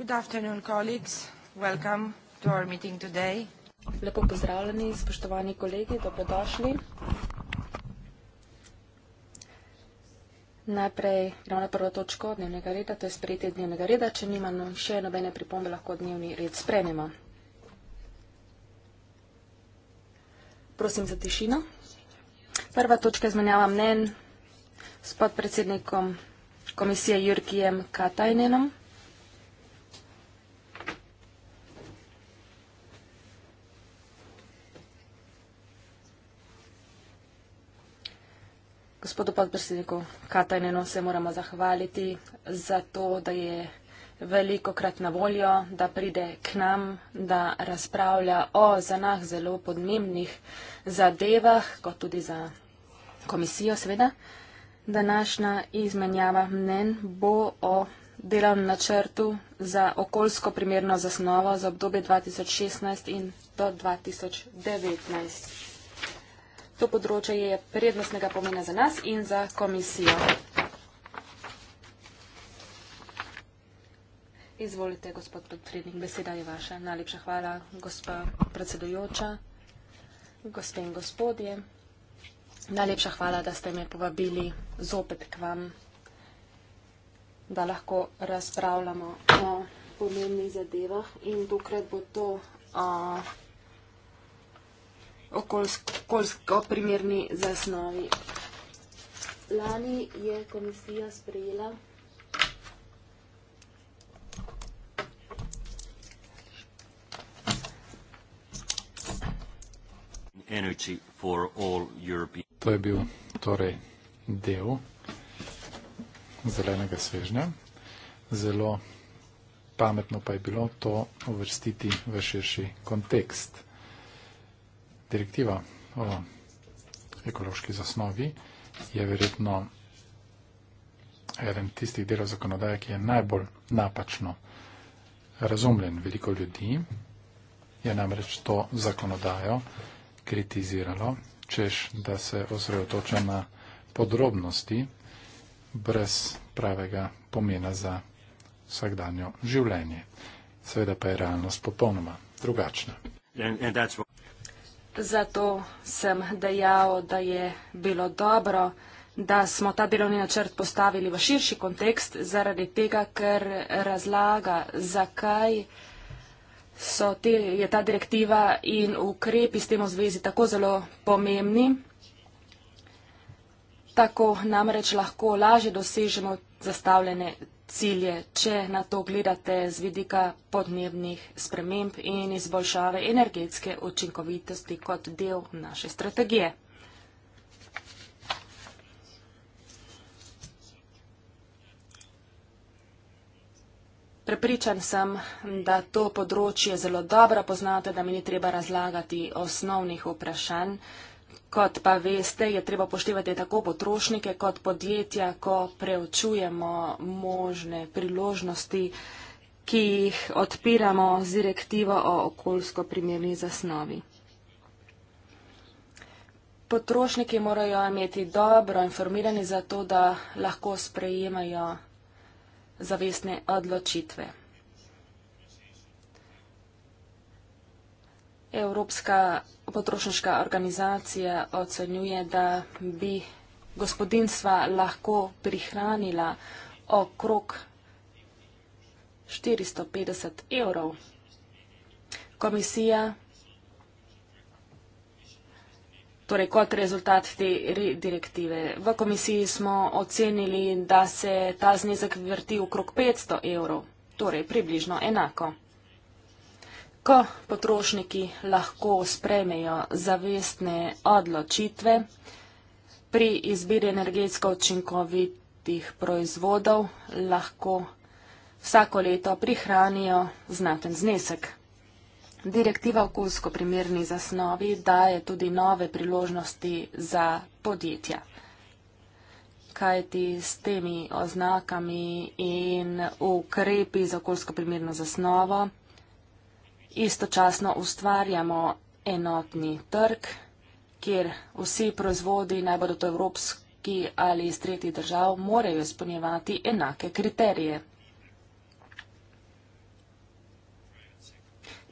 Good afternoon, colleagues. Welcome to our meeting today. Lepo pozdravljeni, spoštovani kolegi, dobrodošli. Najprej gremo na prvo točko dnevnega reda, to je sprejetje dnevnega reda. Če nima no, še nobene pripombe, lahko dnevni red sprejmemo. Prosim za tišino. Prva točka izmenjava mnen s podpredsednikom komisije Jurkijem Katajnenom. gospodu podpredsedniku Katajnenu se moramo zahvaliti za to, da je veliko krat na voljo, da pride k nam, da razpravlja o za nas zelo podnebnih zadevah, kot tudi za komisijo seveda. Današnja izmenjava mnen bo o delovnem načrtu za okoljsko primerno zasnovo za obdobje 2016 in do 2019. To področje je prednostnega pomena za nas in za komisijo. Izvolite, gospod podprednik, beseda je vaša. Najlepša hvala, gospa predsedujoča, gospe in gospodje. Najlepša hvala, da ste me povabili zopet k vam, da lahko razpravljamo o pomembnih zadevah in tokrat bo to okoljsko primerni zasnovi. Lani je komisija sprejela To je bil torej del zelenega svežnja. Zelo pametno pa je bilo to uvrstiti v širši kontekst. Direktiva o ekološki zasnovi je verjetno eden tistih delov zakonodaje, ki je najbolj napačno razumljen veliko ljudi, je namreč to zakonodajo kritiziralo, češ, da se osredotoča na podrobnosti brez pravega pomena za vsakdanjo življenje. Seveda pa je realnost popolnoma drugačna. And, and Zato sem dejal, da je bilo dobro, da smo ta delovni načrt postavili v širši kontekst, zaradi tega, ker razlaga, zakaj te, je ta direktiva in ukrepi s tem v zvezi tako zelo pomembni. Tako namreč lahko lažje dosežemo zastavljene cilje, če na to gledate z vidika podnebnih sprememb in izboljšave energetske učinkovitosti kot del naše strategije. Prepričan sem, da to področje zelo dobro poznate, da mi ni treba razlagati osnovnih vprašanj. Kot pa veste, je treba poštevati tako potrošnike kot podjetja, ko preučujemo možne priložnosti, ki jih odpiramo z direktivo o okoljsko primernih zasnovi. Potrošniki morajo imeti dobro informirani za to, da lahko sprejemajo zavestne odločitve. Evropska potrošniška organizacija ocenjuje, da bi gospodinstva lahko prihranila okrog 450 evrov. Komisija torej kot rezultat te direktive. V komisiji smo ocenili, da se ta znezek vrti okrog 500 evrov, torej približno enako ko potrošniki lahko spremejo zavestne odločitve pri izbiri energetsko učinkovitih proizvodov, lahko vsako leto prihranijo znaten znesek. Direktiva okoljsko primerni zasnovi daje tudi nove priložnosti za podjetja. Kajti s temi oznakami in ukrepi za okoljsko primerno zasnovo, istočasno ustvarjamo enotni trg, kjer vsi proizvodi, naj bodo to evropski ali iz tretjih držav, morajo izpolnjevati enake kriterije.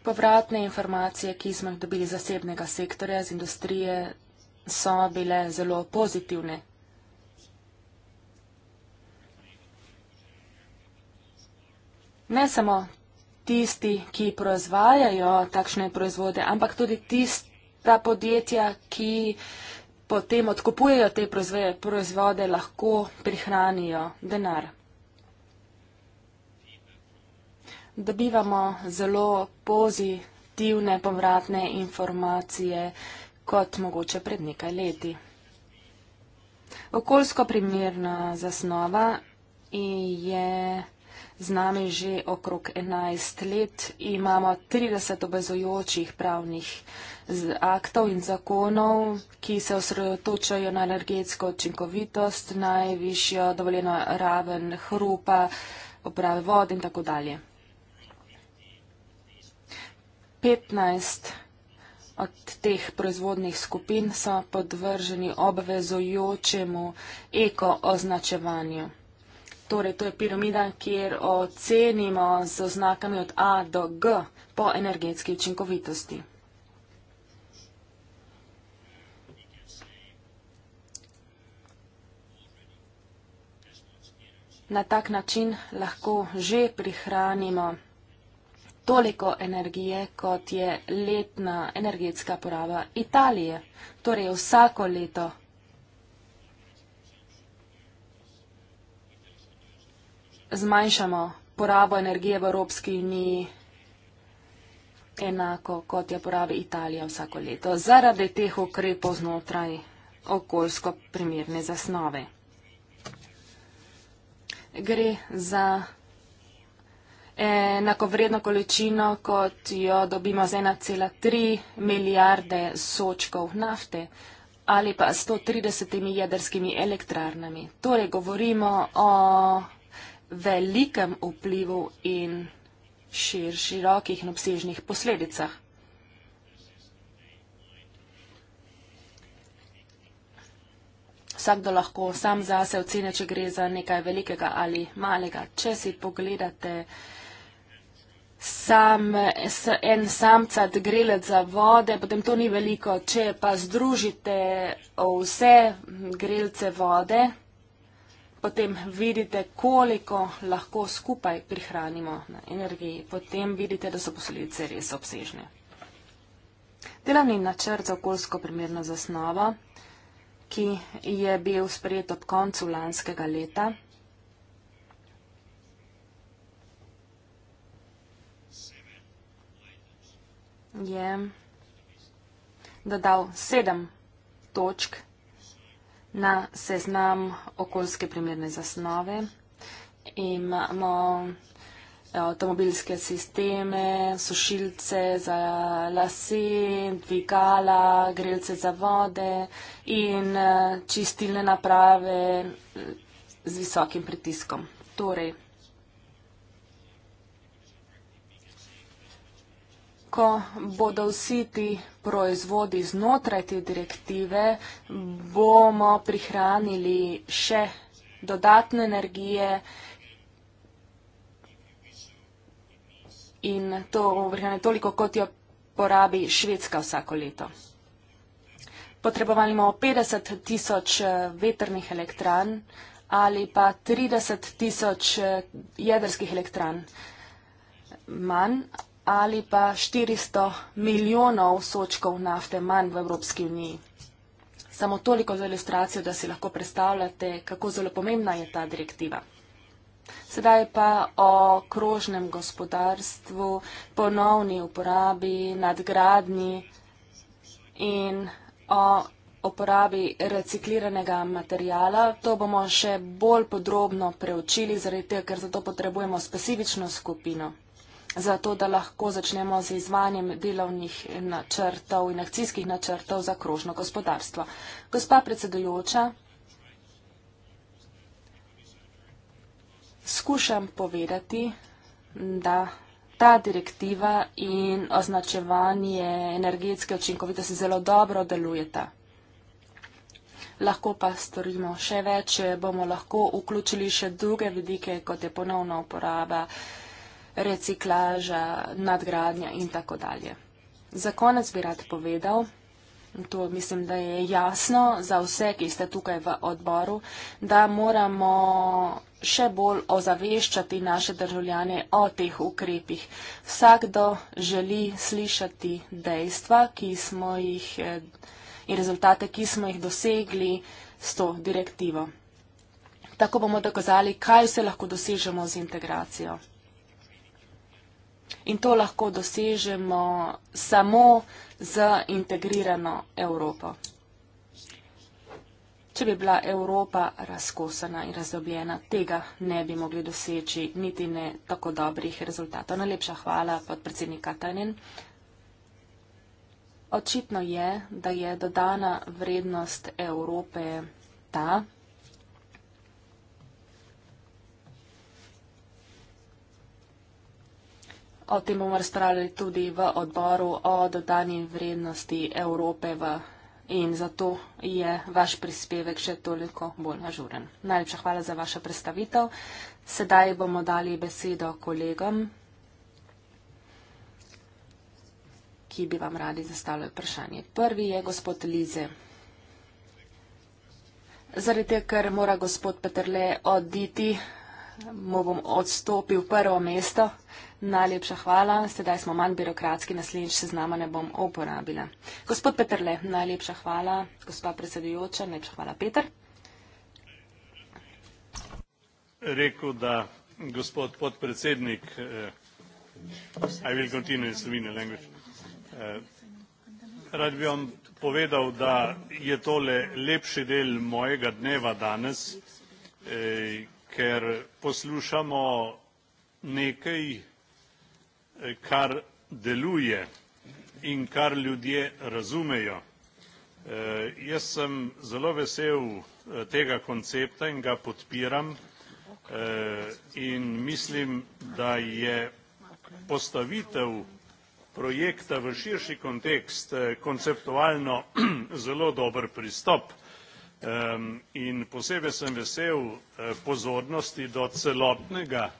Povratne informacije, ki smo jih dobili zasebnega sektorja, z industrije, so bile zelo pozitivne. Ne samo tisti, ki proizvajajo takšne proizvode, ampak tudi tista podjetja, ki potem odkupujejo te proizvode, lahko prihranijo denar. Dobivamo zelo pozitivne povratne informacije, kot mogoče pred nekaj leti. Okoljsko primerna zasnova je z nami že okrog 11 let. Imamo 30 obvezujočih pravnih aktov in zakonov, ki se osredotočajo na energetsko učinkovitost, najvišjo dovoljeno raven hrupa, oprave vod in tako dalje. 15 od teh proizvodnih skupin so podvrženi obvezujočemu ekooznačevanju. Torej, to je piramida, kjer ocenimo z oznakami od A do G po energetski učinkovitosti. Na tak način lahko že prihranimo toliko energije, kot je letna energetska poraba Italije. Torej, vsako leto prihranimo. zmanjšamo porabo energije v Evropski uniji enako, kot jo porabi Italija vsako leto, zaradi teh ukrepov znotraj okoljsko primerne zasnove. Gre za enakovredno količino, kot jo dobimo z 1,3 milijarde sočkov nafte ali pa 130 jedrskimi elektrarnami. Torej govorimo o velikem vplivu in šir, širokih in obsežnih posledicah. Vsakdo lahko sam zase ocene, če gre za nekaj velikega ali malega. Če si pogledate sam, en samcat grelec za vode, potem to ni veliko. Če pa združite vse grelce vode, potem vidite, koliko lahko skupaj prihranimo na energiji, potem vidite, da so posledice res obsežne. Delavni načrt za okoljsko primerno zasnovo, ki je bil sprejet ob koncu lanskega leta, je dodal sedem točk na seznam okoljske primerne zasnove. Imamo eh, avtomobilske sisteme, sušilce za lase, dvigala, grelce za vode in eh, čistilne naprave eh, z visokim pritiskom. Torej, ko bodo vsi ti proizvodi znotraj te direktive, bomo prihranili še dodatne energije in to vrhane toliko, kot jo porabi Švedska vsako leto. Potrebovali bomo 50 tisoč eh, veternih elektran ali pa 30 tisoč eh, jedrskih elektran manj ali pa 400 milijonov sočkov nafte manj v Evropski uniji. Samo toliko za ilustracijo, da si lahko predstavljate, kako zelo pomembna je ta direktiva. Sedaj pa o krožnem gospodarstvu, ponovni uporabi, nadgradnji in o uporabi recikliranega materijala. To bomo še bolj podrobno preučili, zaradi tega, ker za to potrebujemo specifično skupino zato da lahko začnemo z izvanjem delovnih načrtov in akcijskih načrtov za krožno gospodarstvo. Gospa predsedujoča, skušam povedati, da ta direktiva in označevanje energetske učinkovitosti zelo dobro delujeta. Lahko pa storimo še več, bomo lahko vključili še druge vidike, kot je ponovna uporaba reciklaža, nadgradnja in tako dalje. Za konec bi rad povedal, to mislim, da je jasno za vse, ki ste tukaj v odboru, da moramo še bolj ozaveščati naše državljane o teh ukrepih. Vsakdo želi slišati dejstva, ki smo jih eh, in rezultate, ki smo jih dosegli s to direktivo. Tako bomo dokazali, kaj vse lahko dosežemo z integracijo in to lahko dosežemo samo z integrirano Evropo. Če bi bila Evropa razkosana in razdobljena, tega ne bi mogli doseči niti ne tako dobrih rezultatov. Najlepša hvala podpredsednik Katanin. Očitno je, da je dodana vrednost Evrope ta, O tem bomo razpravljali tudi v odboru o dodani vrednosti Evrope v in zato je vaš prispevek še toliko bolj nažuren. Najlepša hvala za vašo predstavitev. Sedaj bomo dali besedo kolegom, ki bi vam radi zastavljali vprašanje. Prvi je gospod Lize. Zaradi tega, ker mora gospod Peterle oditi, mu bom odstopil prvo mesto. Najlepša hvala. Sedaj smo manj birokratski, naslednjič se z nama ne bom uporabila. Gospod Petrle, najlepša hvala. Gospa predsedujoča, najlepša hvala. Peter. Rekl, da gospod podpredsednik, eh, I will continue in slovenski language. Eh, rad bi vam povedal, da je tole lepši del mojega dneva danes, eh, ker poslušamo nekaj Eh, kar deluje in kar ljudje razumejo. Eh, jaz sem zelo vesel eh, tega koncepta in ga podpiram in mislim, da je postavitev projekta v širši kontekst konceptualno zelo dober pristop in posebej sem vesel pozornosti do celotnega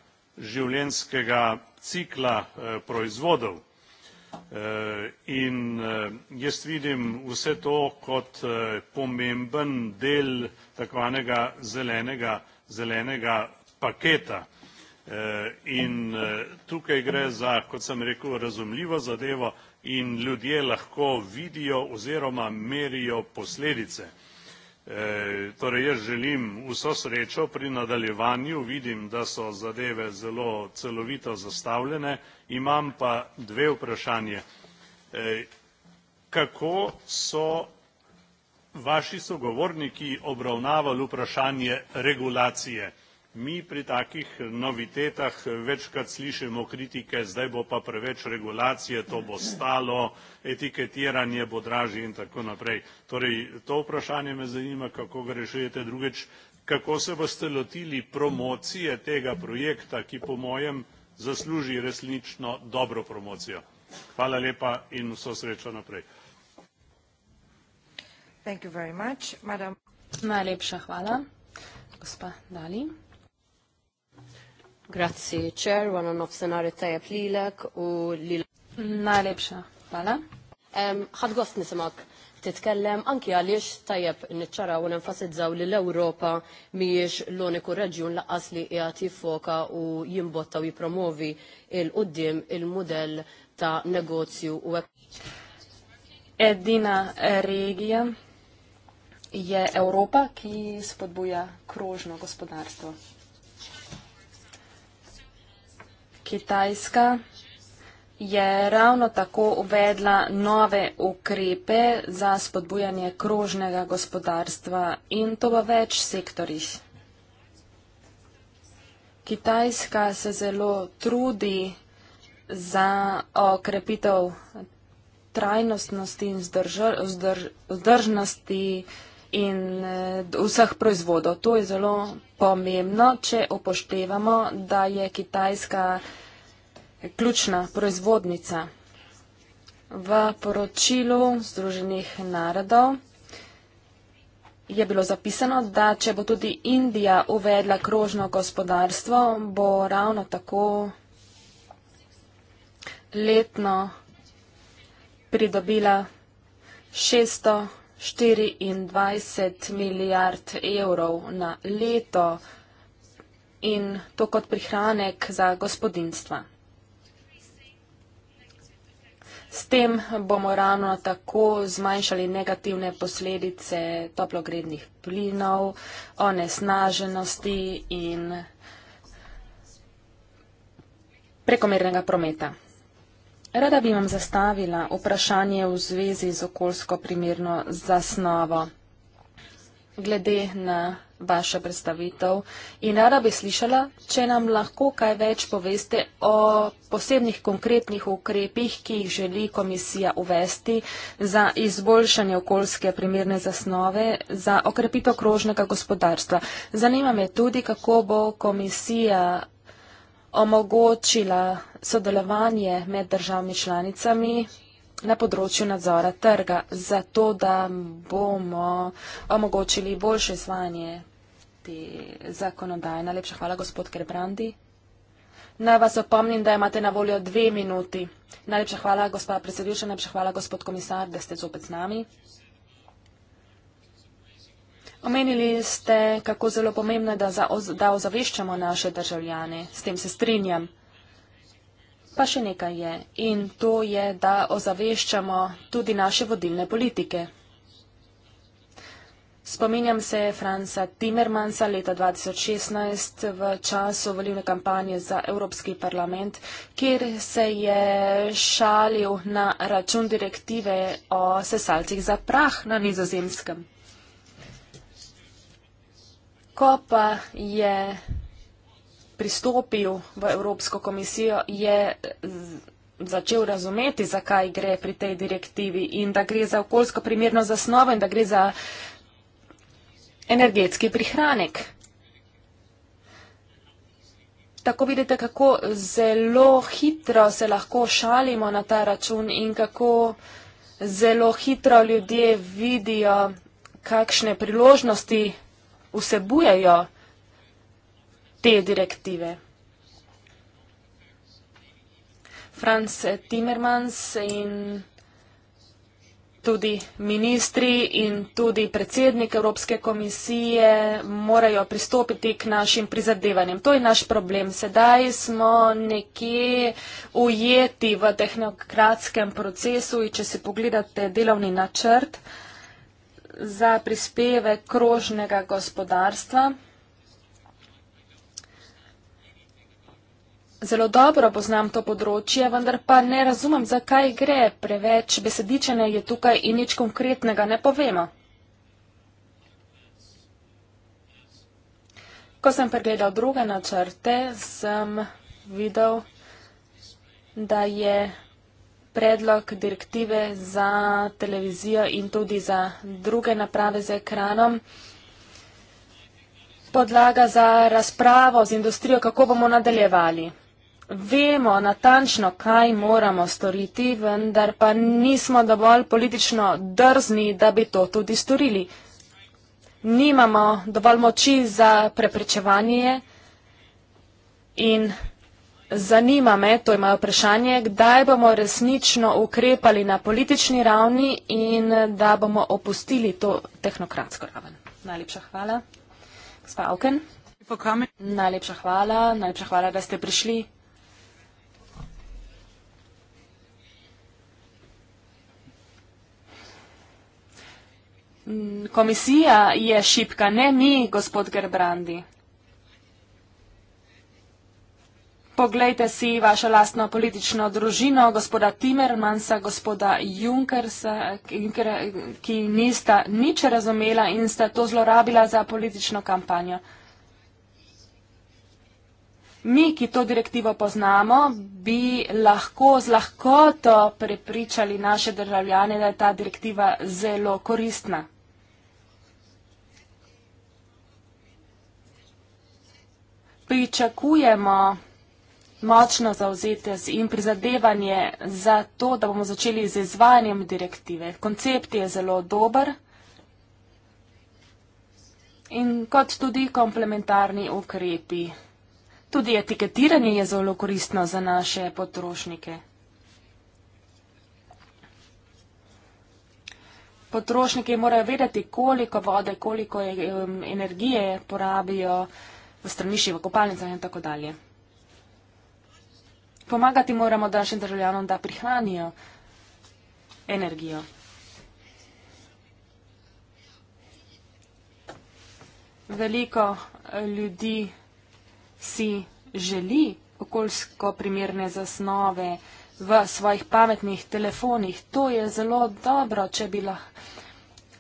življenjskega cikla eh, proizvodov. Eh, in eh, jaz vidim vse to kot pomemben del takvanega zelenega, zelenega paketa. In tukaj gre za, kot sem rekel, razumljivo zadevo in ljudje lahko vidijo oziroma merijo posledice. Eh, torej, jaz želim vso srečo pri nadaljevanju, vidim, da so zadeve zelo celovito zastavljene, imam pa dve vprašanje. Eh, kako so vaši sogovorniki obravnavali vprašanje regulacije? Mi pri takih novitetah večkrat slišimo kritike, zdaj bo pa preveč regulacije, to bo stalo, etiketiranje bo dražje in tako naprej. Torej, to vprašanje me zanima, kako ga rešujete drugič, kako se boste lotili promocije tega projekta, ki po mojem zasluži resnično dobro promocijo. Hvala lepa in vso srečo naprej. Thank you very much, Najlepša hvala. Gospa Dali. Grazie, chair. One on opcionare taj aplilek u lil... Najlepša, hvala. Għad għost nisimak titkellem anki għalix tajab nitċara u nenfasidżaw li l-Europa miex l-uniku reġjun laqas li jgħati foka u jimbotta u jipromovi il-qoddim il-modell ta' negozju u ek. Eddina regija je Europa ki spodbuja kružno gospodarstvo. Kitajska je ravno tako uvedla nove ukrepe za spodbujanje krožnega gospodarstva in to v več sektorjih. Kitajska se zelo trudi za okrepitev trajnostnosti in zdržnosti zdrž, in eh, vseh proizvodov. To je zelo pomembno, če upoštevamo, da je Kitajska ključna proizvodnica. V poročilu Združenih narodov je bilo zapisano, da če bo tudi Indija uvedla krožno gospodarstvo, bo ravno tako letno pridobila 600 24 milijard evrov na leto in to kot prihranek za gospodinstva. S tem bomo ravno tako zmanjšali negativne posledice toplogrednih plinov, onesnaženosti in prekomernega prometa. Rada bi vam zastavila vprašanje v zvezi z okoljsko primerno zasnovo. Glede na vašo predstavitev in rada bi slišala, če nam lahko kaj več poveste o posebnih konkretnih ukrepih, ki jih želi komisija uvesti za izboljšanje okoljske primerne zasnove za okrepitev krožnega gospodarstva. Zanima me tudi, kako bo komisija omogočila sodelovanje med državami članicami na področju nadzora trga, zato da bomo omogočili boljše izvanje te zakonodaje. Najlepša hvala, gospod Gerbrandi. Naj vas opomnim, da imate na voljo dve minuti. Najlepša hvala, gospod predsedujoča, najlepša hvala, gospod komisar, da ste zopet z nami. Omenili ste, kako zelo pomembno je, da, da ozaveščamo naše državljane. S tem se strinjam. Pa še nekaj je. In to je, da ozaveščamo tudi naše vodilne politike. Spominjam se Franca Timmermansa leta 2016 v času volivne kampanje za Evropski parlament, kjer se je šalil na račun direktive o sesalcih za prah na nizozemskem. Ko pa je pristopil v Evropsko komisijo, je začel razumeti, zakaj gre pri tej direktivi in da gre za okoljsko primerno zasnovo in da gre za energetski prihranek. Tako vidite, kako zelo hitro se lahko šalimo na ta račun in kako zelo hitro ljudje vidijo, kakšne priložnosti vsebujejo te direktive. Franz Timmermans in tudi ministri in tudi predsednik Evropske komisije morajo pristopiti k našim prizadevanjem. To je naš problem. Sedaj smo nekje ujeti v tehnokratskem procesu in če si pogledate delovni načrt, za prispevek krožnega gospodarstva. Zelo dobro poznam to področje, vendar pa ne razumem, zakaj gre. Preveč besedičene je tukaj in nič konkretnega ne povemo. Ko sem pregledal druge načrte, sem videl, da je predlog direktive za televizijo in tudi za druge naprave z ekranom. Podlaga za razpravo z industrijo, kako bomo nadaljevali. Vemo natančno, kaj moramo storiti, vendar pa nismo dovolj politično drzni, da bi to tudi storili. Nimamo dovolj moči za preprečevanje in Zanima me, to je moje vprašanje, kdaj bomo resnično ukrepali na politični ravni in da bomo opustili to tehnokratsko raven. Najlepša hvala. Gospa Auken. Najlepša hvala. Najlepša hvala, da ste prišli. Mm, komisija je šipka, ne mi, gospod Gerbrandi. Poglejte si vašo lastno politično družino, gospoda Timermansa, gospoda Junkersa, ki nista nič razumela in sta to zlorabila za politično kampanjo. Mi, ki to direktivo poznamo, bi lahko z lahkoto prepričali naše državljane, da je ta direktiva zelo koristna. Pričakujemo, da je to zelo koristna močno zauzete in prizadevanje za to, da bomo začeli z izvanjem direktive. Koncept je zelo dober in kot tudi komplementarni ukrepi. Tudi etiketiranje je zelo koristno za naše potrošnike. Potrošniki morajo vedeti, koliko vode, koliko energije porabijo v straniših, v kopalnicah in tako dalje pomagati moramo našim državljanom, da prihranijo energijo. Veliko eh, ljudi si želi okoljsko primerne zasnove v svojih pametnih telefonih. To je zelo dobro, če bi, lah,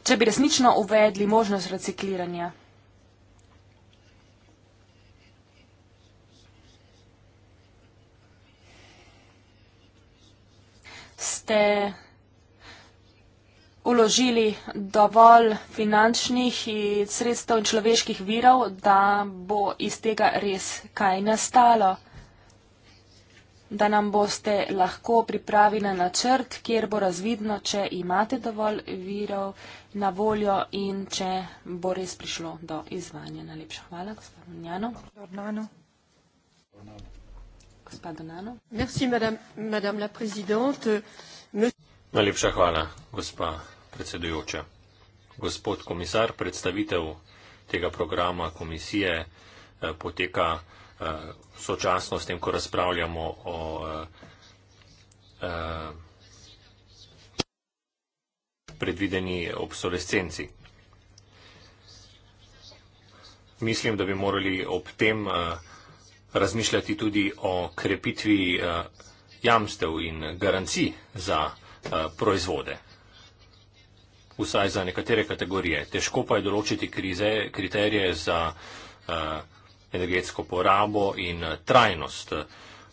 če bi resnično uvedli možnost recikliranja. ste uložili dovolj finančnih sredstev in človeških virov, da bo iz tega res kaj nastalo, da nam boste lahko pripravili na načrt, kjer bo razvidno, če imate dovolj virov na voljo in če bo res prišlo do izvanja. Najlepša hvala, gospod Donjano. Gospod Donjano. Merci, madame, madame la prezidente. Najlepša hvala, gospa predsedujoča. Gospod komisar, predstavitev tega programa komisije eh, poteka eh, sočasno s tem, ko razpravljamo o eh, predvideni obsolescenci. Mislim, da bi morali ob tem razmišljati tudi o krepitvi jamstev in garanci za vsega. Eh, proizvode. Vsaj za nekatere kategorije. Težko pa je določiti krize, kriterije za uh, energetsko porabo in eh, trajnost.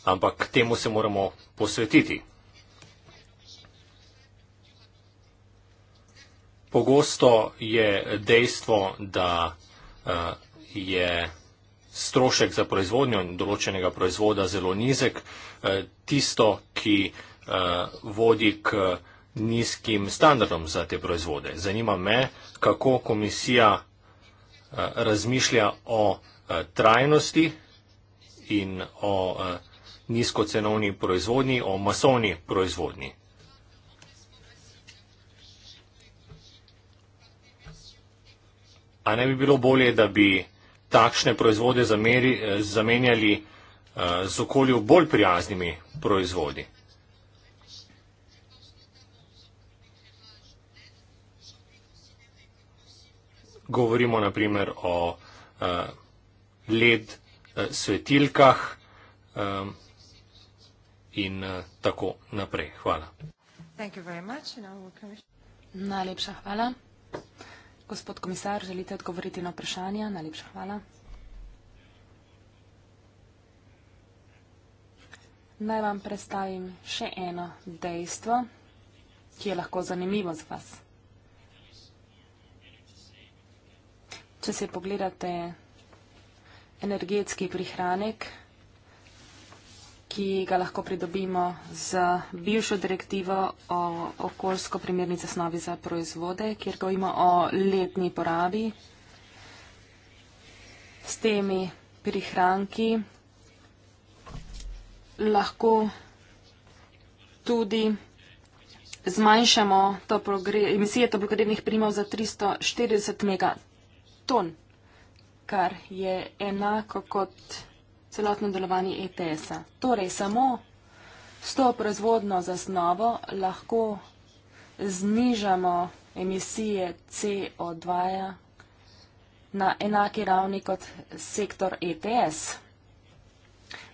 Ampak temu se moramo posvetiti. Pogosto je dejstvo, da uh, je strošek za proizvodnjo določenega proizvoda zelo nizek. Uh, tisto, ki uh, Eh, vodi k nizkim standardom za te proizvode. Zanima me, kako komisija eh, razmišlja o eh, trajnosti in o nizkocenovni proizvodnji, o masovni proizvodnji. A ne bi bilo bolje, da bi takšne proizvode zamenjali z okolju bolj prijaznimi proizvodi? govorimo naprimer o uh, led uh, svetilkah um, in uh, tako naprej. Hvala. Najlepša hvala. Gospod komisar, želite odgovoriti na vprašanja? Najlepša hvala. Naj vam predstavim še eno dejstvo, ki je lahko zanimivo za vas. Če se pogledate energetski prihranek, ki ga lahko pridobimo z bivšo direktivo o okoljsko primernih zasnovi za proizvode, kjer govorimo o letni porabi, s temi prihranki lahko tudi zmanjšamo to emisije toplogrednih primov za 340 megatonov ton, kar je enako kot celotno delovanje ETS-a. Torej, samo s to proizvodno zasnovo lahko znižamo emisije CO2 na enaki ravni kot sektor ETS.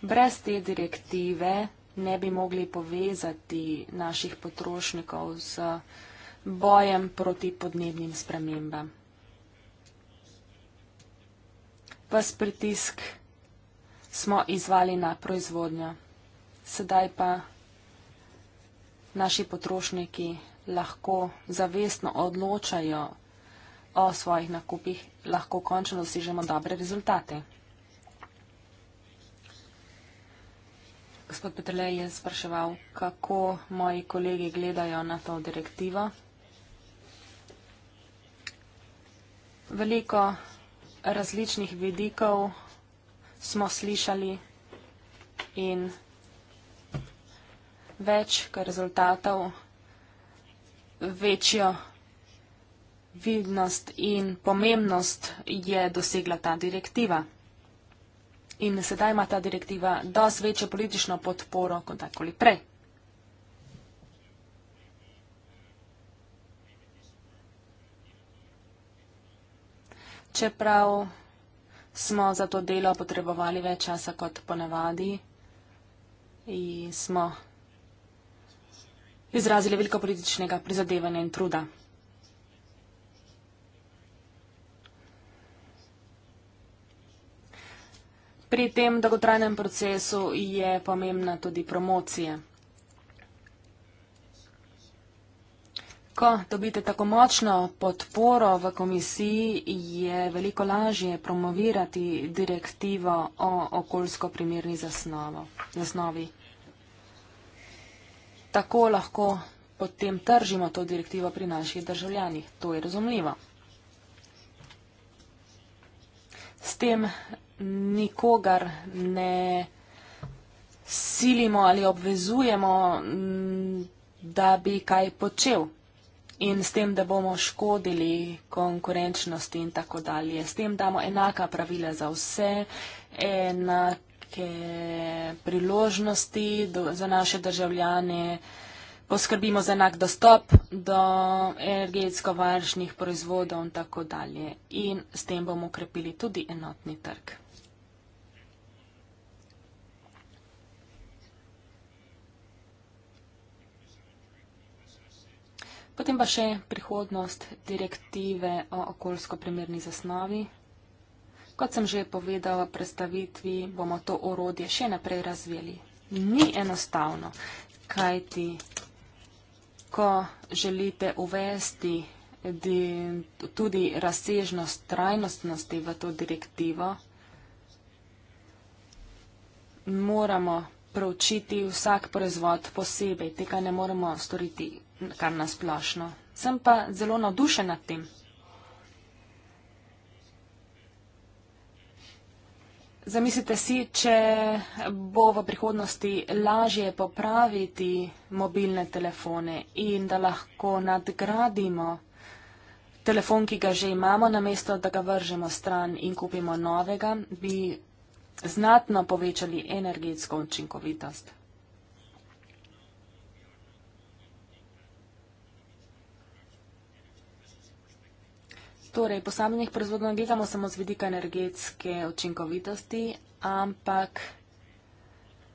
Brez te direktive ne bi mogli povezati naših potrošnikov z bojem proti podnebnim spremembam. Ves pritisk smo izvali na proizvodnjo. Sedaj pa naši potrošniki lahko zavestno odločajo o svojih nakupih, lahko končno dosežemo dobre rezultate. Gospod Petrlej je spraševal, kako moji kolegi gledajo na to direktivo. Veliko različnih vidikov smo slišali in več rezultatov, večjo vidnost in pomembnost je dosegla ta direktiva. In sedaj ima ta direktiva dosti večjo politično podporo kot takoli prej. čeprav smo za to delo potrebovali več časa kot ponavadi in smo izrazili veliko političnega prizadevanja in truda. Pri tem dolgotrajnem procesu je pomembna tudi promocija. veliko, dobite tako močno podporo v komisiji, je veliko lažje promovirati direktivo o okoljsko primerni zasnovo, zasnovi. Tako lahko potem tržimo to direktivo pri naših državljanih. To je razumljivo. S tem nikogar ne silimo ali obvezujemo, da bi kaj počel in s tem, da bomo škodili konkurenčnosti in tako dalje. S tem damo enaka pravila za vse, enake priložnosti do, za naše državljane, poskrbimo za enak dostop do energetsko varšnih proizvodov in tako dalje. In s tem bomo ukrepili tudi enotni trg. Potem pa še prihodnost direktive o okoljsko primerni zasnovi. Kot sem že povedal v predstavitvi, bomo to orodje še naprej razvijeli. Ni enostavno, kaj ti, ko želite uvesti tudi razsežnost trajnostnosti v to direktivo, moramo pravčiti vsak proizvod posebej. Tega ne moremo storiti kar nasplošno. Sem pa zelo navdušen nad tem. Zamislite si, če bo v prihodnosti lažje popraviti mobilne telefone in da lahko nadgradimo telefon, ki ga že imamo, namesto da ga vržemo stran in kupimo novega, bi znatno povečali energetsko učinkovitost. Torej, posameznih proizvodov ne gledamo samo z vidika energetske učinkovitosti, ampak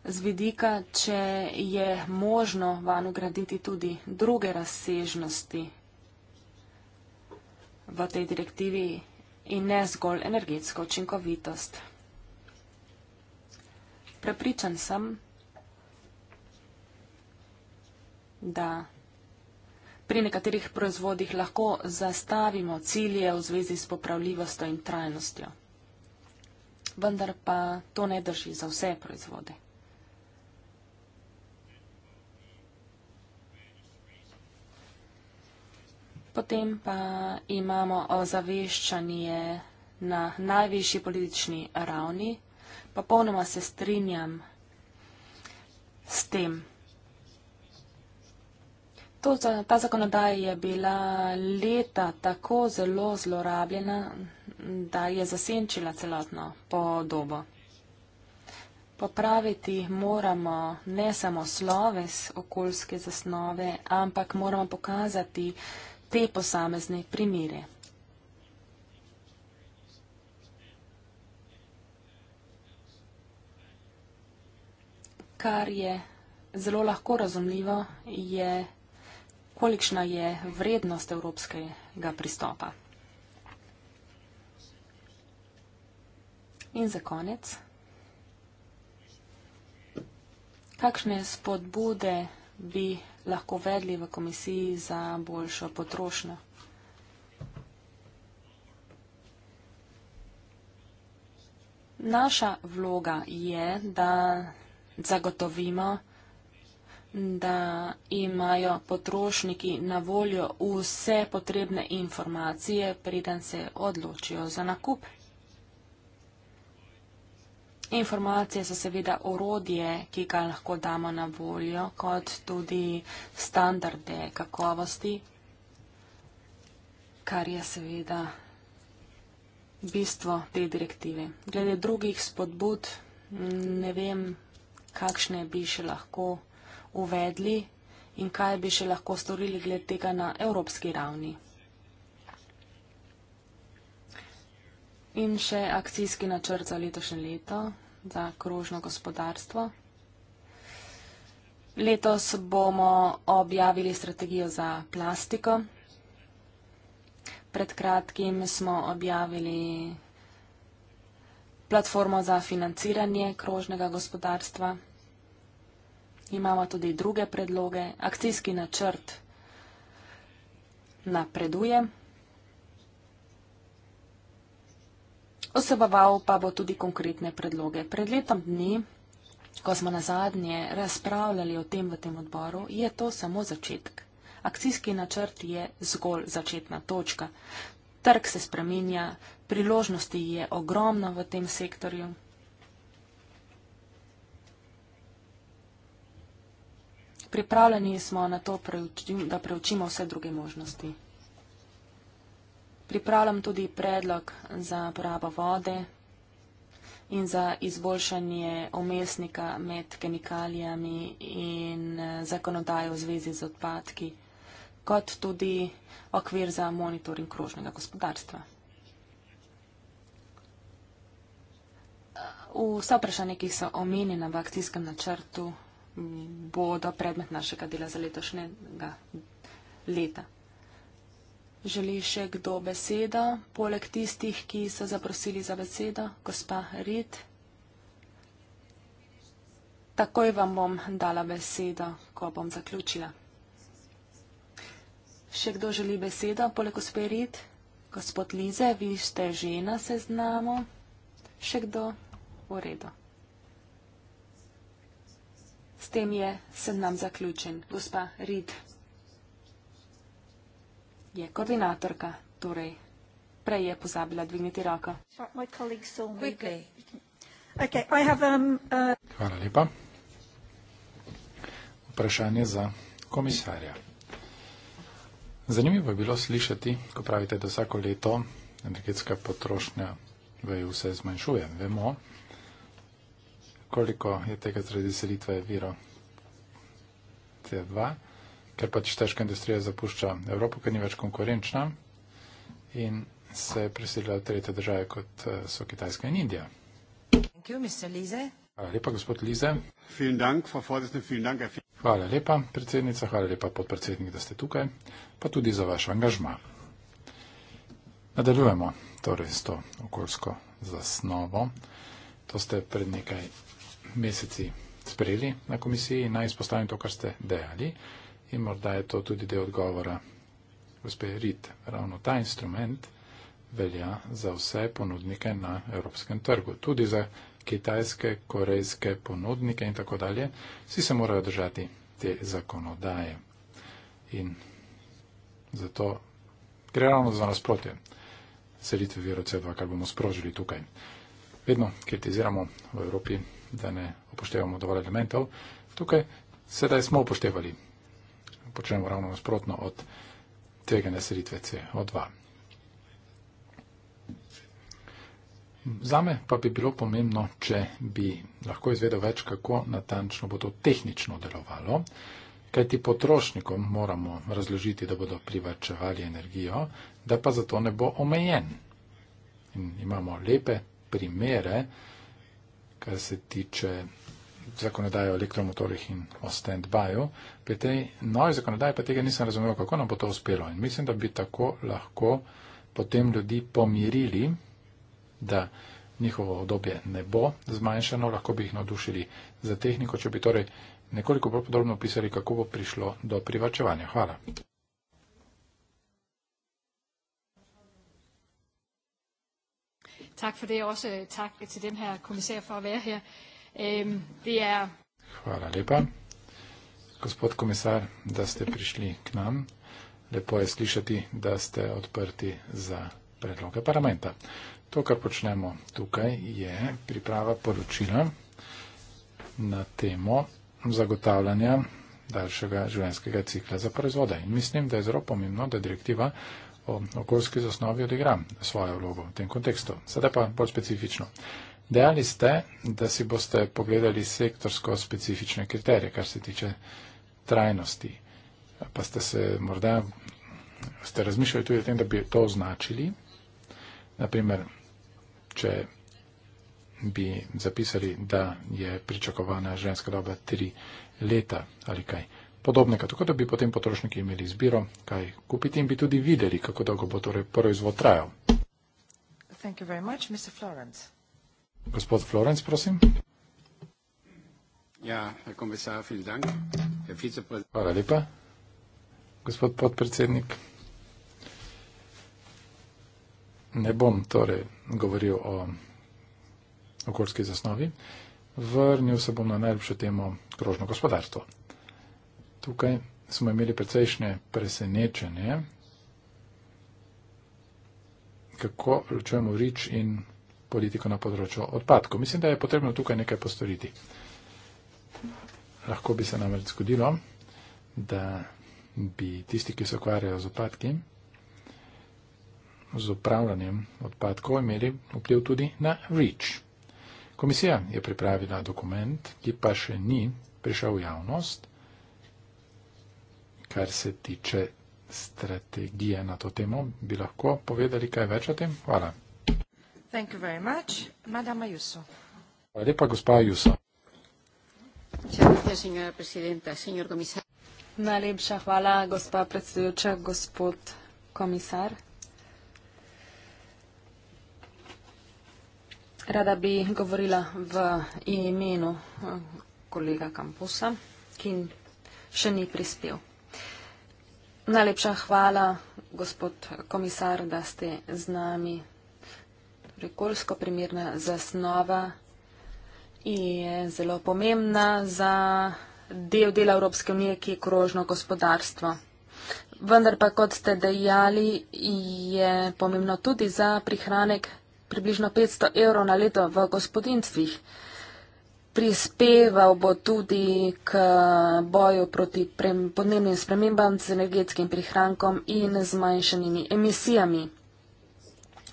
z vidika, če je možno van ugraditi tudi druge razsežnosti v tej direktivi in ne zgolj energetsko učinkovitost. Prepričan sem, da pri nekaterih proizvodih lahko zastavimo cilje v zvezi s popravljivostjo in trajnostjo. Vendar pa to ne drži za vse proizvode. Potem pa imamo ozaveščanje na najvišji politični ravni. Popolnoma se strinjam s tem to, ta zakonodaja je bila leta tako zelo zlorabljena, da je zasenčila celotno podobo. Popraviti moramo ne samo sloves okoljske zasnove, ampak moramo pokazati te posamezne primere. Kar je zelo lahko razumljivo, je kolikšna je vrednost evropskega pristopa. In za konec, kakšne spodbude bi lahko vedli v komisiji za boljšo potrošnjo? Naša vloga je, da zagotovimo, da imajo potrošniki na voljo vse potrebne informacije, preden se odločijo za nakup. Informacije so seveda orodje, ki ga lahko damo na voljo, kot tudi standarde kakovosti, kar je seveda bistvo te direktive. Glede drugih spodbud, ne vem, kakšne bi še lahko uvedli in kaj bi še lahko storili glede tega na evropski ravni. In še akcijski načrt za letošnje leto za krožno gospodarstvo. Letos bomo objavili strategijo za plastiko. Pred kratkim smo objavili platformo za financiranje krožnega gospodarstva imamo tudi druge predloge. Akcijski načrt napreduje. Oseboval pa bo tudi konkretne predloge. Pred letom dni, ko smo na zadnje razpravljali o tem v tem odboru, je to samo začetek. Akcijski načrt je zgolj začetna točka. Trg se spreminja, priložnosti je ogromno v tem sektorju. pripravljeni smo na to, da preučimo vse druge možnosti. Pripravljam tudi predlog za porabo vode in za izboljšanje omestnika med kemikalijami in eh, zakonodajo v zvezi z odpadki, kot tudi okvir za monitoring krožnega gospodarstva. Vsa vprašanja, ki so omenjena v akcijskem načrtu, bodo predmet našega dela za letošnjega leta. Želi še kdo besedo, poleg tistih, ki so zaprosili za besedo, gospa Rit? Takoj vam bom dala besedo, ko bom zaključila. Še kdo želi besedo, poleg gospe Rit? Gospod Lize, vi ste že na seznamu. Še kdo? V redu. S tem je se nam zaključen. Gospa Rid je koordinatorka, torej prej je pozabila dvigniti roko. Um, uh, Hvala lepa. Vprašanje za komisarja. Zanimivo je bilo slišati, ko pravite, da vsako leto energetska potrošnja v EU se zmanjšuje. Vemo, koliko je tega zaradi selitve virov CO2, ker pač težka industrija zapušča Evropo, ker ni več konkurenčna in se je preselila v tretje države, kot eh, so Kitajska in Indija. Hvala lepa, gospod Lize. Hvala lepa, predsednica, hvala lepa, podpredsednik, da ste tukaj, pa tudi za vaš angažma. Nadaljujemo torej s to okoljsko zasnovo. To ste pred nekaj meseci sprejeli na komisiji in naj izpostavim to, kar ste dejali. In morda je to tudi del odgovora, gospe Rit, ravno ta instrument velja za vse ponudnike na evropskem trgu, tudi za kitajske, korejske ponudnike in tako dalje. Vsi se morajo držati te zakonodaje. In zato gre ravno za nasprotje selitve virocedva, kar bomo sprožili tukaj. Vedno kritiziramo v Evropi da ne upoštevamo dovolj elementov. Tukaj sedaj smo upoštevali. Počnemo ravno nasprotno od tega naselitve CO2. Zame pa bi bilo pomembno, če bi lahko izvedel več, kako natančno bo to tehnično delovalo, kajti potrošnikom moramo razložiti, da bodo privačevali energijo, da pa zato ne bo omejen. In imamo lepe primere, kar se tiče zakonodaje o elektromotorjih in o stand-byju. Pri tej novi zakonodaji pa tega nisem razumel, kako nam bo to uspelo. In mislim, da bi tako lahko potem ljudi pomirili, da njihovo obdobje ne bo zmanjšano, lahko bi jih navdušili za tehniko, če bi torej nekoliko bolj podrobno opisali, kako bo prišlo do privačevanja. Hvala. Tak for det, også øh, tak til den her kommissær for at være her. Øhm, det er... Hvala lepa. Gospod komisar, da ste prišli k nam. Lepo je slišati, da ste odprti za predloge parlamenta. To, kar počnemo tukaj, je priprava poročila na temo zagotavljanja daljšega življenjskega cikla za proizvode. In mislim, da je zelo pomembno, da direktiva o okoljski zasnovi odigra svojo vlogo v tem kontekstu. Sedaj pa bolj specifično. Dejali ste, da si boste pogledali sektorsko specifične kriterije, kar se tiče trajnosti. Pa ste se morda, ste razmišljali tudi o tem, da bi to označili. Naprimer, če bi zapisali, da je pričakovana ženska doba tri leta ali kaj podobnega, tako da bi potem potrošniki imeli izbiro, kaj kupiti in bi tudi videli, kako dolgo bo torej proizvod trajal. Thank you very much, Mr. Florence. Gospod Florence, prosim. Ja, komisar, Hvala lepa, gospod podpredsednik. Ne bom torej govoril o okoljski zasnovi, vrnil se bom na najljubšo temo krožno gospodarstvo tukaj smo imeli precejšnje presenečenje, kako ločujemo rič in politiko na področju odpadkov. Mislim, da je potrebno tukaj nekaj postoriti. Lahko bi se namreč zgodilo, da bi tisti, ki se ukvarjajo z odpadki, z upravljanjem odpadkov, imeli vpliv tudi na REACH. Komisija je pripravila dokument, ki pa še ni prišel v javnost, kar se tiče strategije na to temo. Bi lahko povedali kaj več o tem? Hvala. Thank you very much, Madame Ayuso. Hvala lepa, gospa Ayuso. Najlepša hvala, gospa predsedujoča, gospod komisar. Rada bi govorila v imenu eh, kolega Kampusa, ki še ni prispel. Najlepša hvala, gospod komisar, da ste z nami. Rekolsko torej, primirna zasnova je zelo pomembna za del dela Evropske unije, ki je krožno gospodarstvo. Vendar pa, kot ste dejali, je pomembno tudi za prihranek približno 500 evrov na leto v gospodinstvih prispeval bo tudi k boju proti podnebnim spremembam z energetskim prihrankom in zmanjšanimi emisijami.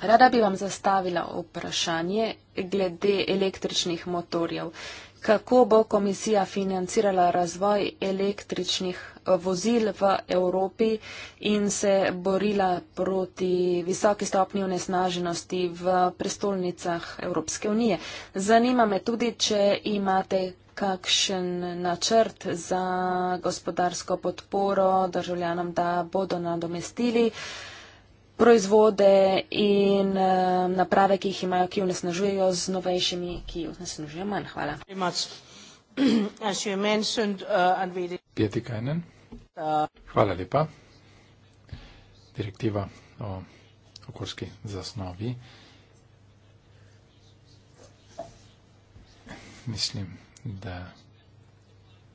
Rada bi vam zastavila vprašanje glede električnih motorjev. Kako bo komisija financirala razvoj električnih vozil v Evropi in se borila proti visoki stopni onesnaženosti v prestolnicah Evropske unije. Zanima me tudi, če imate kakšen načrt za gospodarsko podporo državljanom, da bodo nadomestili proizvode in uh, naprave, ki jih imajo, ki onesnažujejo z novejšimi, ki jih onesnažujejo manj. Hvala. Peti uh, Kajnen. Hvala lepa. Direktiva o okoljski zasnovi. Mislim, da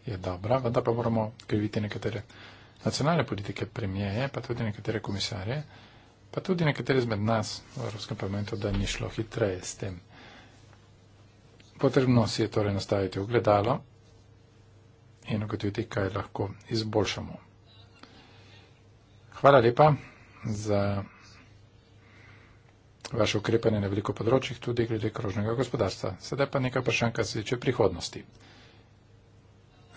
je dobra, vendar pa moramo kriviti nekatere nacionalne politike, premijeje, pa tudi nekatere komisarje, pa tudi nekatere izmed nas v Evropskem parlamentu, da ni šlo hitreje s tem. Potrebno si je torej nastaviti ogledalo in ugotoviti, kaj lahko izboljšamo. Hvala lepa za vaše ukrepanje na veliko področjih, tudi glede krožnega gospodarstva. Sedaj pa nekaj vprašanj, kar se tiče prihodnosti.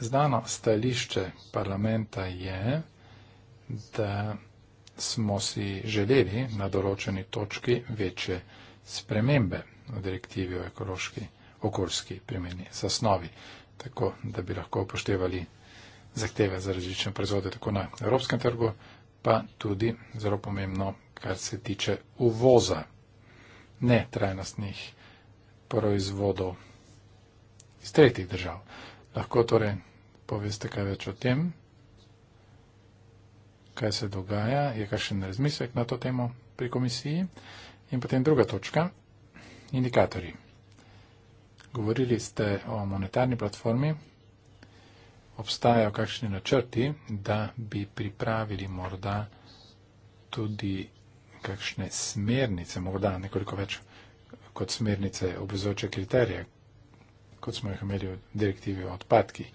Znano stališče parlamenta je, da smo si želeli na določeni točki večje spremembe v direktivi o ekološki okoljski primerni zasnovi tako da bi lahko upoštevali zahteve za različne proizvode, tako na evropskem trgu, pa tudi zelo pomembno, kar se tiče uvoza netrajnostnih proizvodov iz tretjih držav. Lahko torej poveste kaj več o tem, kaj se dogaja, je kakšen razmislek na to temo pri komisiji. In potem druga točka, indikatorji. Govorili ste o monetarni platformi. Obstajajo kakšni načrti, da bi pripravili morda tudi kakšne smernice, morda nekoliko več kot smernice obvezoče kriterije, kot smo jih imeli v direktivi o odpadkih,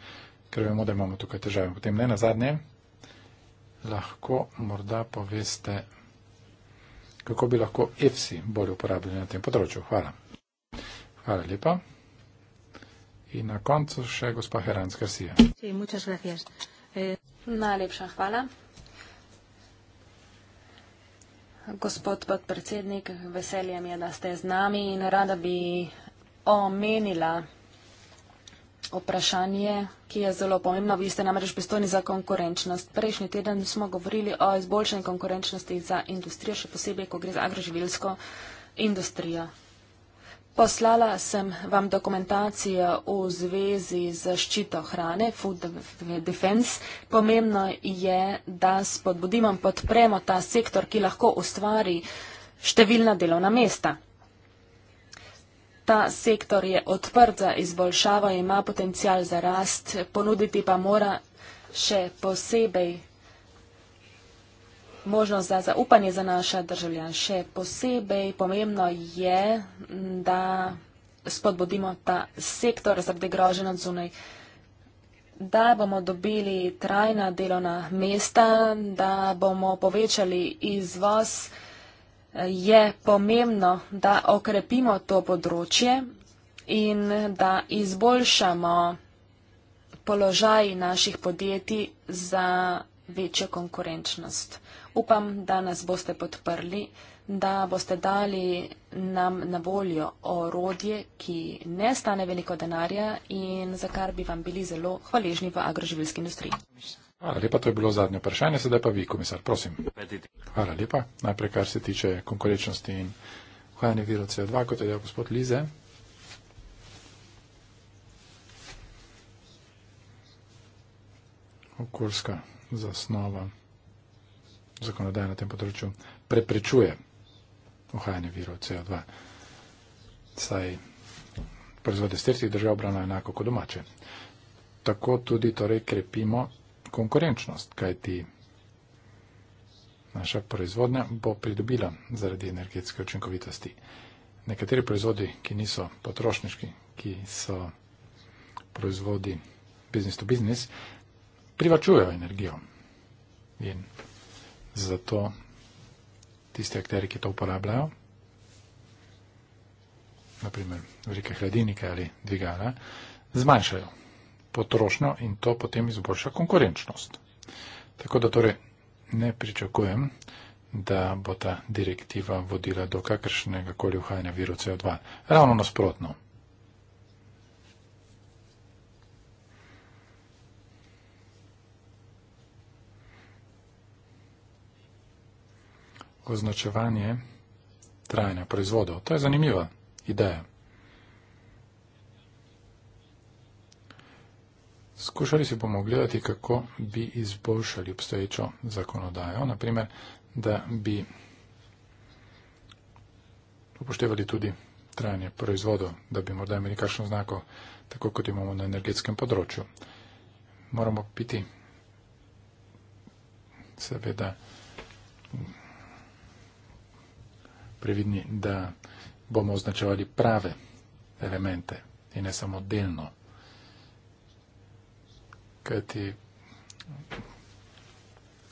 ker vemo, da imamo tukaj težave. Potem ne na zadnje, lahko morda poveste, kako bi lahko EFSI bolj uporabljali na tem področju. Hvala. Hvala lepa. In na koncu še gospa Herans Garcia. Sí, eh, Najlepša hvala. Gospod podpredsednik, veseljem je, da ste z nami in rada bi omenila vprašanje, ki je zelo pomembno. Vi ste namreč pristojni za konkurenčnost. Prejšnji teden smo govorili o izboljšanju konkurenčnosti za industrijo, še posebej, ko gre za agroživilsko industrijo. Poslala sem vam dokumentacijo v zvezi z ščito hrane, Food Defense. Pomembno je, da spodbudimo in podpremo ta sektor, ki lahko ustvari številna delovna mesta. Ta sektor je odprt za izboljšavo in ima potencial za rast, ponuditi pa mora še posebej možnost za zaupanje za naša državljan. Še posebej pomembno je, da spodbudimo ta sektor za degroženo zunaj, da bomo dobili trajna delovna mesta, da bomo povečali izvoz, je pomembno, da okrepimo to področje in da izboljšamo položaj naših podjetij za večjo konkurenčnost upam, da nas boste podprli, da boste dali nam na voljo orodje, ki ne stane veliko denarja in za kar bi vam bili zelo hvaležni v agroživljski industriji. Hvala lepa, to je bilo zadnje vprašanje, sedaj pa vi, komisar, prosim. Hvala lepa, najprej kar se tiče konkurenčnosti in hvala viro CO2, kot je gospod Lize. Okoljska zasnova zakonodaja na tem področju preprečuje ohajanje virov CO2. Saj proizvode stresih držav obrano enako kot domače. Tako tudi torej krepimo konkurenčnost, kajti naša proizvodnja bo pridobila zaradi energetske učinkovitosti. Nekateri proizvodi, ki niso potrošniški, ki so proizvodi business to business, privačujejo energijo. In za to, tiste akteri, ki to uporabljajo, naprimer velike hladilnike ali dvigala, zmanjšajo potrošnjo in to potem izboljša konkurenčnost. Tako da torej ne pričakujem, da bo ta direktiva vodila do kakršnega koli uhajanja virov CO2. Ravno nasprotno. označevanje trajanja proizvodov. To je zanimiva ideja. Skušali si bomo gledati, kako bi izboljšali obstoječo zakonodajo, naprimer, da bi upoštevali tudi trajanje proizvodov, da bi morda imeli kakšno znako, tako kot imamo na energetskem področju. Moramo piti seveda previdni, da bomo označevali prave elemente in ne samo delno. Kajti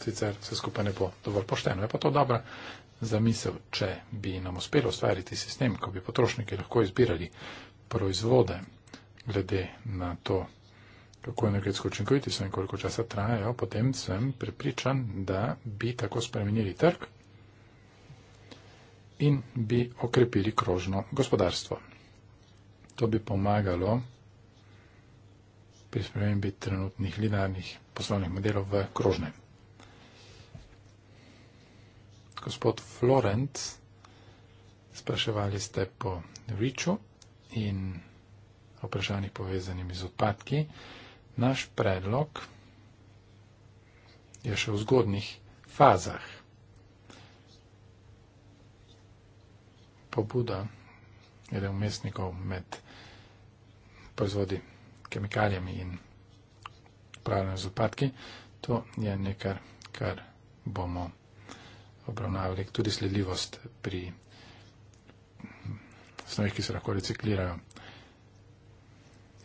sicer vse skupaj ne bo dovolj pošteno, je pa to dobra zamisel, če bi nam uspelo ustvariti sistem, ko bi potrošniki lahko izbirali proizvode glede na to, kako energetsko učinkoviti so in koliko časa trajajo, potem sem prepričan, da bi tako spremenili trg in bi okrepili krožno gospodarstvo. To bi pomagalo pri spremembi trenutnih linearnih poslovnih modelov v krožne. Gospod Florent, spraševali ste po Richu in vprašanjih povezanimi z odpadki. Naš predlog je še v zgodnih fazah. pobuda, eden umestnikov med proizvodi kemikalijami in upravljanjem z odpadki. To je nekaj, kar bomo obravnavali, tudi sledljivost pri snovih, ki se lahko reciklirajo.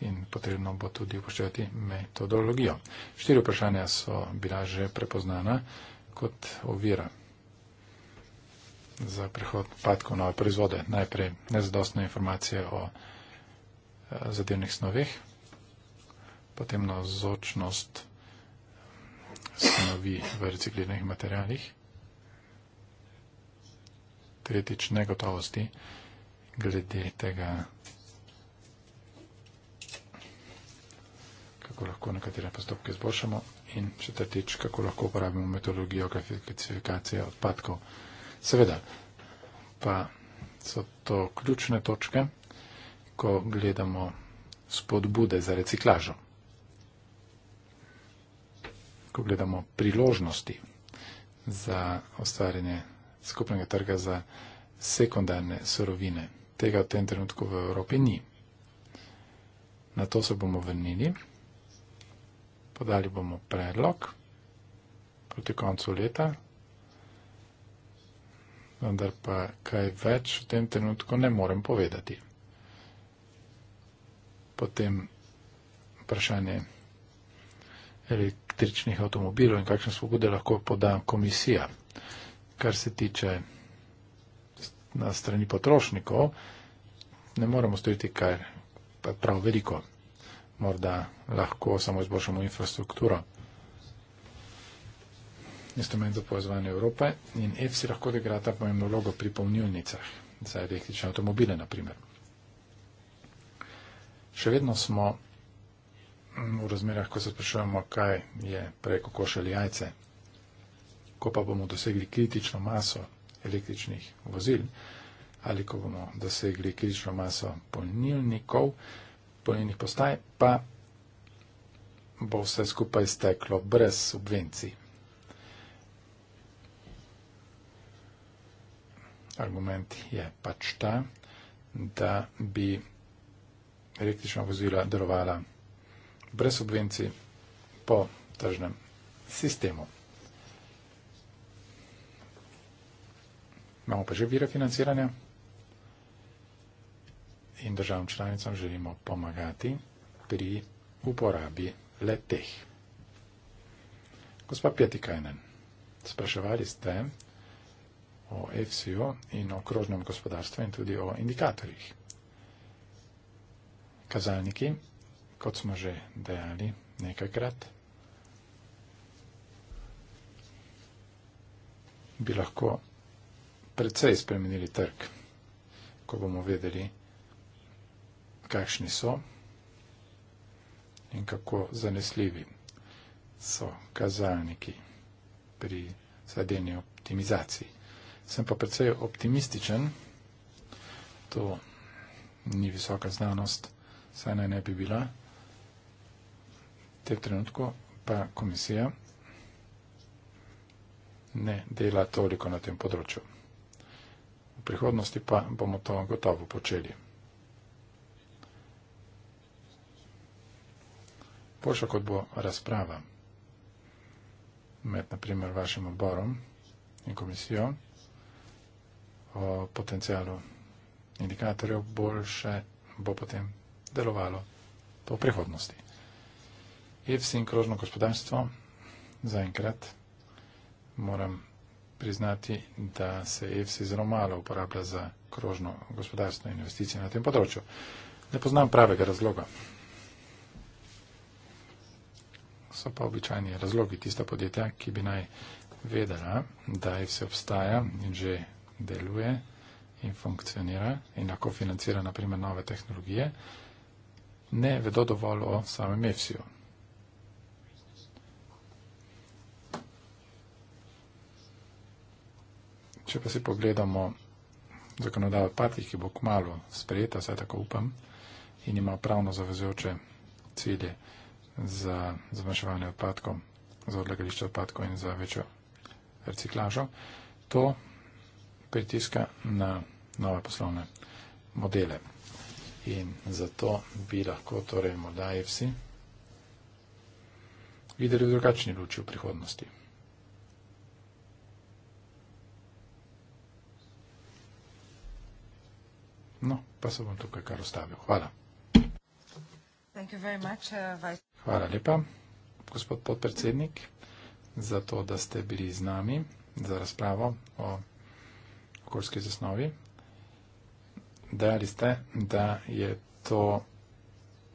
In potrebno bo tudi upoštevati metodologijo. Štiri vprašanja so bila že prepoznana kot ovira za prihod odpadkov v nove proizvode. Najprej nezadostne informacije o eh, zadevnih snovih, potem na vzočnost eh, snovi v recikliranih materialih, tretjič negotovosti glede tega, kako lahko nekatere postopke izboljšamo in četrtič, kako lahko uporabimo metodologijo klasifikacije odpadkov. Seveda, pa so to ključne točke, ko gledamo spodbude za reciklažo. Ko gledamo priložnosti za ustvarjanje skupnega trga za sekundarne sorovine. Tega v tem trenutku v Evropi ni. Na to se bomo vrnili, podali bomo predlog proti koncu leta, vendar pa kaj več v tem trenutku ne morem povedati. Potem vprašanje električnih avtomobilov in kakšne spogude lahko poda komisija. Kar se tiče na strani potrošnikov, ne moremo storiti kar prav veliko. Morda lahko samo izboljšamo infrastrukturo instrument za povezovanje Evrope in EFSI lahko igra ta pomembno vlogo pri polnilnicah za električne avtomobile, naprimer. Še vedno smo mm, v razmerah, ko se sprašujemo, kaj je preko košali jajce, ko pa bomo dosegli kritično maso električnih vozil ali ko bomo dosegli kritično maso polnilnikov, polnilnih postaj, pa bo vse skupaj steklo brez subvencij. argument je pač ta, da bi električna vozila delovala brez subvencij po tržnem sistemu. Imamo pa že vire financiranja in državam članicam želimo pomagati pri uporabi le teh. Gospa Pjetikajnen, spraševali ste, o EFSI-ju in o krožnem gospodarstvu in tudi o indikatorjih. Kazalniki, kot smo že dejali nekajkrat, bi lahko predvsej spremenili trg, ko bomo vedeli, kakšni so in kako zanesljivi so kazalniki pri sredenju optimizaciji sem pa precej optimističen. To ni visoka znanost, saj naj ne bi bila. V tem trenutku pa komisija ne dela toliko na tem področju. V prihodnosti pa bomo to gotovo počeli. Boljša kot bo razprava med naprimer vašim odborom in komisijo, potencijalu indikatorjev boljše bo potem delovalo po prihodnosti. EFSI in krožno gospodarstvo zaenkrat moram priznati, da se EFSI zelo malo uporablja za krožno gospodarstvo in investicije na tem področju. Ne poznam pravega razloga. So pa običajni razlogi tista podjetja, ki bi naj vedela, da EFSI obstaja in že deluje in funkcionira in lahko financira naprimer nove tehnologije, ne vedo dovolj o samem EFSI-ju. Če pa si pogledamo zakonodajo odpadkih, ki bo kmalo sprejeta, vsaj tako upam, in ima pravno zavezujoče cilje za zmanjševanje odpadkov, za odlagališče odpadkov in za večjo reciklažo, to pritiska na nove poslovne modele. In zato bi lahko torej morda vsi videli v drugačni luči v prihodnosti. No, pa se bom tukaj kar ustavil. Hvala. Thank you very much, uh, vice... Hvala lepa, gospod podpredsednik, za to, da ste bili z nami za razpravo o okoljski zasnovi. Dejali ste, da je to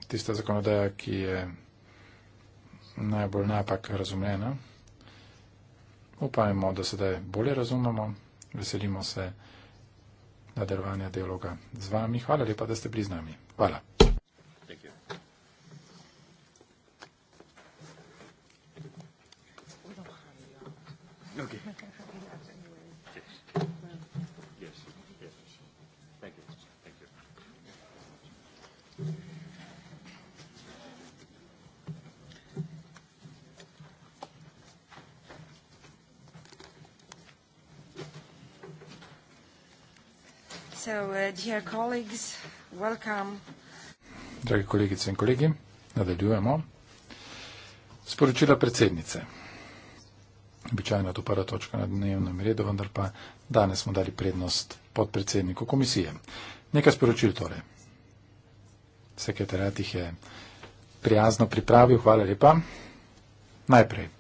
tista zakonodaja, ki je najbolj napak razumljena. Upajmo, da sedaj bolje razumemo. Veselimo se nadaljevanja dialoga z vami. Hvala lepa, da ste bili z nami. Hvala. Okay. Uh, Dragi kolegice in kolegi, nadaljujemo. Sporočila predsednice. Običajno to para točka na dnevnem redu, vendar pa danes smo dali prednost podpredsedniku komisije. Nekaj sporočil torej. Sekretarjat jih je prijazno pripravil. Hvala lepa. Najprej.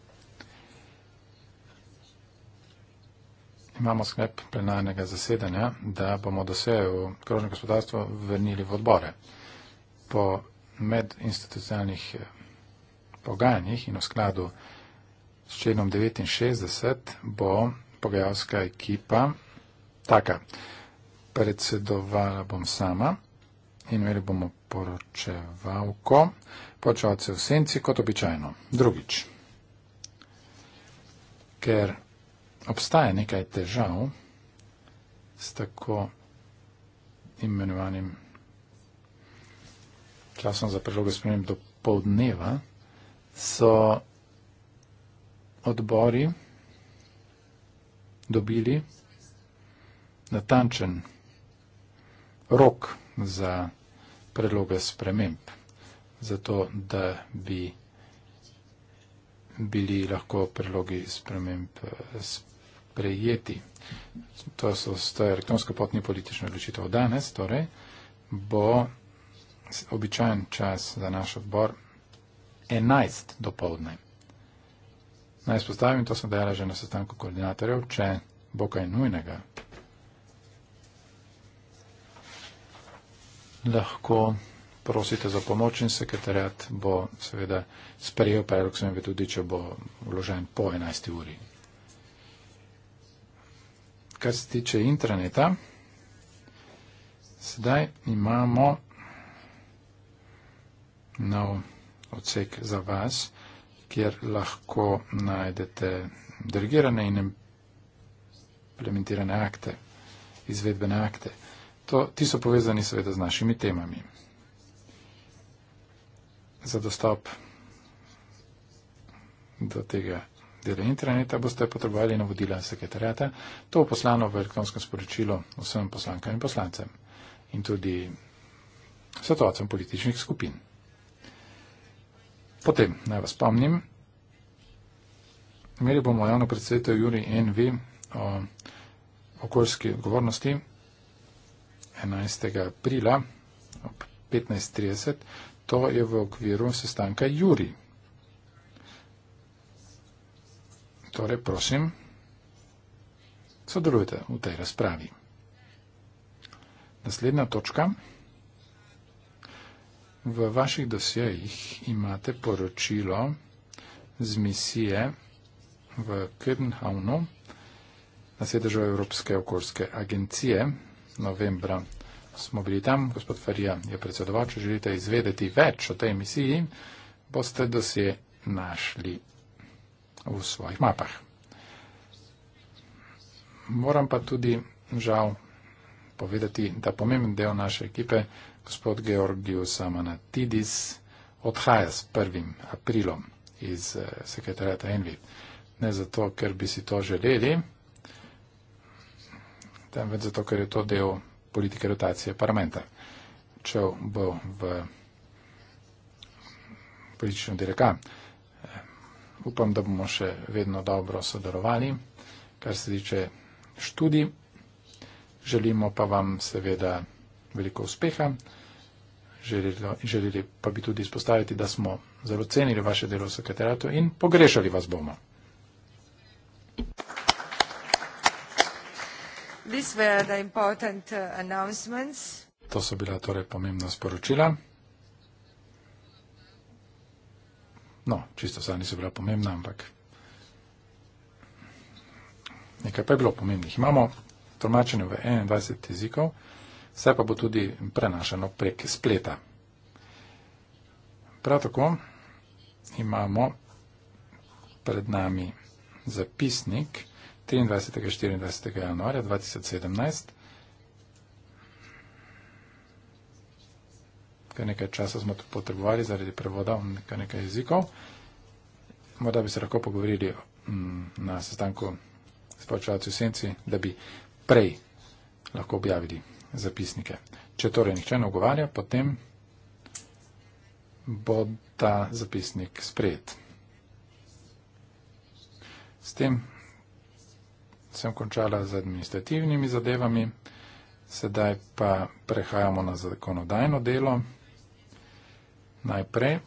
imamo sklep plenarnega zasedanja, da bomo dosejo v krožno gospodarstvo vrnili v odbore. Po medinstitucionalnih eh, pogajanjih in v skladu s členom 69 bo pogajalska ekipa taka. Predsedovala bom sama in imeli bomo poročevalko, poročevalce v senci kot običajno. Drugič, ker obstaja nekaj težav s tako imenovanim časom za predlog sprememb do poldneva, so odbori dobili natančen rok za predloge sprememb, zato da bi bili lahko predlogi sprememb sprememb eh, prejeti. To so to je elektronsko potni politični odločitev. Danes torej bo običajen čas za naš odbor 11 do povdne. Naj spostavim, to sem dejala že na sestanku koordinatorjev, če bo kaj nujnega, lahko prosite za pomoč in sekretariat bo seveda sprejel predlog sem tudi, če bo vložen po 11 uri kar se tiče interneta. Sedaj imamo nov odsek za vas, kjer lahko najdete delegirane in implementirane akte, izvedbene akte. To, ti so povezani seveda z našimi temami. Za dostop do tega glede interneta boste potrebovali navodila sekretarjata. To je poslano v elektronskem sporočilu vsem poslankam in poslancem in tudi svetovcem političnih skupin. Potem naj vas spomnim, imeli bomo javno predsedstvo Juri NV o okoljski odgovornosti 11. aprila ob 15.30. To je v okviru sestanka Juri. Torej, prosim, sodelujte v tej razpravi. Naslednja točka. V vaših dosjejih imate poročilo z misije v Kirnhavnu na sedežu Evropske okoljske agencije. Novembra smo bili tam, gospod Farija je predsedoval. Če želite izvedeti več o tej misiji, boste dosje našli v svojih mapah. Moram pa tudi žal povedati, da pomemben del naše ekipe, gospod Georgiju Samanatidis, odhaja s 1. aprilom iz eh, sekretarjata Envi. Ne zato, ker bi si to želeli, temveč zato, ker je to del politike rotacije parlamenta. Če bo v politično direkam upam, da bomo še vedno dobro sodelovali, kar se tiče študij. Želimo pa vam seveda veliko uspeha. Želili, želili pa bi tudi izpostaviti, da smo zelo cenili vaše delo v sekretariatu in pogrešali vas bomo. Uh, to so bila torej pomembna sporočila. No, čisto vsa niso bila pomembna, ampak nekaj pa je bilo pomembnih. Imamo tolmačenje v 21 jezikov, vse pa bo tudi prenašano prek spleta. Prav tako imamo pred nami zapisnik 23. in 24. januarja 2017 kar nekaj časa smo to potrebovali zaradi prevoda in kar nekaj jezikov. Morda bi se lahko pogovorili m, mm, na sestanku s počevalci v senci, da bi prej lahko objavili zapisnike. Če torej nihče ne ogovarja, potem bo ta zapisnik sprejet. S tem sem končala z administrativnimi zadevami, sedaj pa prehajamo na zakonodajno delo najprej.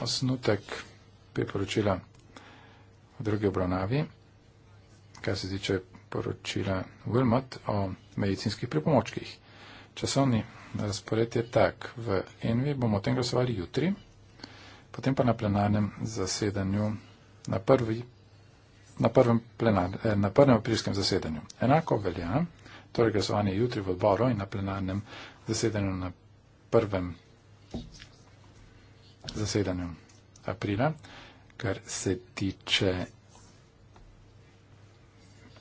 Osnutek priporočila v drugi obravnavi, kar se tiče poročila Wilmot o medicinskih pripomočkih. Časovni razpored je tak. V Envi bomo o tem glasovali jutri, potem pa na plenarnem zasedanju na, prvi, na, prvem, plenar, eh, na prvem aprilskem zasedanju. Enako velja to je glasovanje jutri v odboru in na plenarnem zasedanju na prvem zasedanju aprila, kar se tiče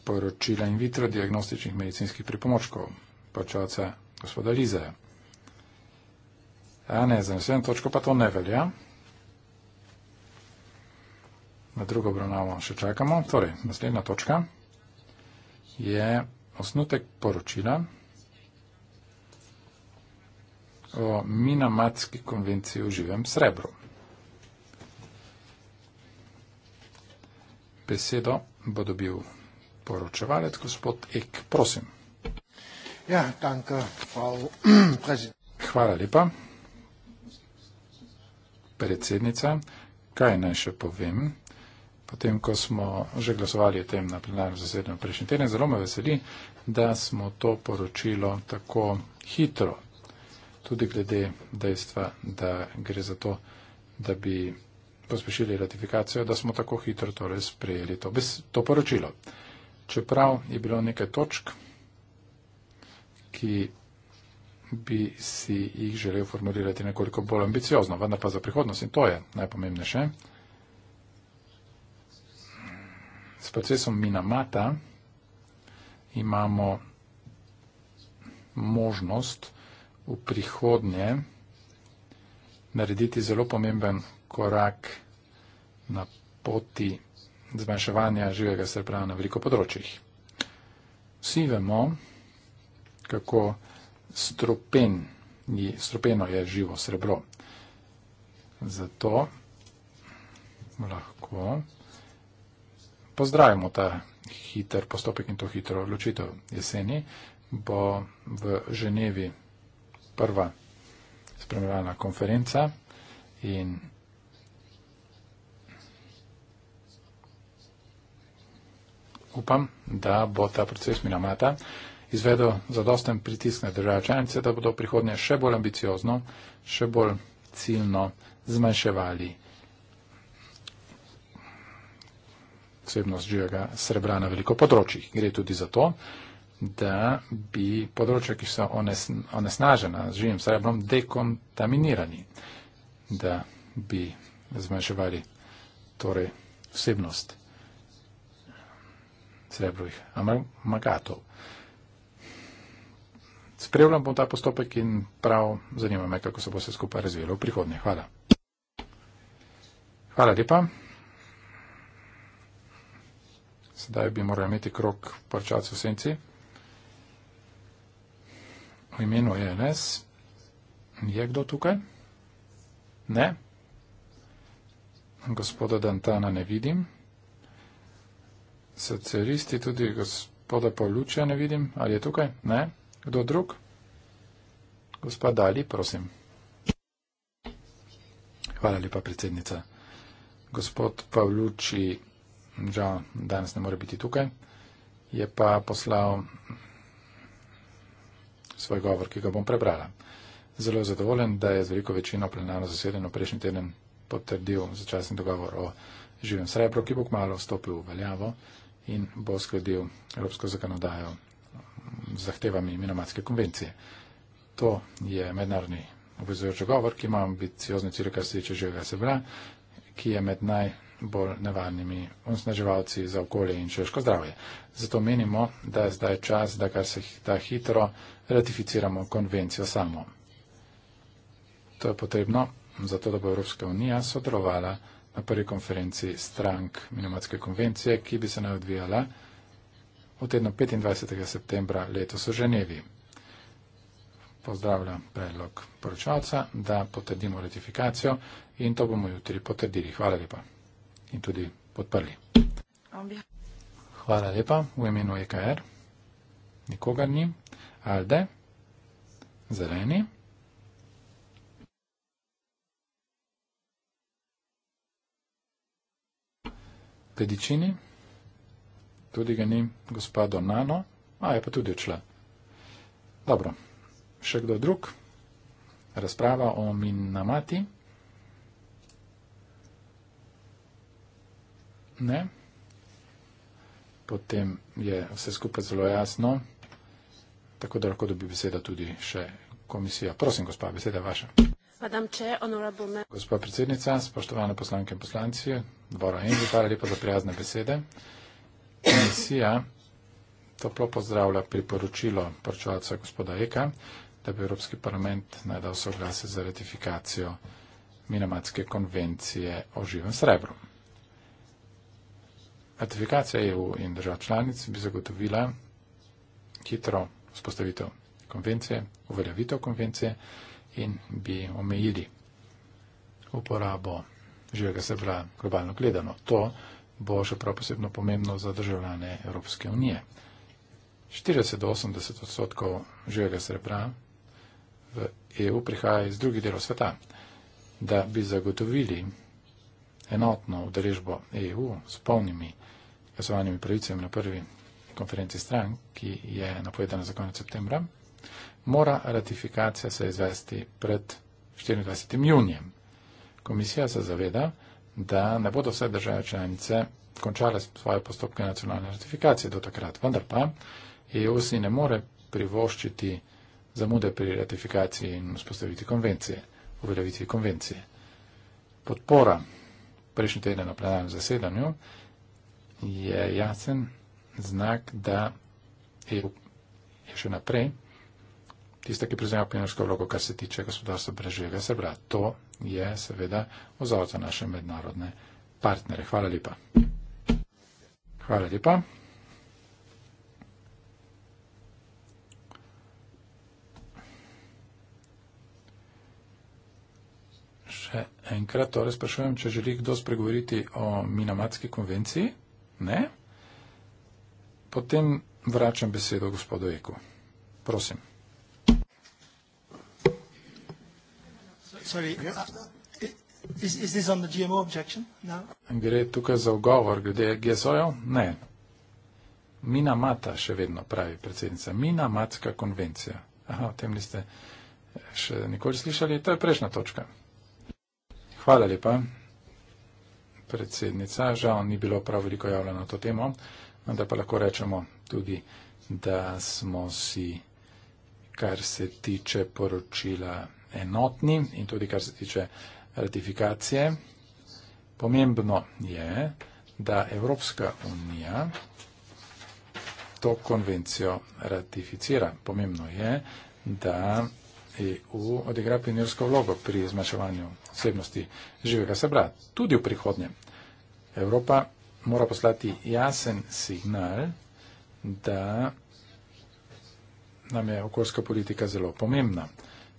poročila in vitro diagnostičnih medicinskih pripomočkov počevalca gospoda Lize. A ne, za naslednjo točko pa to ne velja. Na drugo obravnavo še čakamo. Torej, naslednja točka je Osnutek poročila o Minamatski konvenciji o živem srebru. Besedo bo dobil poročevalec gospod Ek. Prosim. Ja, danke, Hvala lepa. Predsednica, kaj naj še povem? Potem, ko smo že glasovali o tem na plenarnem zasedanju prejšnji teden, zelo me veseli, da smo to poročilo tako hitro, tudi glede dejstva, da gre za to, da bi pospešili ratifikacijo, da smo tako hitro torej sprejeli to, to poročilo. Čeprav je bilo nekaj točk, ki bi si jih želel formulirati nekoliko bolj ambiciozno, vendar pa za prihodnost in to je najpomembnejše. S procesom Minamata imamo možnost v prihodnje narediti zelo pomemben korak na poti zmanjševanja živega srpra na veliko področjih. Vsi vemo, kako stropen, stropeno je živo srebro. Zato lahko pozdravimo ta hiter postopek in to hitro odločitev. Jeseni bo v Ženevi prva spremljena konferenca in upam, da bo ta proces Minamata izvedel zadosten pritisk na države članice, da bodo prihodnje še bolj ambiciozno, še bolj ciljno zmanjševali posebnost živega srebra na veliko področjih. Gre tudi za to, da bi področja, ki so ones, onesnažena z živim srebrom, dekontaminirani, da bi zmanjševali torej vsebnost srebrovih amalgatov. Spremljam bom ta postopek in prav zanima me, kako se bo vse skupaj razvijalo v prihodnje. Hvala. Hvala lepa. Sedaj bi moral imeti krok parčac v senci. V imenu je NS. Je kdo tukaj? Ne. Gospoda Dantana ne vidim. Socialisti tudi gospoda Pavluča ne vidim. Ali je tukaj? Ne. Kdo drug? Gospod Dali, prosim. Hvala lepa, predsednica. Gospod Pavluči žal danes ne more biti tukaj, je pa poslal svoj govor, ki ga bom prebrala. Zelo zadovoljen, da je z veliko večino plenarno zasedeno prejšnji teden potrdil začasni dogovor o živem srebru, ki bo kmalo vstopil v veljavo in bo skladil evropsko zakonodajo z zahtevami minomatske konvencije. To je mednarodni obvezujoč govor, ki ima ambiciozne cilje, kar se tiče živega srebra, ki je med naj bolj nevarnimi onesnaževalci za okolje in človeško zdravje. Zato menimo, da je zdaj čas, da kar se da hitro ratificiramo konvencijo samo. To je potrebno, zato da bo Evropska unija sodelovala na prvi konferenci strank minimalske konvencije, ki bi se naj odvijala v tednu 25. septembra letos v Ženevi. Pozdravljam predlog poročalca, da potrdimo ratifikacijo in to bomo jutri potrdili. Hvala lepa in tudi podprli. Hvala lepa v imenu EKR. Nikogar ni. Alde, zeleni. Pedičini, tudi ga ni, gospa Donano, a je pa tudi odšla. Dobro, še kdo drug? Razprava o Minamati. ne? potem je vse skupaj zelo jasno, tako da lahko dobi beseda tudi še komisija. Prosim, gospa, beseda je vaša. Gospa predsednica, spoštovane poslanke in poslanci, dvora Engi, hvala lepa za prijazne besede. Komisija toplo pozdravlja priporočilo poročevalca gospoda Eka, da bi Evropski parlament najdal soglase za ratifikacijo Minamatske konvencije o živem srebru. Ratifikacija EU in držav članic bi zagotovila hitro vzpostavitev konvencije, uveljavitev konvencije in bi omejili uporabo živega srebra globalno gledano. To bo še prav posebno pomembno za državljane Evropske unije. 40 do 80 odstotkov živega srebra v EU prihaja iz drugih delov sveta, da bi zagotovili enotno udeležbo EU s polnimi glasovanimi pravicami na prvi konferenci strank, ki je napovedana za konec septembra, mora ratifikacija se izvesti pred 24. junijem. Komisija se zaveda, da ne bodo vse države članice končale svoje postopke nacionalne ratifikacije do takrat. Vendar pa EU si ne more privoščiti zamude pri ratifikaciji in vzpostaviti konvencije, uveljaviti konvencije. Podpora prejšnji teden na plenarnem zasedanju, je jasen znak, da EU je še naprej tista, ki prizema pionersko vlogo, kar se tiče gospodarstva brez živega srebra. To je seveda ozavca naše mednarodne partnere. Hvala lepa. Hvala lepa. še enkrat, torej sprašujem, če želi kdo spregovoriti o Minamatski konvenciji. Ne? Potem vračam besedo gospodu Eku. Prosim. Sorry. Uh, is, is this on the GMO objection? No? Gre tukaj za ogovor glede GSO-jev? Ne. Minamata še vedno pravi predsednica. Minamatska konvencija. Aha, o tem niste še nikoli slišali. To je prejšnja točka. Hvala lepa. Predsednica, žal ni bilo prav veliko javljeno na to temo, vendar pa lahko rečemo tudi, da smo si, kar se tiče poročila, enotni in tudi kar se tiče ratifikacije. Pomembno je, da Evropska unija to konvencijo ratificira. Pomembno je, da EU odigra pionirsko vlogo pri zmanjševanju osebnosti živega sebra, tudi v prihodnje. Evropa mora poslati jasen signal, da nam je okoljska politika zelo pomembna,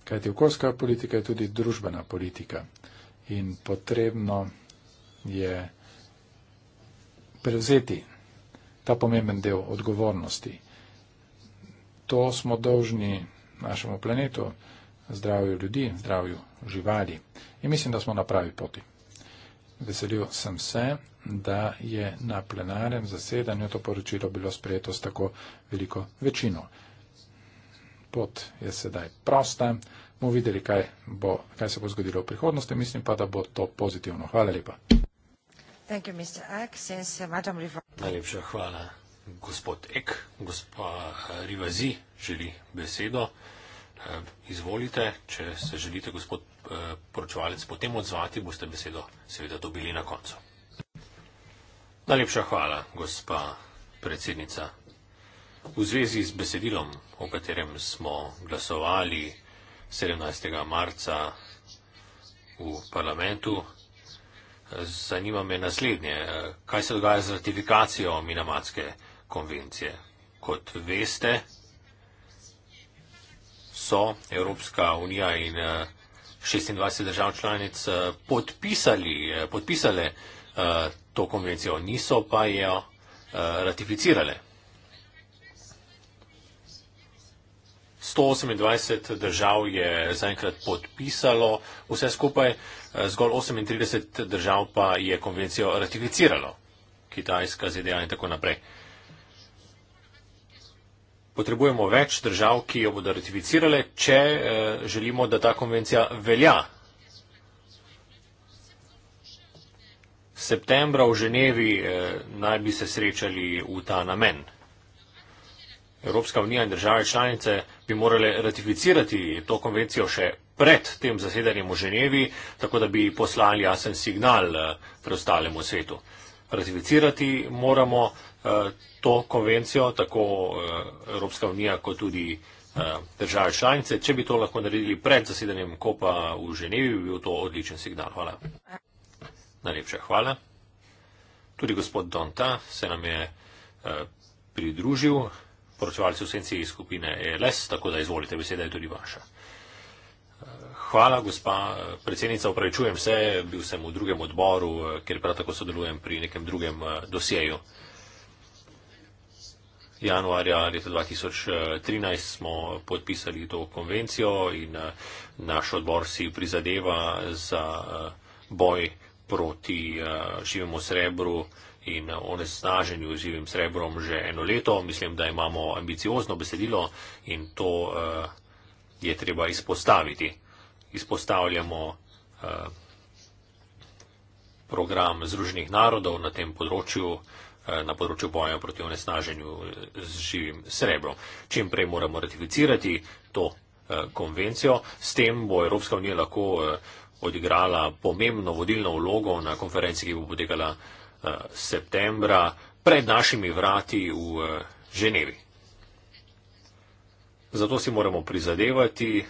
kajti okoljska politika je tudi družbena politika in potrebno je prevzeti ta pomemben del odgovornosti. To smo dolžni našemu planetu, zdravju ljudi, zdravju živali. In mislim, da smo na pravi poti. Veselil sem se, da je na plenarnem zasedanju to poročilo bilo sprejeto s tako veliko večino. Pot je sedaj prosta, bomo videli, kaj, bo, kaj se bo zgodilo v prihodnosti, mislim pa, da bo to pozitivno. Hvala lepa. Thank you, Mr. Ak, since, uh, Najlepša hvala gospod Ek, gospa eh, Rivazi želi besedo. Eh, izvolite, če se želite, gospod eh, poročevalec, potem odzvati, boste besedo seveda dobili na koncu. Najlepša hvala, gospa predsednica. V zvezi z besedilom, o katerem smo glasovali 17. marca v parlamentu, zanima me naslednje. Kaj se dogaja z ratifikacijo Minamatske? konvencije. Kot veste, so Evropska unija in 26 eh, držav članic eh, podpisali, eh, podpisale to konvencijo, niso pa jo ratificirale. 128 držav je zaenkrat podpisalo vse skupaj, zgolj 38 držav pa je konvencijo ratificiralo. Kitajska, ZDA in tako naprej potrebujemo več držav, ki jo bodo ratificirale, če eh, želimo, da ta konvencija velja. Septembra v Ženevi eh, naj bi se srečali v ta namen. Evropska unija in države članice bi morale ratificirati to konvencijo še pred tem zasedanjem v Ženevi, tako da bi poslali jasen signal eh, preostalemu svetu. Ratificirati moramo to konvencijo, tako eh, Evropska unija, kot tudi eh, države članice. Če bi to lahko naredili pred zasedanjem kopa v Ženevi, bi bil to odličen signal. Hvala. Najlepša hvala. Tudi gospod Donta se nam je eh, pridružil, poročevalci v senci skupine ELS, tako da izvolite, beseda je tudi vaša. Hvala, gospa predsednica, opravičujem se, bil sem v drugem odboru, kjer prav tako sodelujem pri nekem drugem dosjeju januarja leta 2013 eh, smo podpisali to konvencijo in eh, naš odbor si prizadeva za eh, boj proti živemu srebru in onesnaženju z živim srebrom že eno leto. Mislim, da imamo ambiciozno besedilo in to je treba izpostaviti. Izpostavljamo program Združenih narodov na tem področju, Eh, na področju boja proti onesnaženju eh, z živim srebrom. Čim prej moramo ratificirati to eh, konvencijo, s tem bo Evropska unija lahko odigrala pomembno vodilno vlogo na konferenci, ki bo potekala septembra pred našimi vrati v Ženevi. Zato si moramo prizadevati,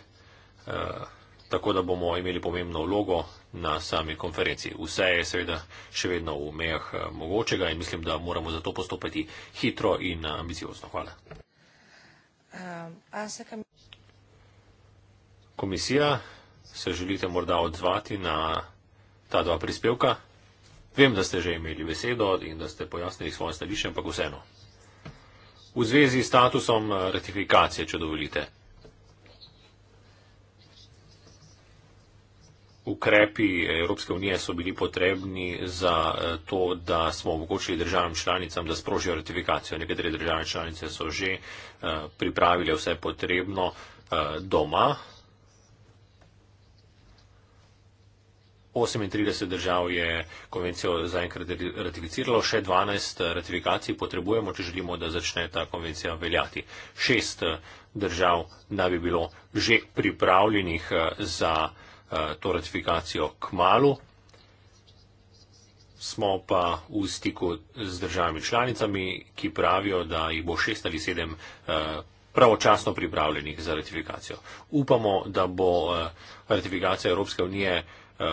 tako da bomo imeli pomembno vlogo na sami konferenci. Vse je seveda še vedno v mejah eh, mogočega in mislim, da moramo zato postopiti hitro in eh, ambiciozno. Hvala. Um, Komisija, se želite morda odzvati na ta dva prispevka? Vem, da ste že imeli besedo in da ste pojasnili svoje stališče, ampak vseeno. V zvezi s statusom eh, ratifikacije, če dovolite. ukrepi Evropske unije so bili potrebni za eh, to, da smo omogočili državam članicam, da sprožijo ratifikacijo. Nekatere države članice so že eh, pripravile vse potrebno eh, doma. 38 držav je konvencijo zaenkrat ratificiralo, še 12 ratifikacij potrebujemo, če želimo, da začne ta konvencija veljati. Šest držav naj bi bilo že pripravljenih za ratifikacijo. Eh, to ratifikacijo k malu. Smo pa v stiku z državami članicami, ki pravijo, da jih bo šest ali sedem eh, pravočasno pripravljenih za ratifikacijo. Upamo, da bo eh, ratifikacija Evropske unije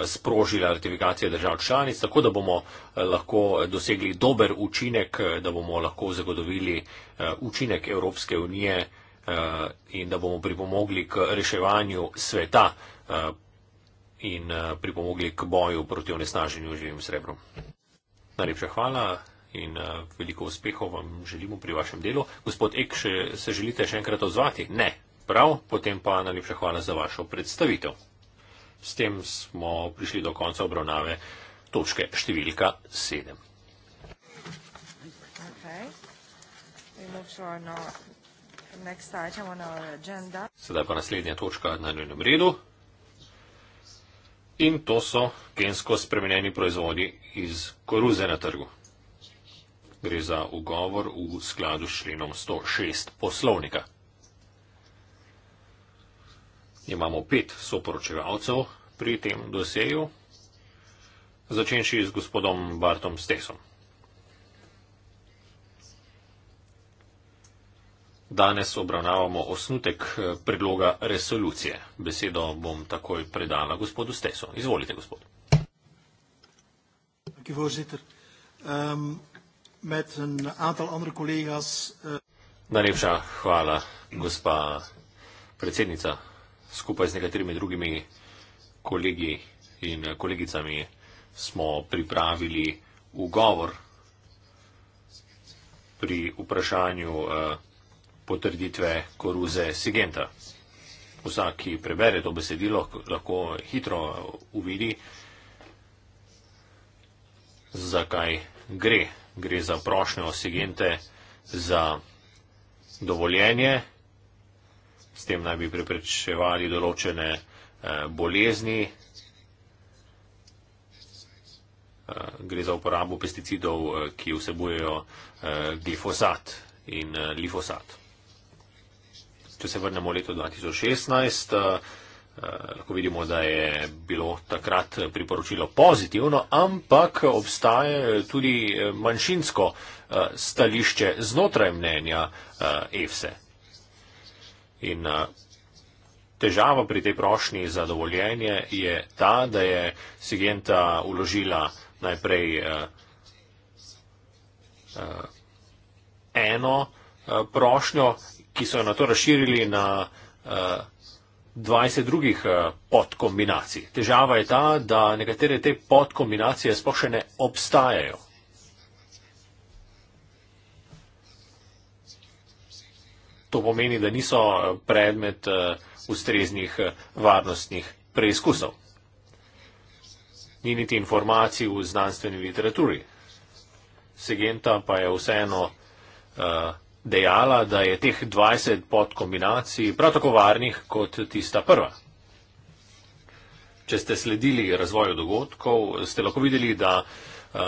sprožila ratifikacije držav članic, tako da bomo lahko dosegli dober učinek, da bomo lahko zagotovili učinek Evropske unije in da bomo pripomogli k reševanju sveta in eh, pripomogli k boju proti onesnaženju živim srebrom. Najlepša hvala in eh, veliko uspehov vam želimo pri vašem delu. Gospod Ek, še, se želite še enkrat odzvati? Ne. Prav, potem pa najlepša hvala za vašo predstavitev. S tem smo prišli do konca obravnave točke številka 7. Okay. No- Sedaj pa naslednja točka na dnevnem redu in to so gensko spremenjeni proizvodi iz koruze na trgu. Gre za ugovor v skladu s členom 106 poslovnika. Imamo pet soporočevalcev pri tem doseju, začenši z gospodom Bartom Stesom. Danes obravnavamo osnutek eh, predloga resolucije. Besedo bom takoj predala gospodu Steso. Izvolite, gospod. Ehm, eh, Najlepša hvala, gospa predsednica. Skupaj z nekaterimi drugimi kolegi in kolegicami smo pripravili ugovor pri vprašanju uh, potrditve koruze Sigenta. Vsak, ki prebere to besedilo, lahko hitro uvidi, zakaj gre. Gre za prošnjo Sigente za dovoljenje, s tem naj bi preprečevali določene eh, bolezni. Eh, gre za uporabo pesticidov, eh, ki vsebujejo glifosat in glifosat. Če se vrnemo v leto 2016, eh, eh, lahko vidimo, da je bilo takrat priporočilo pozitivno, ampak obstaja tudi eh, manjšinsko stališče znotraj mnenja EFSE. In težava pri tej prošnji za dovoljenje je ta, da je Sigenta uložila najprej eno prošnjo ki so jo na to razširili na uh, eh, 20 drugih uh, podkombinacij. Težava je ta, da nekatere te podkombinacije sploh še ne obstajajo. To pomeni, da niso eh, predmet uh, ustreznih uh, varnostnih preizkusov. Ni niti informacij v znanstveni literaturi. Segenta pa je vseeno uh, dejala, da je teh 20 podkombinacij prav tako varnih kot tista prva. Če ste sledili razvoju dogodkov, ste lahko videli, da uh,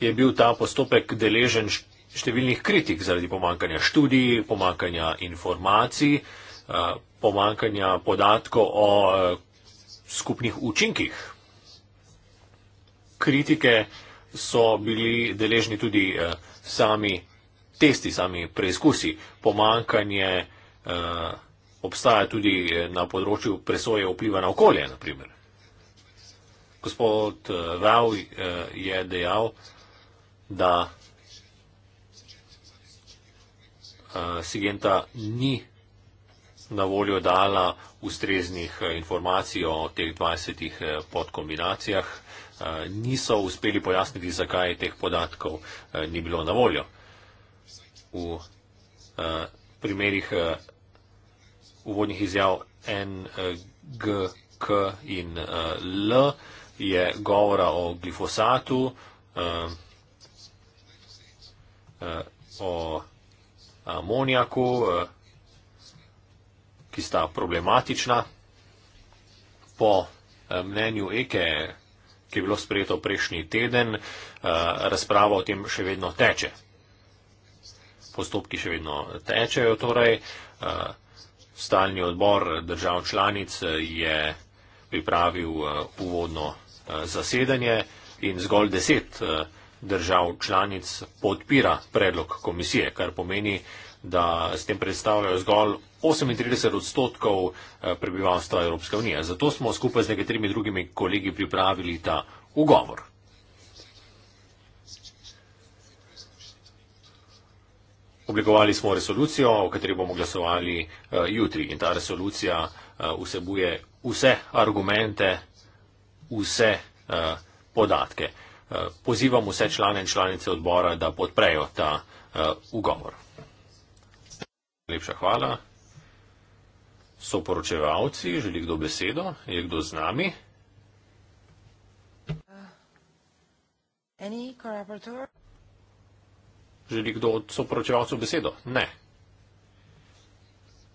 je bil ta postopek deležen številnih kritik zaradi pomankanja študij, pomankanja informacij, uh, pomankanja podatkov o uh, skupnih učinkih. Kritike so bili deležni tudi uh, sami testi, sami preizkusi, pomankanje eh, obstaja tudi na področju presoje vpliva na okolje, naprimer. Gospod Rao eh, eh, je dejal, da eh, Sigenta ni na voljo dala ustreznih eh, informacij o teh 20 eh, podkombinacijah. Eh, niso uspeli pojasniti, zakaj teh podatkov eh, ni bilo na voljo v eh, primerih eh, uvodnih izjav N, G, K in eh, L je govora o glifosatu, o amonijaku, ki sta problematična. Po mnenju Eke, ki je bilo sprejeto prejšnji teden, razprava o tem še vedno teče postopki še vedno tečejo. Torej, eh, stalni odbor držav članic eh, je pripravil eh, uvodno zasedanje in zgolj deset držav članic podpira predlog komisije, kar pomeni, da s tem predstavljajo zgolj 38 odstotkov prebivalstva Evropske unije. Zato smo skupaj z nekaterimi drugimi kolegi pripravili ta ugovor. Oblikovali smo resolucijo, o kateri bomo glasovali uh, jutri. In ta resolucija uh, vsebuje vse argumente, vse uh, podatke. Uh, pozivam vse člane in članice odbora, da podprejo ta uh, ugovor. Lepša hvala. So poročevalci, želi kdo besedo? Je kdo z nami? Uh, any corroborator? Želi kdo od soporočevalcev besedo? Ne.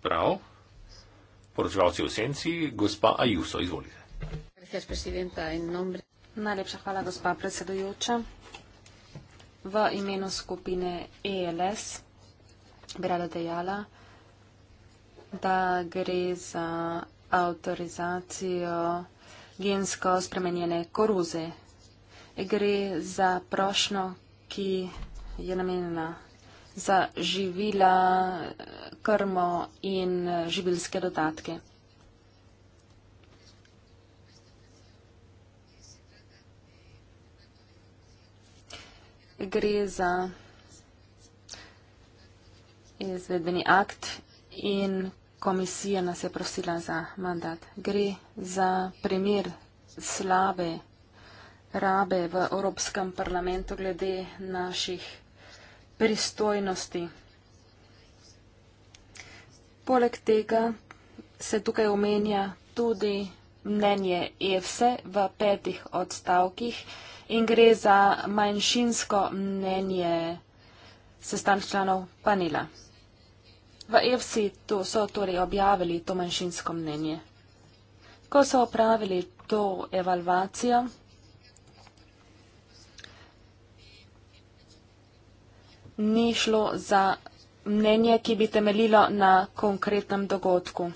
Prav. Poročevalci v senci, gospa Ajuso, izvolite. Najlepša hvala, gospa predsedujoča. V imenu skupine ELS bi rada dejala, da gre za avtorizacijo gensko spremenjene koruze. Gre za prošno, ki je namenjena za živila, krmo in eh, živilske dodatke. Gre za izvedeni akt in komisija nas je prosila za mandat. Gre za primer slabe rabe v Evropskem parlamentu glede naših pristojnosti. Poleg tega se tukaj omenja tudi mnenje EFSE e v petih odstavkih in gre za manjšinsko mnenje sestanih članov panela. V EFSE e so torej objavili to manjšinsko mnenje. Ko so opravili to evalvacijo, ni šlo za mnenje, ki bi temeljilo na konkretnem dogodku.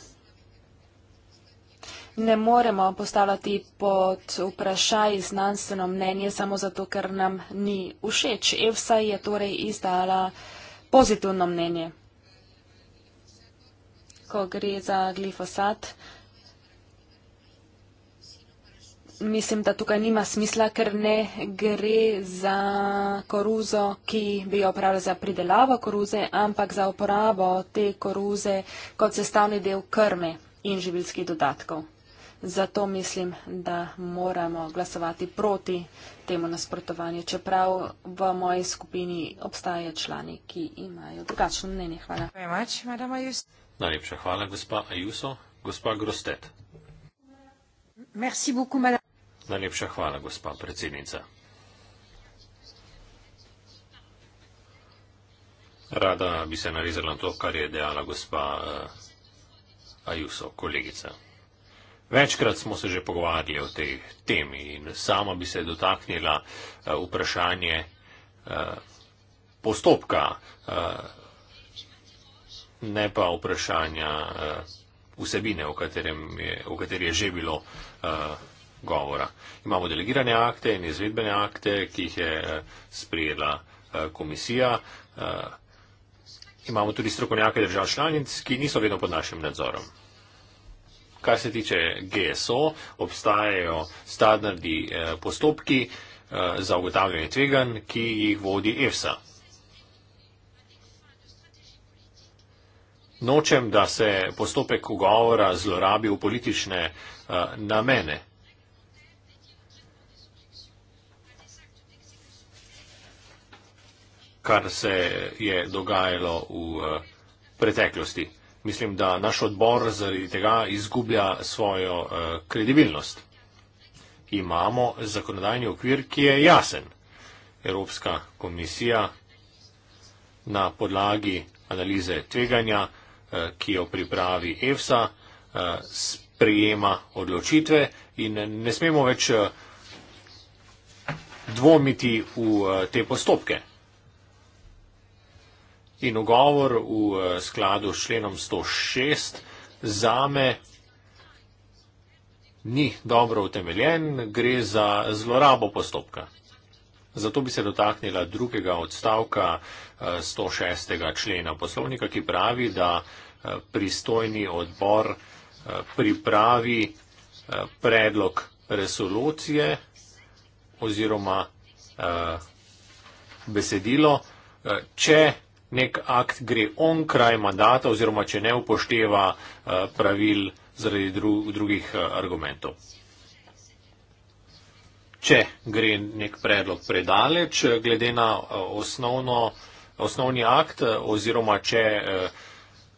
Ne moremo postavljati pod vprašaj znanstveno mnenje samo zato, ker nam ni všeč. EFSA je torej izdala pozitivno mnenje. Ko gre za glifosat, mislim, da tukaj nima smisla, ker ne gre za koruzo, ki bi jo pravila za pridelavo koruze, ampak za uporabo te koruze kot sestavni del krme in živilskih dodatkov. Zato mislim, da moramo glasovati proti temu nasprotovanju, čeprav v moji skupini obstajajo člani, ki imajo drugačno mnenje. Hvala. Najlepša hvala, gospa Ajuso. Gospa Grostet. Merci beaucoup, madame. Najlepša hvala, gospa predsednica. Rada bi se narizala na to, kar je dejala gospa eh, Ajuso, kolegica. Večkrat smo se že pogovarjali o tej temi in sama bi se dotaknila eh, vprašanje eh, postopka, ne pa vprašanja vsebine, o, je, o kateri je že bilo govora. Imamo delegirane akte in izvedbene akte, ki jih je eh, sprijela eh, komisija. Eh, imamo tudi strokovnjake držav članic, ki niso vedno pod našim nadzorom. Kar se tiče GSO, obstajajo standardi postopki za ugotavljanje tvegan, ki jih vodi EFSA. Nočem, da se postopek ugovora zlorabi v politične uh, namene. kar se je dogajalo v eh, preteklosti. Mislim, da naš odbor zaradi tega izgublja svojo eh, kredibilnost. Imamo zakonodajni okvir, ki je jasen. Evropska komisija na podlagi analize tveganja, eh, ki jo pripravi EFSA, sprejema odločitve in ne smemo več dvomiti v te postopke in ogovor v eh, skladu s členom 106 zame ni dobro utemeljen, gre za zlorabo postopka. Zato bi se dotaknila drugega odstavka 106. Eh, člena poslovnika, ki pravi, da eh, pristojni odbor pripravi predlog resolucije oziroma besedilo, če nek akt gre onkraj mandata oziroma če ne upošteva eh, pravil zaradi dru drugih eh, argumentov. Če gre nek predlog predaleč, eh, glede na osnovno, osnovni akt oziroma če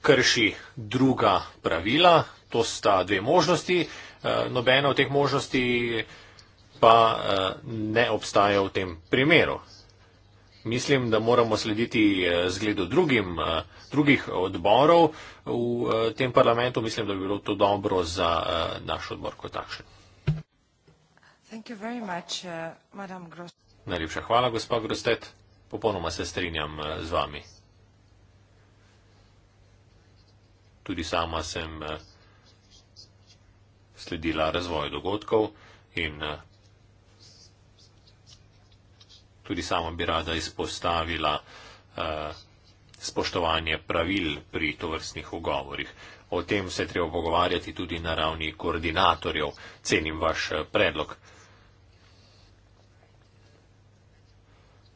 krši druga pravila, to sta dve možnosti, nobena od teh možnosti pa ne obstaja v tem primeru. Mislim, da moramo slediti eh, zgledu drugim, eh, drugih odborov v eh, tem parlamentu. Mislim, da bi bilo to dobro za naš odbor kot takšen. Uh, Najlepša hvala, gospod Grostet. Popolnoma se strinjam z vami. Tudi sama sem sledila razvoju dogodkov in tudi sama bi rada izpostavila eh, spoštovanje pravil pri tovrstnih ugovorih. O tem se treba pogovarjati tudi na ravni koordinatorjev. Cenim vaš eh, predlog.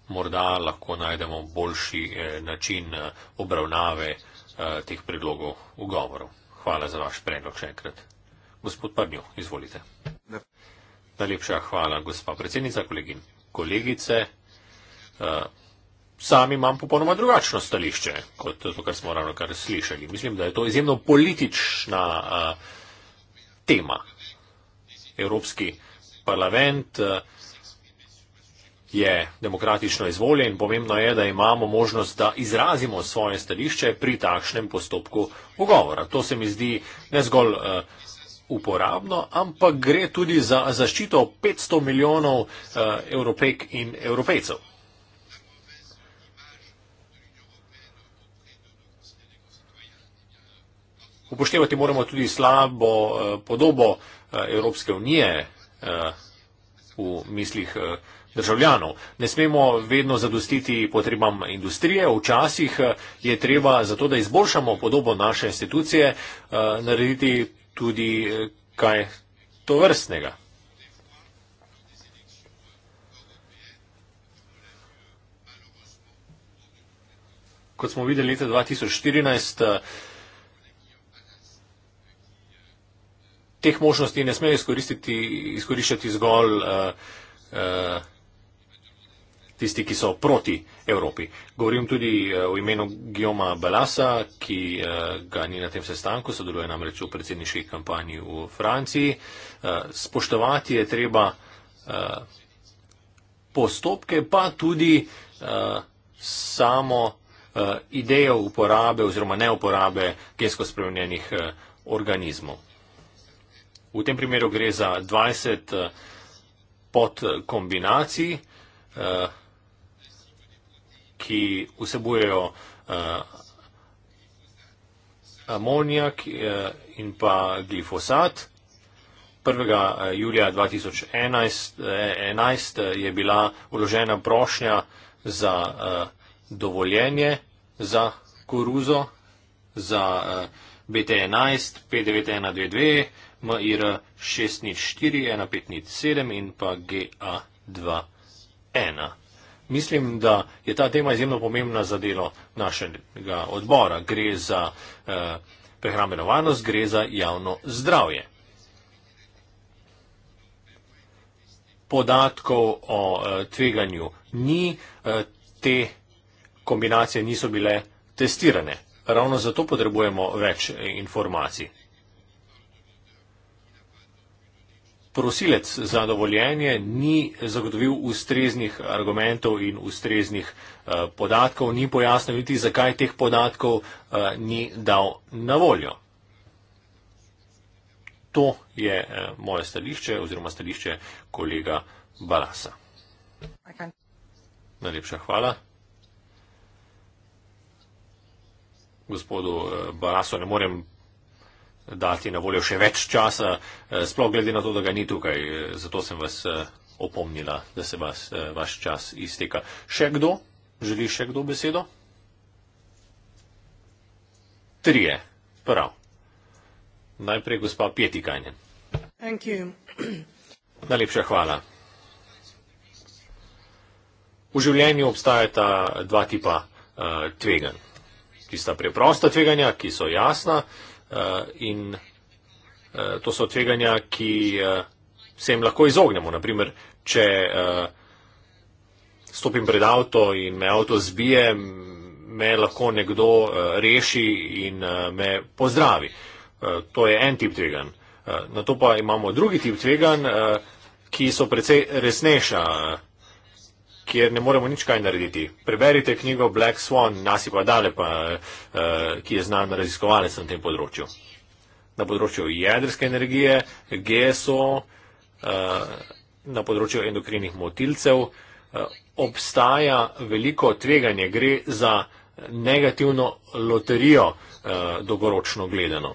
Morda lahko najdemo boljši eh, način eh, obravnave eh, teh predlogov ugovorov. Hvala za vaš predlog še enkrat. Gospod Prnjo, izvolite. Najlepša hvala, gospa predsednica, kolegin kolegice. Eh, sam imam popolnoma drugačno stališče kot to, kar smo ravno kar slišali. Mislim, da je to izjemno politična eh, tema. Evropski parlament eh, je demokratično izvoljen in pomembno je, da imamo možnost, da izrazimo svoje stališče pri takšnem postopku ugovora. To se mi zdi ne zgolj uh, uporabno, ampak gre tudi za zaščito 500 milijonov uh, eh, evropejk in evropejcev. Upoštevati moramo tudi slabo uh, podobo uh, Evropske unije uh, v mislih. Uh, Državljanov. Ne smemo vedno zadostiti potrebam industrije, včasih je treba za to, da izboljšamo podobo naše institucije, narediti tudi eh, kaj to vrstnega. Kot smo videli leta 2014, eh, teh možnosti ne smejo izkoristiti zgolj uh, uh, tisti, ki so proti Evropi. Govorim tudi eh, v imenu Gioma Balasa, ki eh, ga ni na tem sestanku, sodeluje namreč v predsedniški kampanji v Franciji. Eh, spoštovati je treba postopke, pa tudi samo idejo uporabe oziroma neuporabe gensko spremenjenih organizmov. V tem primeru gre za 20 podkombinacij, ki vsebujejo uh, amonijak uh, in pa glifosat. 1. Eh, julija 2011 je bila uložena prošnja za uh, dovoljenje za koruzo, za uh, BT11, P9122, MIR604, 157 in pa GA21. Mislim, da je ta tema izjemno pomembna za delo našega odbora. Gre za eh, prehrambeno varnost, gre za javno zdravje. Podatkov o eh, tveganju ni, eh, te kombinacije niso bile testirane. Ravno zato potrebujemo več eh, informacij. prosilec za dovoljenje ni zagotovil ustreznih argumentov in ustreznih eh, podatkov, ni pojasnil niti, zakaj teh podatkov eh, ni dal na voljo. To je eh, moje stališče oziroma stališče kolega Balasa. Najlepša hvala. Gospodu Balasu ne morem dati na voljo še več časa, eh, sploh glede na to, da ga ni tukaj. Eh, zato sem vas eh, opomnila, da se vas, vaš čas izteka. Še kdo? Želi še kdo besedo? Trije. Prav. Najprej gospa Pietikajnen. Najlepša hvala. V življenju obstajata dva tipa uh, tveganj. Tista preprosta tveganja, ki so jasna. Eh, in eh, to so tveganja, ki eh, se jim lahko izognemo. Naprimer, če stopim pred avto in me avto zbije, me lahko nekdo reši in me pozdravi. To je en tip tvegan. Na to pa imamo drugi tip tvegan, ki so precej resnejša kjer ne moremo nič kaj narediti. Preberite knjigo Black Swan, nasi pa dale, pa, eh, ki je znan raziskovalec na tem področju. Na področju jedrske energije, GSO, eh, na področju endokrinih motilcev eh, obstaja veliko tveganje, gre za negativno loterijo dolgoročno gledano.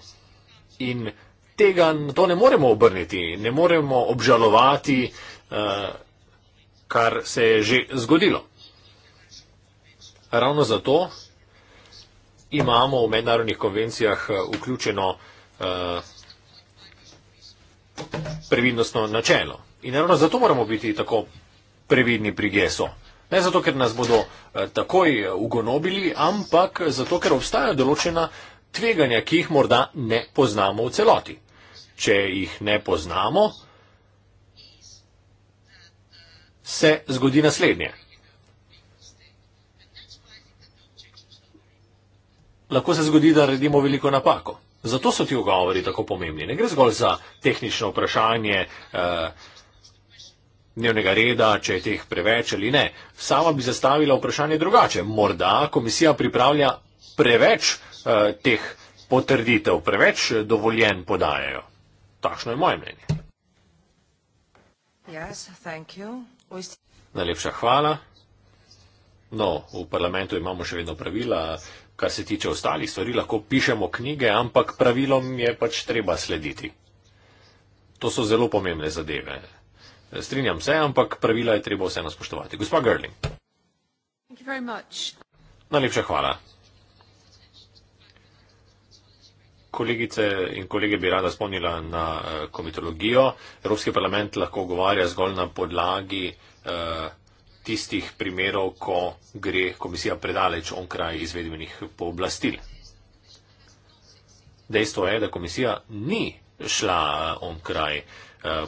In tega, to ne moremo obrniti, ne moremo obžalovati kar se je že zgodilo. Ravno zato imamo v mednarodnih konvencijah eh, vključeno eh, previdnostno načelo. In ravno zato moramo biti tako previdni pri geso. Ne zato, ker nas bodo eh, takoj ugonobili, ampak zato, ker obstajajo določena tveganja, ki jih morda ne poznamo v celoti. Če jih ne poznamo, se zgodi naslednje. Lahko se zgodi, da naredimo veliko napako. Zato so ti ogovori tako pomembni. Ne gre zgolj za tehnično vprašanje eh, dnevnega reda, če je teh preveč ali ne. Sama bi zastavila vprašanje drugače. Morda komisija pripravlja preveč eh, teh potrditev, preveč dovoljen podajajo. Takšno je moje mnenje. Yes, thank you. Najlepša hvala. No, v parlamentu imamo še vedno pravila, kar se tiče ostalih stvari, lahko pišemo knjige, ampak pravilom je pač treba slediti. To so zelo pomembne zadeve. Strinjam se, ampak pravila je treba vseeno spoštovati. Gospa Gerling. Najlepša hvala. Kolegice in kolege bi rada spomnila na eh, komitologijo. Evropski parlament lahko govarja zgolj na podlagi eh, tistih primerov, ko gre komisija predaleč onkraj izvedbenih pooblastil. Dejstvo je, da komisija ni šla eh, onkraj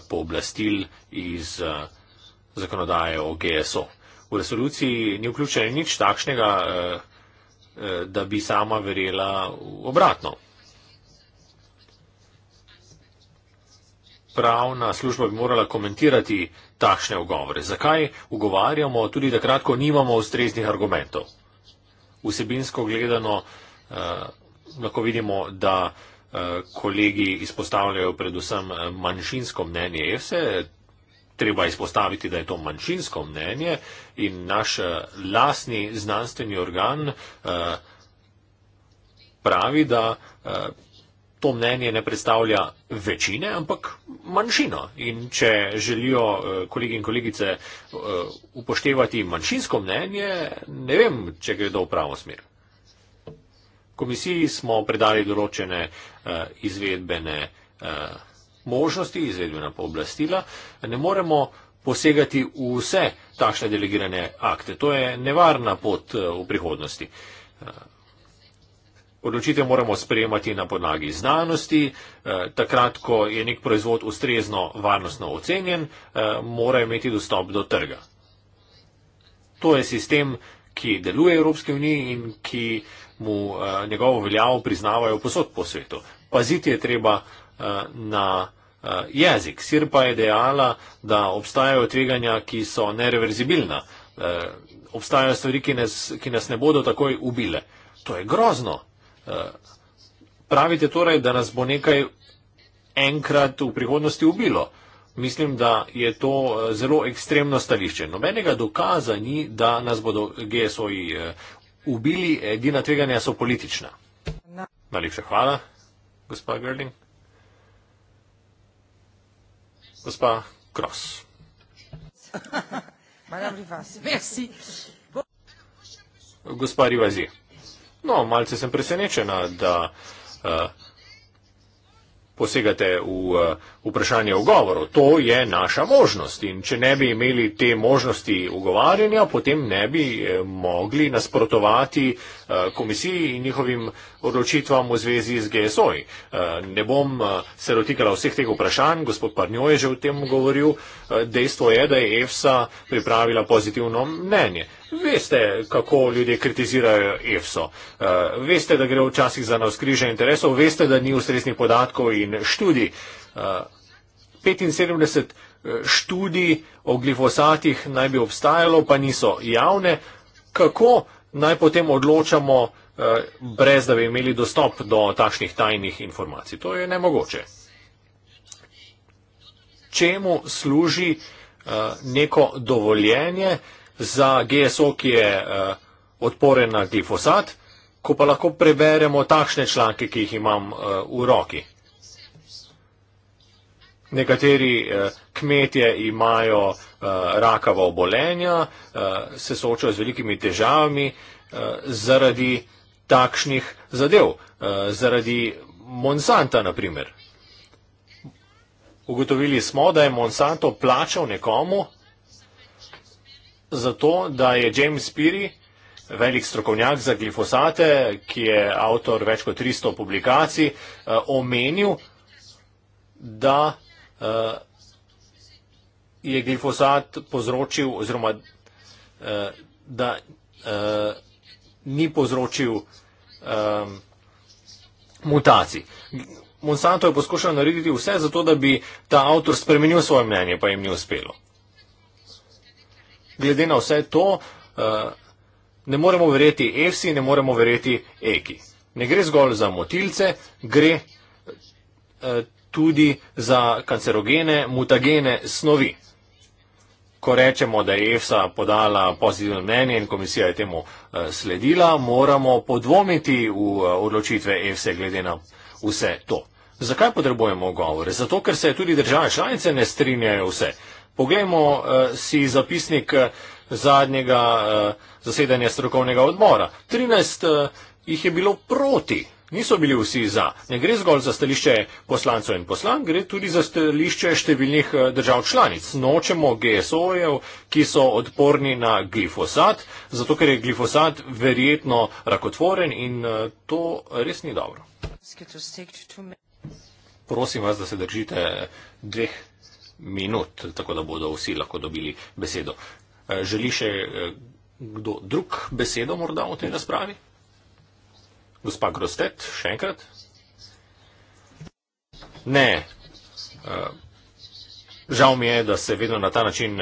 pooblastil iz zakonodaje o GSO. V resoluciji ni vključeno nič takšnega, da bi sama verjela obratno. pravna služba bi morala komentirati takšne ugovore. Zakaj ugovarjamo tudi, da kratko nimamo ustreznih argumentov? Vsebinsko gledano eh, lahko vidimo, da eh, kolegi izpostavljajo predvsem eh, manjšinsko mnenje EFSE. Treba izpostaviti, da je to manjšinsko mnenje in naš eh, lasni znanstveni organ eh, pravi, da. Eh, to mnenje ne predstavlja večine, ampak manjšino. In če želijo eh, kolegi in kolegice eh, upoštevati manjšinsko mnenje, ne vem, če gredo v pravo smer. Komisiji smo predali določene eh, izvedbene možnosti, izvedbena pooblastila. Ne moremo posegati v vse takšne delegirane akte. To je nevarna pot v prihodnosti odločitve moramo sprejemati na podlagi znanosti, eh, takrat, ko je nek proizvod ustrezno varnostno ocenjen, eh, mora imeti dostop do trga. To je sistem, ki deluje v Evropski uniji in ki mu eh, njegovo veljavo priznavajo posod po svetu. Paziti je treba na jezik. Sirpa je dejala, da obstajajo tveganja, ki so nereverzibilna. Obstajajo stvari, ki nas, ki nas ne bodo takoj ubile. To je grozno. Eh, pravite torej, da nas bo nekaj enkrat v prihodnosti ubilo. Mislim, da je to eh, zelo ekstremno stališče. Nobenega dokaza ni, da nas bodo GSO-ji eh, ubili, edina tveganja so politična. Najlepša hvala, gospa Grding. Gospa Kross. Gospa Rivazi. No, malce sem presenečena, da uh, posegate v uh, vprašanje ogovorov. To je naša možnost in če ne bi imeli te možnosti ugovarjanja, potem ne bi eh, mogli nasprotovati uh, komisiji in njihovim odločitvam v zvezi z GSO-ji. Uh, ne bom uh, se dotikala vseh teh vprašanj, gospod Parnjo je že o tem govoril. Uh, dejstvo je, da je EFSA pripravila pozitivno mnenje. Uh, Veste, kako ljudje kritizirajo EFSO. Eh, veste, da gre včasih za navskrižje interesov, veste, da ni ustreznih podatkov in študij. 75 eh, eh, študij o glifosatih naj bi obstajalo, pa niso javne. Kako naj potem odločamo, brez da bi imeli dostop do takšnih tajnih informacij? To je nemogoče. Čemu služi neko dovoljenje, za GSO, ki je uh, odporen na glifosat, ko pa lahko preberemo takšne članke, ki jih imam uh, v roki. Nekateri eh, kmetje imajo eh, rakava obolenja, eh, se soočajo z velikimi težavami eh, zaradi takšnih zadev, eh, zaradi Monsanta naprimer. Ugotovili smo, da je Monsanto plačal nekomu zato, da je James Peary, velik strokovnjak za glifosate, ki je avtor več kot 300 publikacij, eh, omenil, da eh, je glifosat povzročil oziroma eh, da ni povzročil mutacij. Monsanto je poskušal narediti vse zato, da bi ta avtor spremenil svoje mnenje, pa jim ni uspelo glede na vse to, uh, ne moremo verjeti EFSI, ne moremo verjeti EKI. Ne gre zgolj za motilce, gre uh, tudi za kancerogene, mutagene snovi. Ko rečemo, da je EFSA podala pozitivno mnenje in komisija je temu uh, sledila, moramo podvomiti v uh, odločitve EFSE glede na vse to. Zakaj potrebujemo govore? Zato, ker se tudi države članice ne strinjajo vse. Uh, Poglejmo uh, si zapisnik eh, zadnjega uh, zasedanja strokovnega odbora. 13 uh, jih je bilo proti, niso bili vsi za. Ne gre zgolj za stališče poslancev in poslan, gre tudi za stališče številnih uh, držav članic. Nočemo GSO-jev, ki so odporni na glifosat, zato ker je glifosat verjetno rakotvoren in uh, to res ni dobro. Prosim vas, da se držite dveh minut, tako da bodo vsi lahko dobili besedo. Eh, želi še eh, kdo drug besedo morda v tej razpravi? Gospa Grostet, še enkrat? Ne. Eh, žal mi je, da se vedno na ta način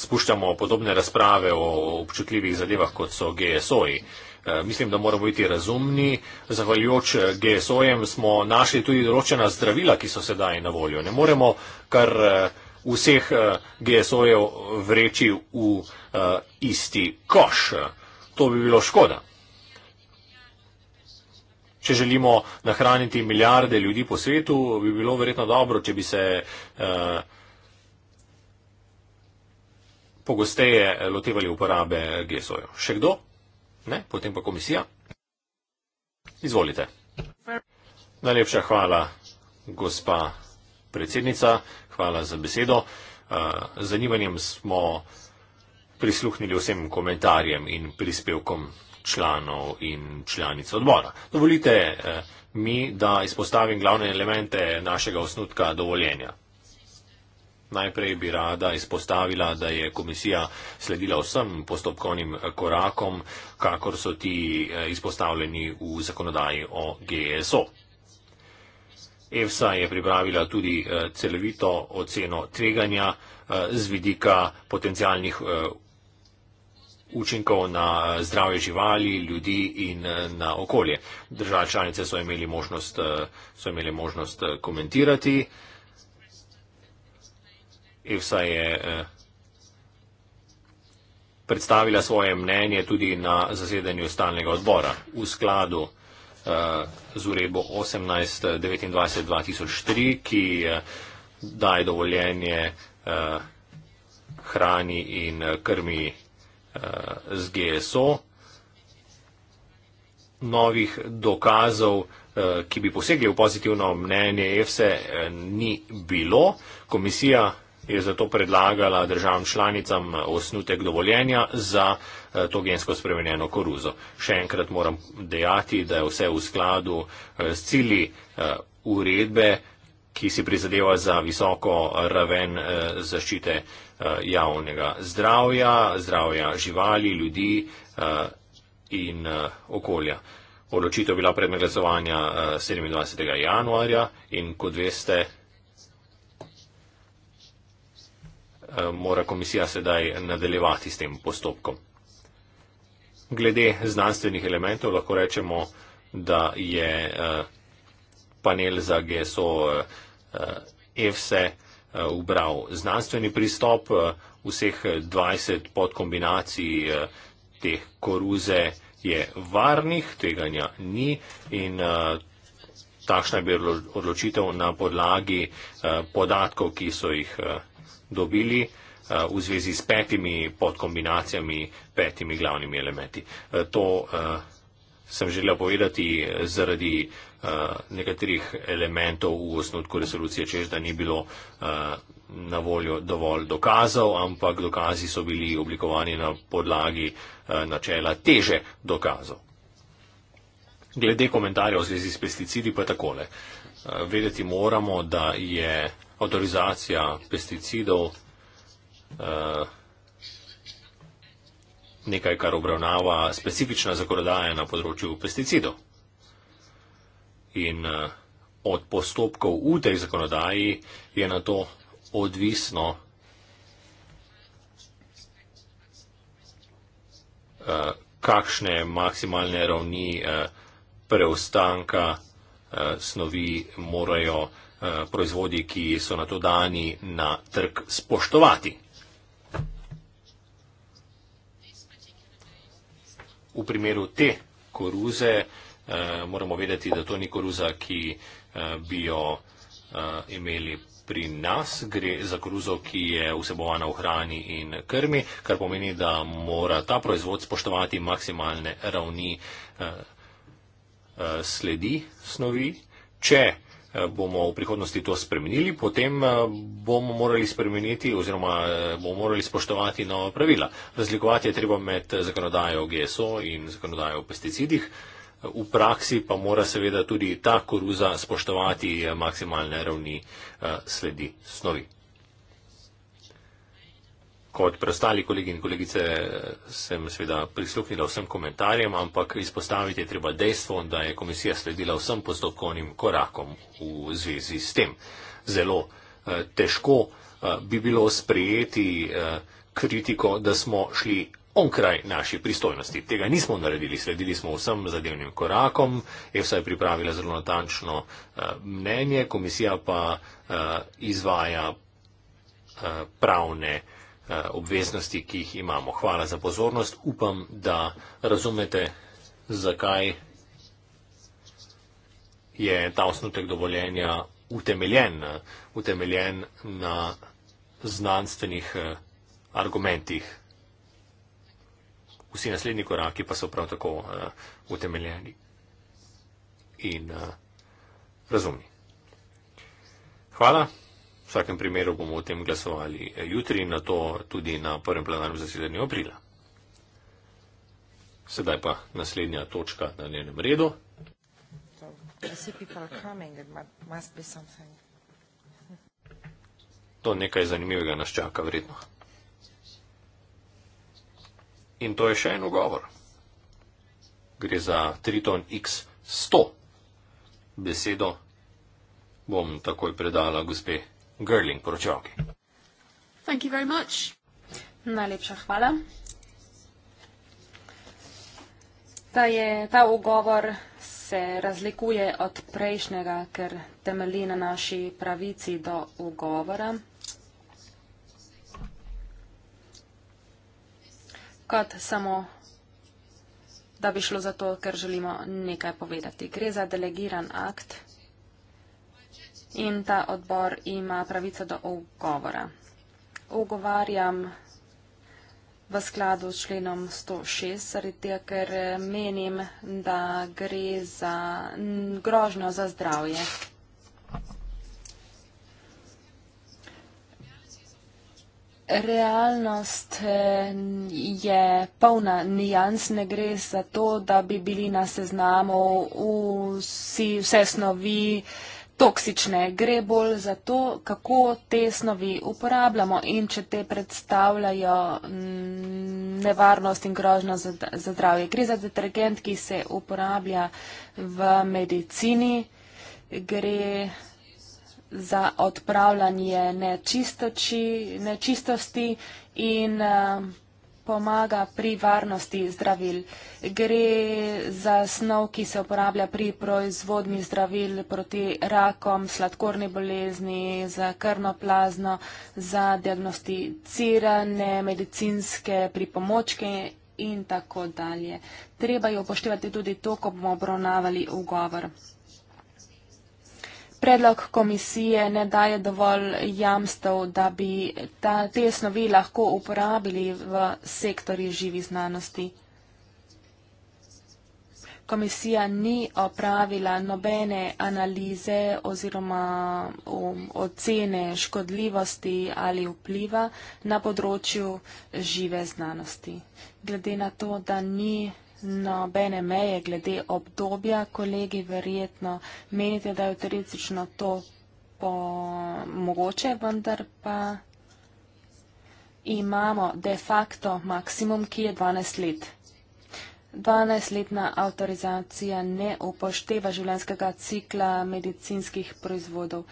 spuščamo podobne razprave o občutljivih zadevah, kot so GSO-ji. Eh, mislim, da moramo biti razumni. Zahvaljujoč eh, GSO-jem smo našli tudi določena zdravila, ki so sedaj na voljo. Ne moremo kar eh, vseh GSO-jev vreči v isti koš. To bi bilo škoda. Če želimo nahraniti milijarde ljudi po svetu, bi bilo verjetno dobro, če bi se eh, pogosteje lotevali uporabe GSO-jev. Še kdo? Ne, potem pa komisija. Izvolite. Najlepša hvala, gospa predsednica, hvala za besedo. Uh, z zanimanjem smo prisluhnili vsem komentarjem in prispevkom članov in članic odbora. Dovolite uh, mi, da izpostavim glavne elemente našega osnutka dovoljenja. Najprej bi rada izpostavila, da je komisija sledila vsem postopkovnim korakom, kakor so ti eh, izpostavljeni v zakonodaji o GSO. EFSA je pripravila tudi eh, celovito oceno tveganja eh, z vidika potencijalnih učinkov na zdrave živali, ljudi in na okolje. Države članice so imeli možnost, so imeli možnost komentirati. Ivsa je eh, predstavila svoje mnenje tudi na zasedanju stalnega odbora v skladu eh, z uredbo 1829-2003, ki eh, daje dovoljenje hrani in krmi z GSO. Novih dokazov, ki bi posegli v pozitivno mnenje EFSE, ni bilo. Komisija je zato predlagala državam članicam osnutek dovoljenja za eh, to gensko spremenjeno koruzo. Še enkrat moram dejati, da je vse v skladu eh, s cili eh, uredbe, ki si prizadeva za visoko raven zaščite javnega zdravja, zdravja živali, ljudi in okolja. Odločitev je bila predmet glasovanja 27. januarja in kot veste, Eh, mora komisija sedaj nadaljevati s tem postopkom. Glede znanstvenih elementov lahko rečemo, da je eh, panel za GSO e EFSE eh, e, ubral znanstveni pristop vseh 20 podkombinacij teh koruze je varnih, tveganja ni in uh, takšna je bila odločitev na podlagi uh, podatkov, ki so jih uh, dobili eh, v zvezi s petimi podkombinacijami, petimi glavnimi elementi. Eh, to eh, sem želela povedati zaradi nekaterih elementov v osnutku resolucije, čež da ni bilo na voljo dovolj dokazov, ampak dokazi so bili oblikovani na podlagi načela teže dokazov. Glede komentarjev v zvezi s pesticidi pa takole. Vedeti moramo, da je avtorizacija pesticidov, eh, nekaj, kar obravnava specifična zakonodaja na področju pesticidov. In eh, od postopkov v tej zakonodaji je na to odvisno. Eh, kakšne maksimalne ravni preostanka snovi morajo Eh, proizvodi, ki so na to dani na trg spoštovati. V primeru te koruze eh, moramo vedeti, da to ni koruza, ki eh, bi jo imeli pri nas. Gre za koruzo, ki je vsebovana v hrani in krmi, kar pomeni, da mora ta proizvod spoštovati maksimalne ravni sledi snovi. Če Eh, bomo v prihodnosti to spremenili, potem eh, bomo morali spremeniti oziroma eh, bomo morali spoštovati nova pravila. Razlikovati je treba med zakonodajo GSO in zakonodajo o pesticidih. V praksi pa mora seveda tudi ta koruza spoštovati maksimalne ravni sledi snovi. Kot preostali kolegi in kolegice sem seveda prisluhnila vsem komentarjem, ampak izpostaviti je treba dejstvo, da je komisija sledila vsem postopkovnim korakom v zvezi s tem. Zelo eh, težko eh, bi bilo sprejeti eh, kritiko, da smo šli onkraj naše pristojnosti. Tega nismo naredili, sledili smo vsem zadevnim korakom, EFSA je pripravila zelo natančno eh, mnenje, komisija pa eh, izvaja eh, pravne. Eh, obveznosti, ki jih imamo. Hvala za pozornost. Upam, da razumete, zakaj je ta osnutek dovoljenja utemeljen, utemeljen na znanstvenih eh, argumentih. Vsi naslednji koraki pa so prav tako uh, utemeljeni in uh, razumni. Hvala vsakem primeru bomo o tem glasovali jutri in na to tudi na prvem plenarnem zasedanju aprila. Sedaj pa naslednja točka na njenem redu. To nekaj zanimivega nas čaka vredno. In to je še en ugovor. Gre za Triton X100. Besedo bom takoj predala gospe Girling poročevalki. Thank you very much. Najlepša hvala. Ta, je, ta ugovor se razlikuje od prejšnjega, ker temelji na naši pravici do ugovora. Kot samo, da bi šlo za to, ker želimo nekaj povedati. Gre za delegiran akt in ta odbor ima pravico do ugovora. Ugovarjam v skladu s členom 106, zaradi tega, ker eh, menim, da gre za grožno za zdravje. Realnost eh, je polna nijans, ne gre za to, da bi bili na seznamu vsi, vse snovi, toksične. Gre bolj za to, kako te snovi uporabljamo in če te predstavljajo nevarnost in grožno za, za zdravje. Gre za detergent, ki se uporablja v medicini, gre za odpravljanje nečistosti in uh, pomaga pri varnosti zdravil. Gre za snov, ki se uporablja pri proizvodnji zdravil proti rakom, sladkorni bolezni, za krno plazno, za diagnosticirane medicinske pripomočke in tako dalje. Treba jo upoštevati tudi to, ko bomo obravnavali ugovor predlog komisije ne daje dovolj jamstev, da bi ta, te snovi lahko uporabili v sektori živi znanosti. Komisija ni opravila nobene analize oziroma um, ocene škodljivosti ali vpliva na področju žive znanosti. Glede na to, da ni nobene meje glede obdobja. Kolegi verjetno menite, da je teoretično to po, mogoče, vendar pa imamo de facto maksimum, ki je 12 let. 12-letna avtorizacija ne upošteva življenskega cikla medicinskih proizvodov.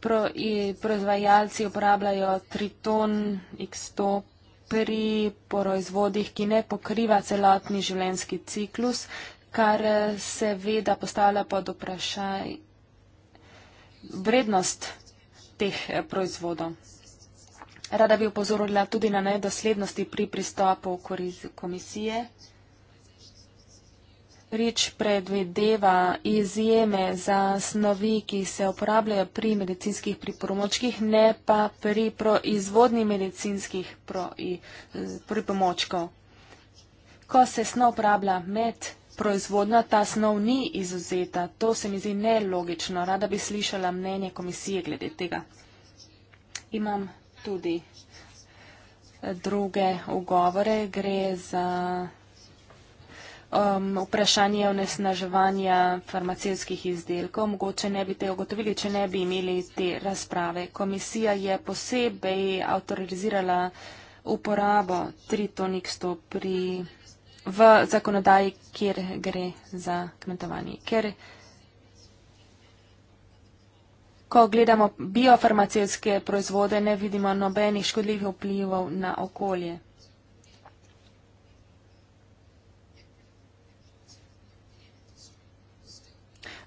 Pro, proizvajalci uporabljajo Triton, X-Top, pri proizvodih, ki ne pokriva celotni življenjski ciklus, kar seveda postavlja pod vprašaj vrednost teh proizvodov. Rada bi upozorila tudi na nedoslednosti pri pristopu komisije. REACH predvideva izjeme za snovi, ki se uporabljajo pri medicinskih pripomočkih, ne pa pri proizvodni medicinskih eh, pripomočkov. Ko se snov uporablja med proizvodnjo, ta snov ni izuzeta. To se mi zdi nelogično. Rada bi slišala mnenje komisije glede tega. Imam tudi eh, druge ugovore. Gre za um, vprašanje onesnaževanja farmacevskih izdelkov. Mogoče ne bi te ogotovili, če ne bi imeli te razprave. Komisija je posebej autorizirala uporabo tritonikstov pri v zakonodaji, kjer gre za kmetovanje. Ker ko gledamo biofarmacijske proizvode, ne vidimo nobenih škodljivih vplivov na okolje.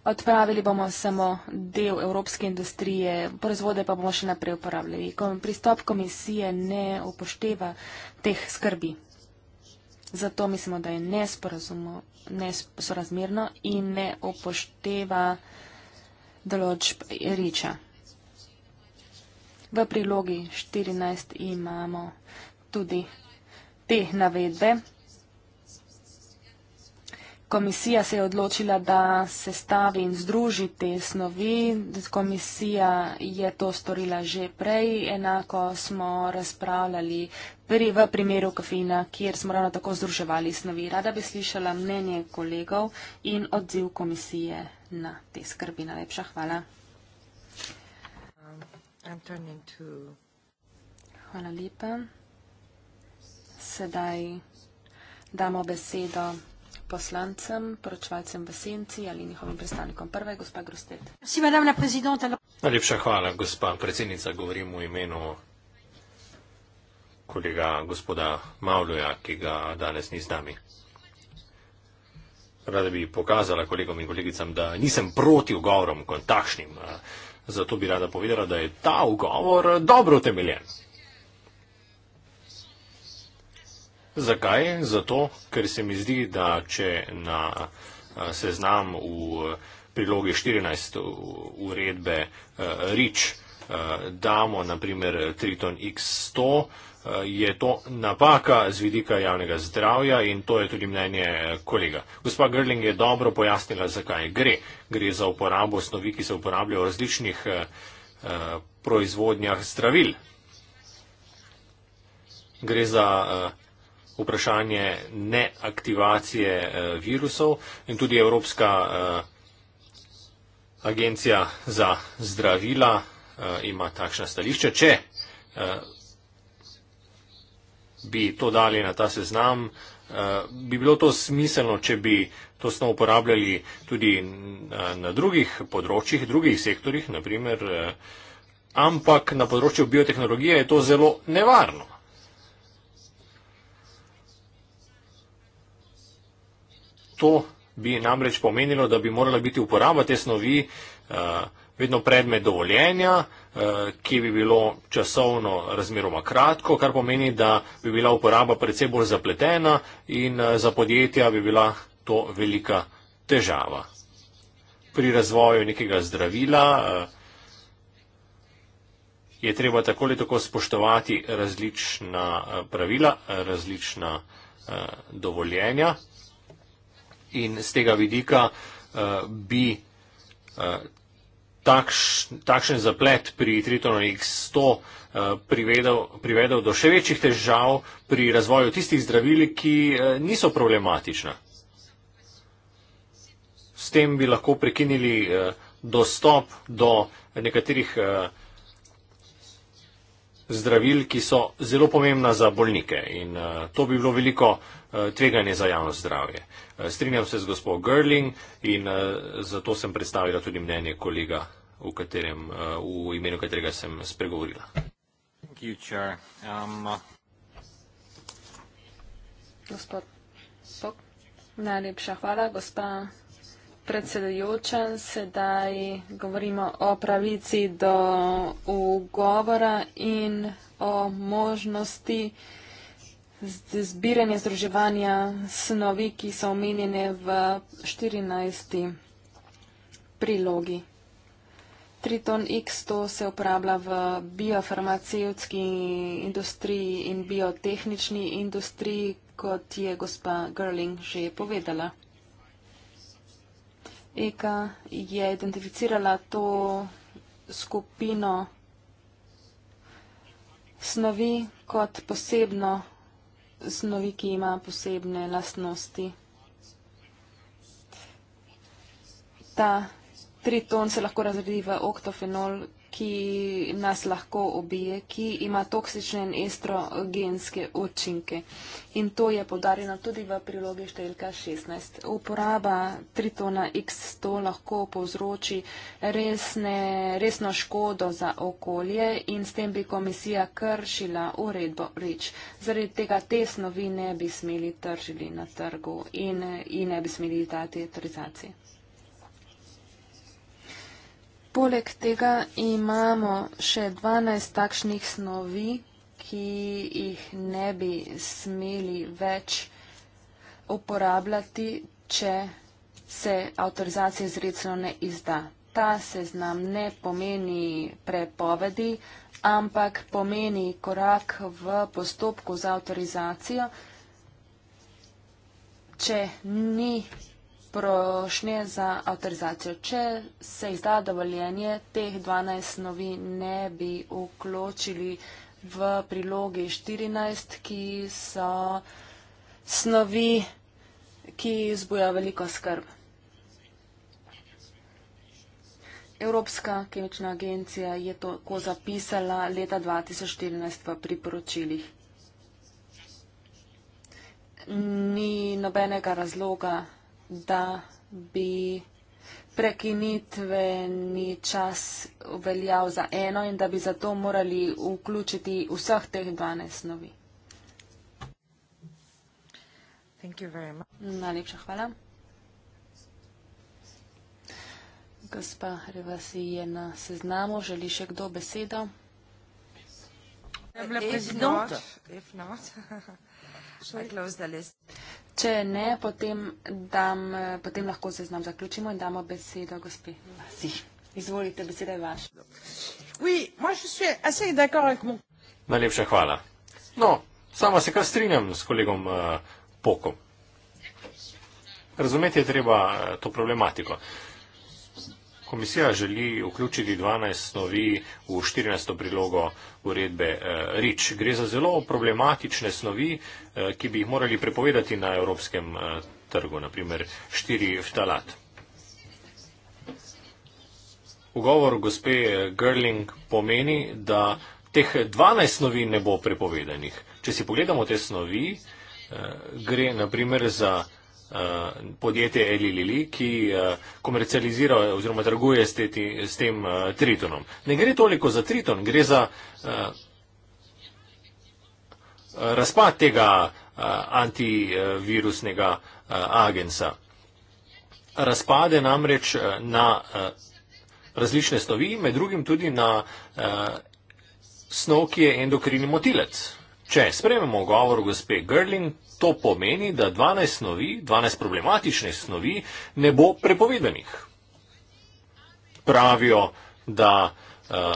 Odpravili bomo samo del evropske industrije, proizvode pa bomo še naprej uporabljali. Pristop komisije ne upošteva teh skrbi. Zato mislimo, da je nesporazmerno in ne upošteva določb riča. V prilogi 14 imamo tudi te navedbe komisija se je odločila, da se stavi in združi te snovi. Komisija je to storila že prej, enako smo razpravljali pri, v primeru kofina, kjer smo ravno tako združevali snovi. Rada bi slišala mnenje kolegov in odziv komisije na te skrbi. Najlepša hvala. Um, hvala lepa. Sedaj damo besedo poslancem, poročevalcem v senci ali njihovim predstavnikom. Prva je gospa Grostet. Najlepša hvala, gospa predsednica. Govorim v imenu kolega gospoda Mavloja, ki ga danes ni z nami. Rada bi pokazala kolegom in kolegicam, da nisem proti ugovorom kot takšnim. Eh, zato bi rada povedala, da je ta ugovor dobro temeljen. Zakaj? Zato, ker se mi zdi, da če na seznam v eh, prilogi 14 uredbe eh, RIČ eh, damo naprimer Triton X100, je to napaka z vidika javnega zdravja in to je tudi mnenje kolega. Gospa Grling je dobro pojasnila, zakaj gre. Gre za uporabo snovi, ki se uporabljajo v različnih proizvodnjah zdravil. Gre za vprašanje neaktivacije eh, virusov in tudi Evropska eh, agencija za zdravila eh, ima takšna stališča. Če bi to dali na ta seznam, bi bilo to smiselno, če bi to smo uporabljali tudi na drugih področjih, drugih sektorjih, naprimer, ampak na področju biotehnologije je to zelo nevarno. To bi namreč pomenilo, da bi morala biti uporaba te snovi uh, vedno predmet dovoljenja, uh, ki bi bilo časovno razmeroma kratko, kar pomeni, da bi bila uporaba predvsej bolj zapletena in uh, za podjetja bi bila to velika težava. Pri razvoju nekega zdravila uh, je treba tako ali tako spoštovati različna uh, pravila, različna uh, dovoljenja in z tega vidika uh, bi uh, takš, takšen zaplet pri Triton X100 uh, eh, privedel, privedel do še večjih težav pri razvoju tistih zdravil, ki uh, niso problematična. S tem bi lahko prekinili uh, dostop do nekaterih uh, zdravil, ki so zelo pomembna za bolnike in uh, to bi bilo veliko uh, tveganje za javno zdravje. Uh, strinjam se z gospod Gerling in uh, zato sem predstavila tudi mnenje kolega, v, katerem, uh, v imenu katerega sem spregovorila. You, um, uh, gospod Pok, najlepša hvala, gospod predsedujoča. Sedaj govorimo o pravici do ugovora in o možnosti zbiranja združevanja snovi, ki so omenjene v 14. prilogi. Triton X to se uporablja v biofarmacevtski industriji in biotehnični industriji, kot je gospa Gerling že povedala. Eka je identificirala to skupino snovi kot posebno snovi, ki ima posebne lastnosti. Ta triton se lahko razredi v oktofenol, ki nas lahko ubije, ki ima toksične in estrogenske učinke. In to je podarjeno tudi v prilogi številka 16. Uporaba tritona X100 lahko povzroči resne, resno škodo za okolje in s tem bi komisija kršila uredbo REACH. Zaradi tega te snovi ne bi smeli tržili na trgu in, in ne bi smeli dati autorizacije. Poleg tega imamo še 12 takšnih snovi, ki jih ne bi smeli več uporabljati, če se avtorizacija izredno ne izda. Ta seznam ne pomeni prepovedi, ampak pomeni korak v postopku za avtorizacijo, če ni prošnje za avtorizacijo. Če se izda dovoljenje, teh 12 snovi ne bi vključili v prilogi 14, ki so snovi, ki zbuja veliko skrb. Evropska kemična agencija je to tako zapisala leta 2014 v priporočilih. Ni nobenega razloga, da bi prekinitveni čas uveljav za eno in da bi zato morali vključiti vseh teh 12 novi. Najlepša hvala. Gospa Revasi je na seznamu. Želi še kdo besedo? Je bila prezidenta? Če ne, potem, dam, potem lahko se z nam zaključimo in damo besedo gospe. Si. Izvolite, beseda je vaša. Najlepša hvala. No, sama se kar strinjam s kolegom uh, Pokom. Razumeti je treba eh, to problematiko. Komisija želi vključiti 12 snovi v 14. prilogo uredbe eh, RIČ. Gre za zelo problematične snovi, eh, ki bi jih morali prepovedati na evropskem eh, trgu, naprimer 4 ftalat. Ugovor gospe Gerling pomeni, da teh 12 snovi ne bo prepovedanih. Če si pogledamo te snovi, gre naprimer za Eh, podjetje Eli Lili, ki uh, komercializira oziroma trguje s, teti, s tem uh, tritonom. Ne gre toliko za triton, gre za uh, razpad tega uh, antivirusnega uh, agensa. Razpade namreč uh, na uh, različne snovi, med drugim tudi na uh, snov, ki je endokrini motilec. Uh, Če sprememo govor gospe Grlin, to pomeni, da 12 snovi, 12 problematičnih snovi ne bo prepovedanih. Pravijo, da uh,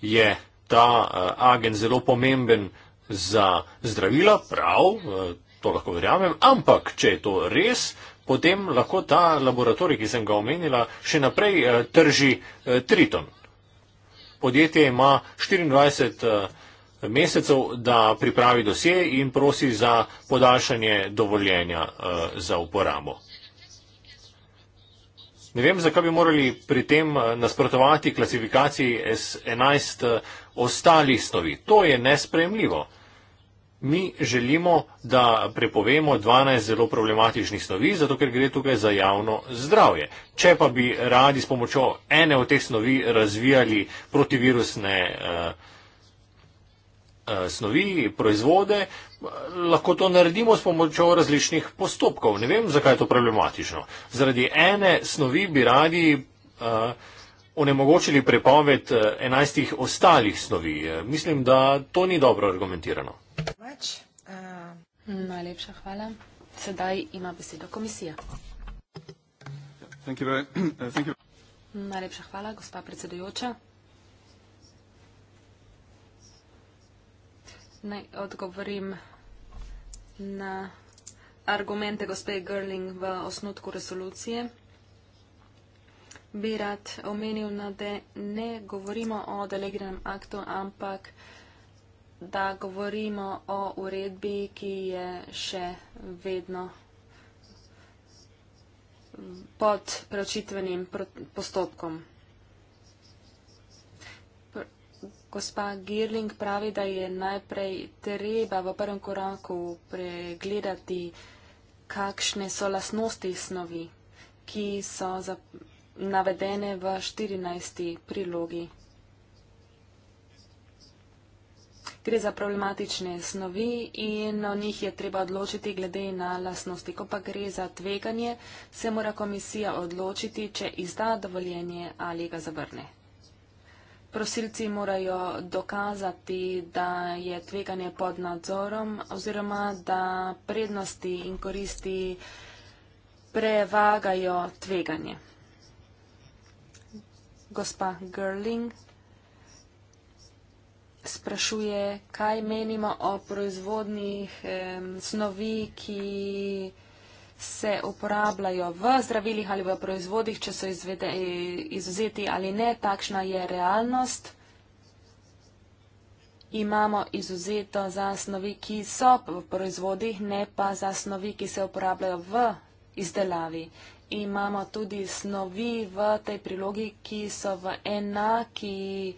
je ta uh, eh, agent zelo pomemben za zdravila, prav, uh, to lahko verjamem, ampak če je to res, potem lahko ta laboratorij, ki sem ga omenila, še naprej uh, trži uh, Triton. Podjetje ima 24. Uh, mesecev, da pripravi dosje in prosi za podaljšanje dovoljenja eh, za uporabo. Ne vem, zakaj bi morali pri tem eh, nasprotovati klasifikaciji S11 eh, ostalih snovi. To je nespremljivo. Mi želimo, da prepovemo 12 zelo problematičnih snovi, zato ker gre tukaj za javno zdravje. Če pa bi radi s pomočjo ene od teh snovi razvijali protivirusne uh, Eh, snovi, proizvode, lahko to naredimo s pomočjo različnih postopkov. Ne vem, zakaj je to problematično. Zaradi ene snovi bi radi eh, onemogočili prepoved eh, enajstih ostalih snovi. Mislim, da to ni dobro argumentirano. Več, uh, najlepša hvala. Sedaj ima besedo komisija. Thank you very, uh, thank you. Najlepša hvala, gospa predsedujoča. Naj odgovorim na argumente gospe Gerling v osnutku resolucije. Bi rad omenil, da ne govorimo o delegiranem aktu, ampak da govorimo o uredbi, ki je še vedno pod preočitvenim postopkom. Gospa Girling pravi, da je najprej treba v prvem koraku pregledati, kakšne so lasnosti snovi, ki so navedene v 14. prilogi. Gre za problematične snovi in o njih je treba odločiti glede na lasnosti. Ko pa gre za tveganje, se mora komisija odločiti, če izda dovoljenje ali ga zavrne. Prosilci morajo dokazati, da je tveganje pod nadzorom oziroma da prednosti in koristi prevagajo tveganje. Gospa Gerling sprašuje, kaj menimo o proizvodnih eh, snovi, ki se uporabljajo v zdravilih ali v proizvodih, če so izvede, izuzeti ali ne, takšna je realnost. Imamo izuzeto za snovi, ki so v proizvodih, ne pa za snovi, ki se uporabljajo v izdelavi. Imamo tudi snovi v tej prilogi, ki so v enaki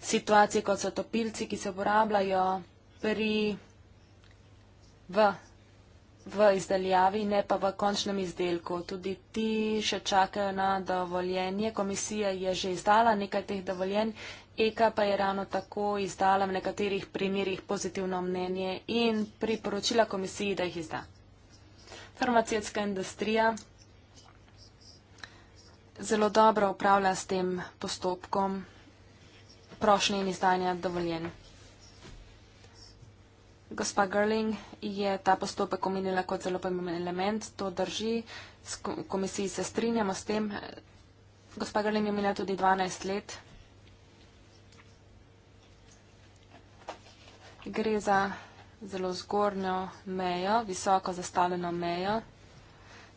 situaciji, kot so topilci, ki se uporabljajo pri, v v izdeljavi, ne pa v končnem izdelku. Tudi ti še čakajo na dovoljenje. Komisija je že izdala nekaj teh dovoljenj, EKA pa je ravno tako izdala v nekaterih primerjih pozitivno mnenje in priporočila komisiji, da jih izda. Farmacijska industrija zelo dobro upravlja s tem postopkom prošnje in izdanja dovoljenj. Gospa Gerling je ta postopek omenila kot zelo pomemben element, to drži, s komisiji se strinjamo s tem. Gospa Gerling je imela tudi 12 let. Gre za zelo zgornjo mejo, visoko zastavljeno mejo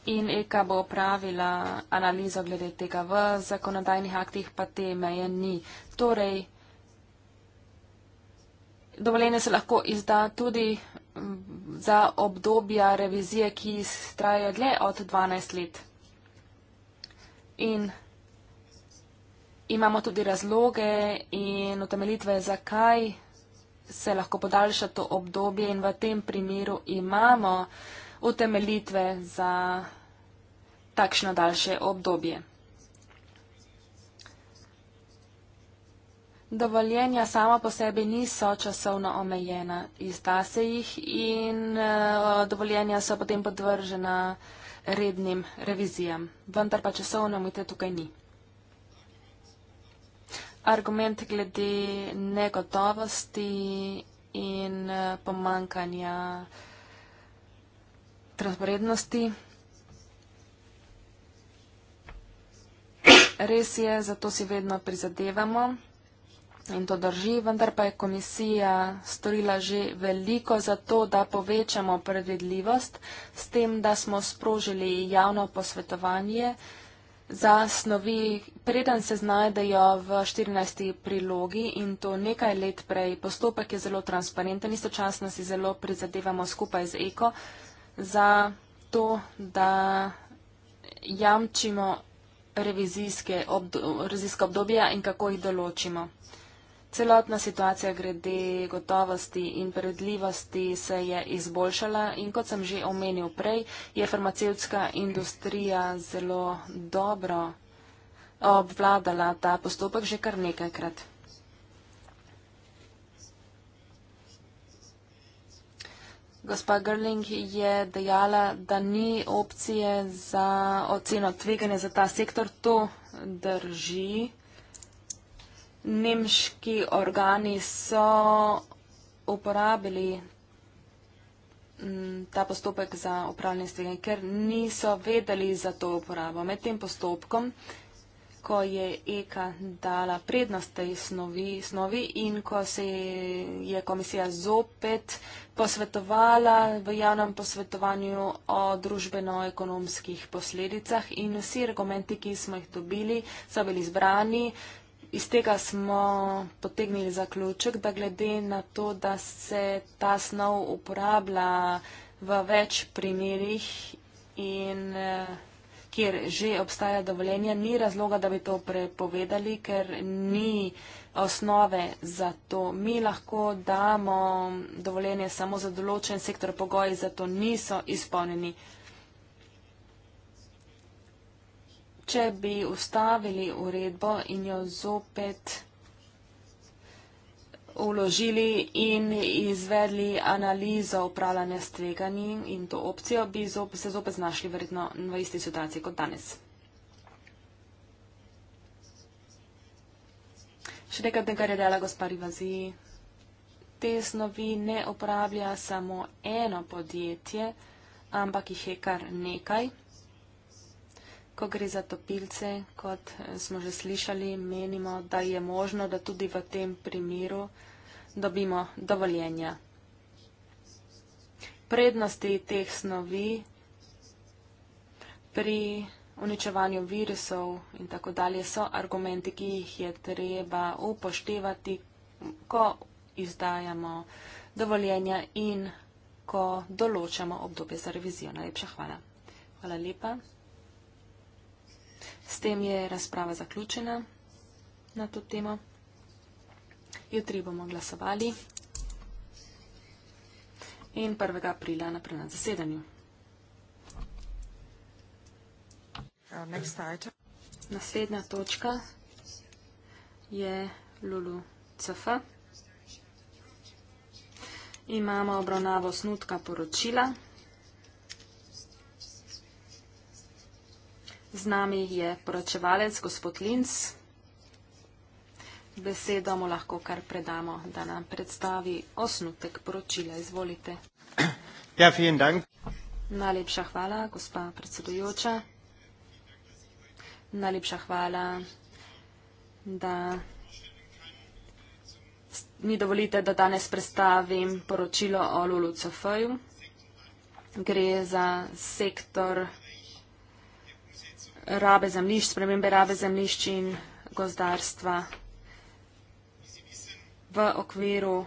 in EKA bo opravila analizo glede tega v zakonodajnih aktih, pa te meje ni. Torej, Dovoljenje se lahko izda tudi za obdobja revizije, ki trajajo dlje od 12 let. In imamo tudi razloge in utemelitve, zakaj se lahko podaljša to obdobje in v tem primeru imamo utemelitve za takšno daljše obdobje. Dovoljenja sama po sebi niso časovno omejena, izda se jih in eh, dovoljenja so potem podvržena rednim revizijam, vendar pa časovno omite tukaj ni. Argument glede negotovosti in eh, pomankanja transparentnosti. Res je, zato si vedno prizadevamo. In to drži, vendar pa je komisija storila že veliko za to, da povečamo predvidljivost s tem, da smo sprožili javno posvetovanje za snovi, preden se znajdejo v 14. prilogi in to nekaj let prej. Postopek je zelo transparenten, istočasno si zelo prizadevamo skupaj z Eko za to, da jamčimo revizijske obdo, obdobja in kako jih določimo. Celotna situacija grede gotovosti in predljivosti se je izboljšala in kot sem že omenil prej, je farmacevtska industrija zelo dobro obvladala ta postopek že kar nekajkrat. Gospa Grling je dejala, da ni opcije za oceno tveganja za ta sektor. To drži nemški organi so uporabili mm, ta postopek za upravljanje stvega, ker niso vedeli za to uporabo. Med tem postopkom, ko je EKA dala prednost tej snovi, snovi in ko se je komisija zopet posvetovala v javnem posvetovanju o družbeno-ekonomskih posledicah in vsi argumenti, ki smo jih dobili, so bili zbrani iz tega smo potegnili zaključek, da glede na to, da se ta snov uporablja v več primerjih in eh, kjer že obstaja dovoljenje, ni razloga, da bi to prepovedali, ker ni osnove za to. Mi lahko damo dovoljenje samo za določen sektor, pogoji za to niso izpolnjeni. če bi ustavili uredbo in jo zopet uložili in izvedli analizo upravljanja s tveganjem in to opcijo, bi se zopet znašli verjetno v isti situaciji kot danes. Še nekaj tega je dela gospa Rivazi. Te snovi ne uporablja samo eno podjetje, ampak jih je kar nekaj. Ko gre za topilce, kot eh, smo že slišali, menimo, da je možno, da tudi v tem primeru dobimo dovoljenja. Prednosti teh snovi pri uničevanju virusov in tako dalje so argumenti, ki jih je treba upoštevati, ko izdajamo dovoljenja in ko določamo obdobje za revizijo. Najlepša hvala. Hvala lepa. S tem je razprava zaključena na to temo. Jutri bomo glasovali in 1. aprila naprej na zasedanju. Naslednja točka je Lulu CF. Imamo obravnavo snutka poročila. Z nami je poročevalec gospod Linz. Besedo mu lahko kar predamo, da nam predstavi osnutek poročila. Izvolite. Ja, dank. Najlepša hvala, gospa predsedujoča. Najlepša hvala, da mi dovolite, da danes predstavim poročilo o Lulu CF-ju. Gre za sektor rabe zemljišč, spremembe rabe zemljišč in gozdarstva v okviru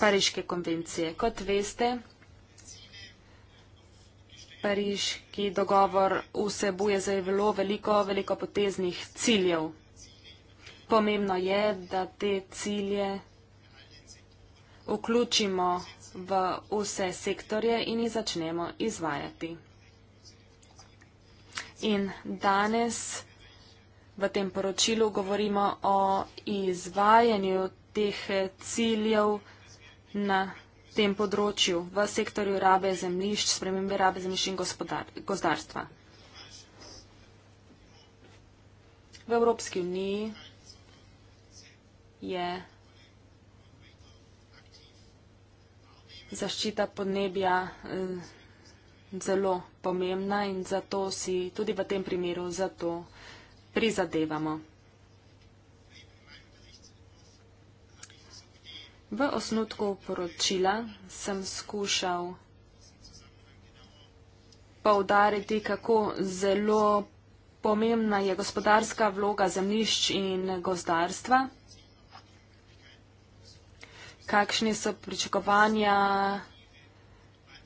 Pariške konvencije. Kot veste, Pariški dogovor vsebuje zelo veliko, veliko poteznih ciljev. Pomembno je, da te cilje vključimo v vse sektorje in jih začnemo izvajati. In danes v tem poročilu govorimo o izvajanju teh ciljev na tem področju v sektorju rabe zemljišč, spremembe rabe zemljišč in gozdarstva. V Evropski uniji je zaščita podnebja eh, zelo pomembna in zato si tudi v tem primeru zato prizadevamo. V osnutku poročila sem skušal poudariti, kako zelo pomembna je gospodarska vloga zemljišč in gozdarstva, kakšni so pričakovanja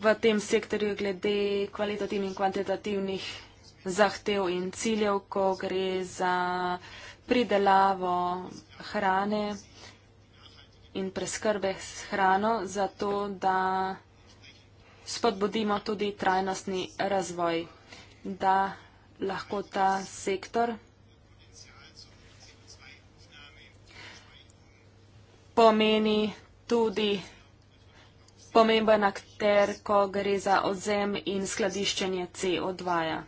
v tem sektorju glede kvalitativnih in kvantitativnih zahtev in ciljev, ko gre za pridelavo hrane in preskrbe s hrano, zato da spodbudimo tudi trajnostni razvoj, da lahko ta sektor pomeni tudi pomemben akter, ko gre za odzem in skladiščenje CO2. -ja.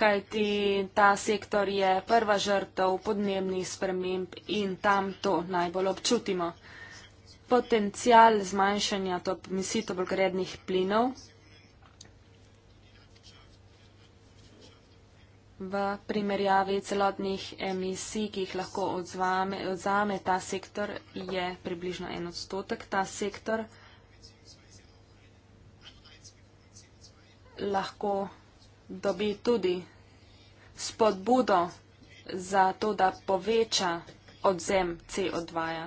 Kaj ti ta sektor je prva žrtev podnebnih sprememb in tam to najbolj občutimo. Potencial zmanjšanja to emisij toplogrednih plinov v primerjavi celotnih emisij, ki jih lahko odzvame, odzame ta sektor, je približno en odstotek. Ta sektor lahko dobi tudi spodbudo za to, da poveča odzem CO2-ja.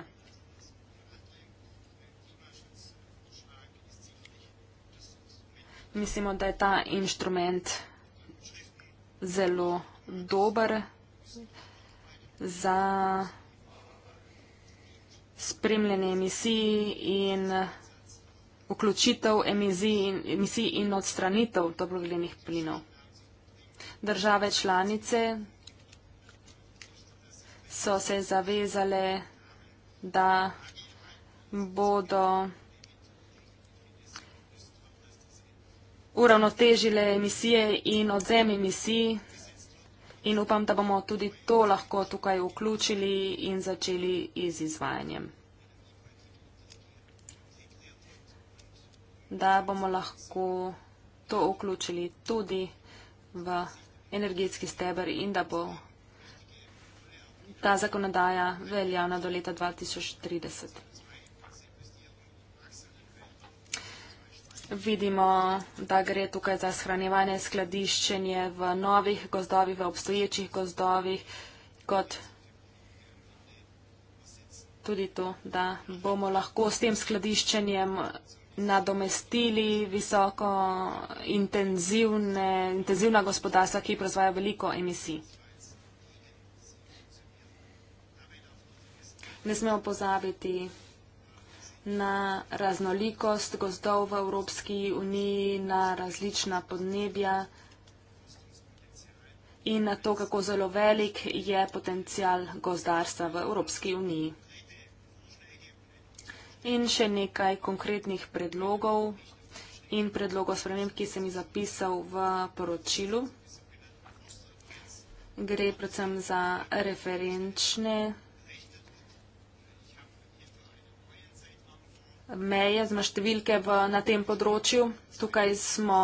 Mislimo, da je ta inštrument odzvame zelo dober za spremljanje emisij in vključitev emisij in odstranitev toplogrednih plinov. Države članice so se zavezale, da bodo uravnotežile emisije in odzem emisij in upam, da bomo tudi to lahko tukaj vključili in začeli iz izvajanjem. Da bomo lahko to vključili tudi v energetski steber in da bo ta zakonodaja veljavna do leta 2030. vidimo, da gre tukaj za shranjevanje skladiščenje v novih gozdovih, v obstoječih gozdovih, kot tudi to, da bomo lahko s tem skladiščenjem nadomestili visoko intenzivne, intenzivna gospodarstva, ki proizvaja veliko emisij. Ne smemo pozabiti, na raznolikost gozdov v Evropski uniji, na različna podnebja in na to, kako zelo velik je potencial gozdarstva v Evropski uniji. In še nekaj konkretnih predlogov in predlogov sprememb, ki sem jih zapisal v poročilu. Gre predvsem za referenčne predloge. meje, oziroma številke v, na tem področju. Tukaj smo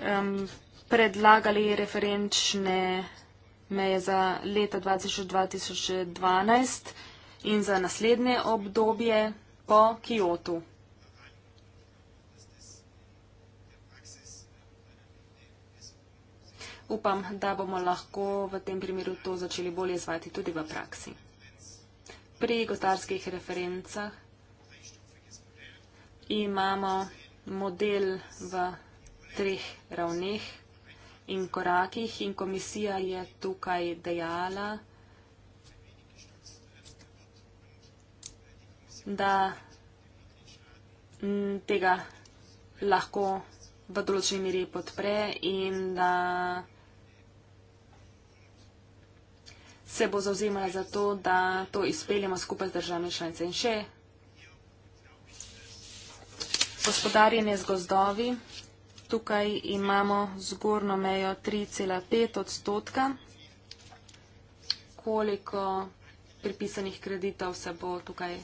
um, predlagali referenčne meje za leta 2012 in za naslednje obdobje po Kijotu. Upam, da bomo lahko v tem primeru to začeli bolje izvajati tudi v praksi. Pri gospodarskih referencah imamo model v treh ravneh in korakih in komisija je tukaj dejala, da tega lahko v določeni meri podpre in da se bo zauzemala za to, da to izpeljemo skupaj z državami članice. In še gospodarjenje z gozdovi. Tukaj imamo zgornjo mejo 3,5 odstotka, koliko pripisanih kreditov se bo tukaj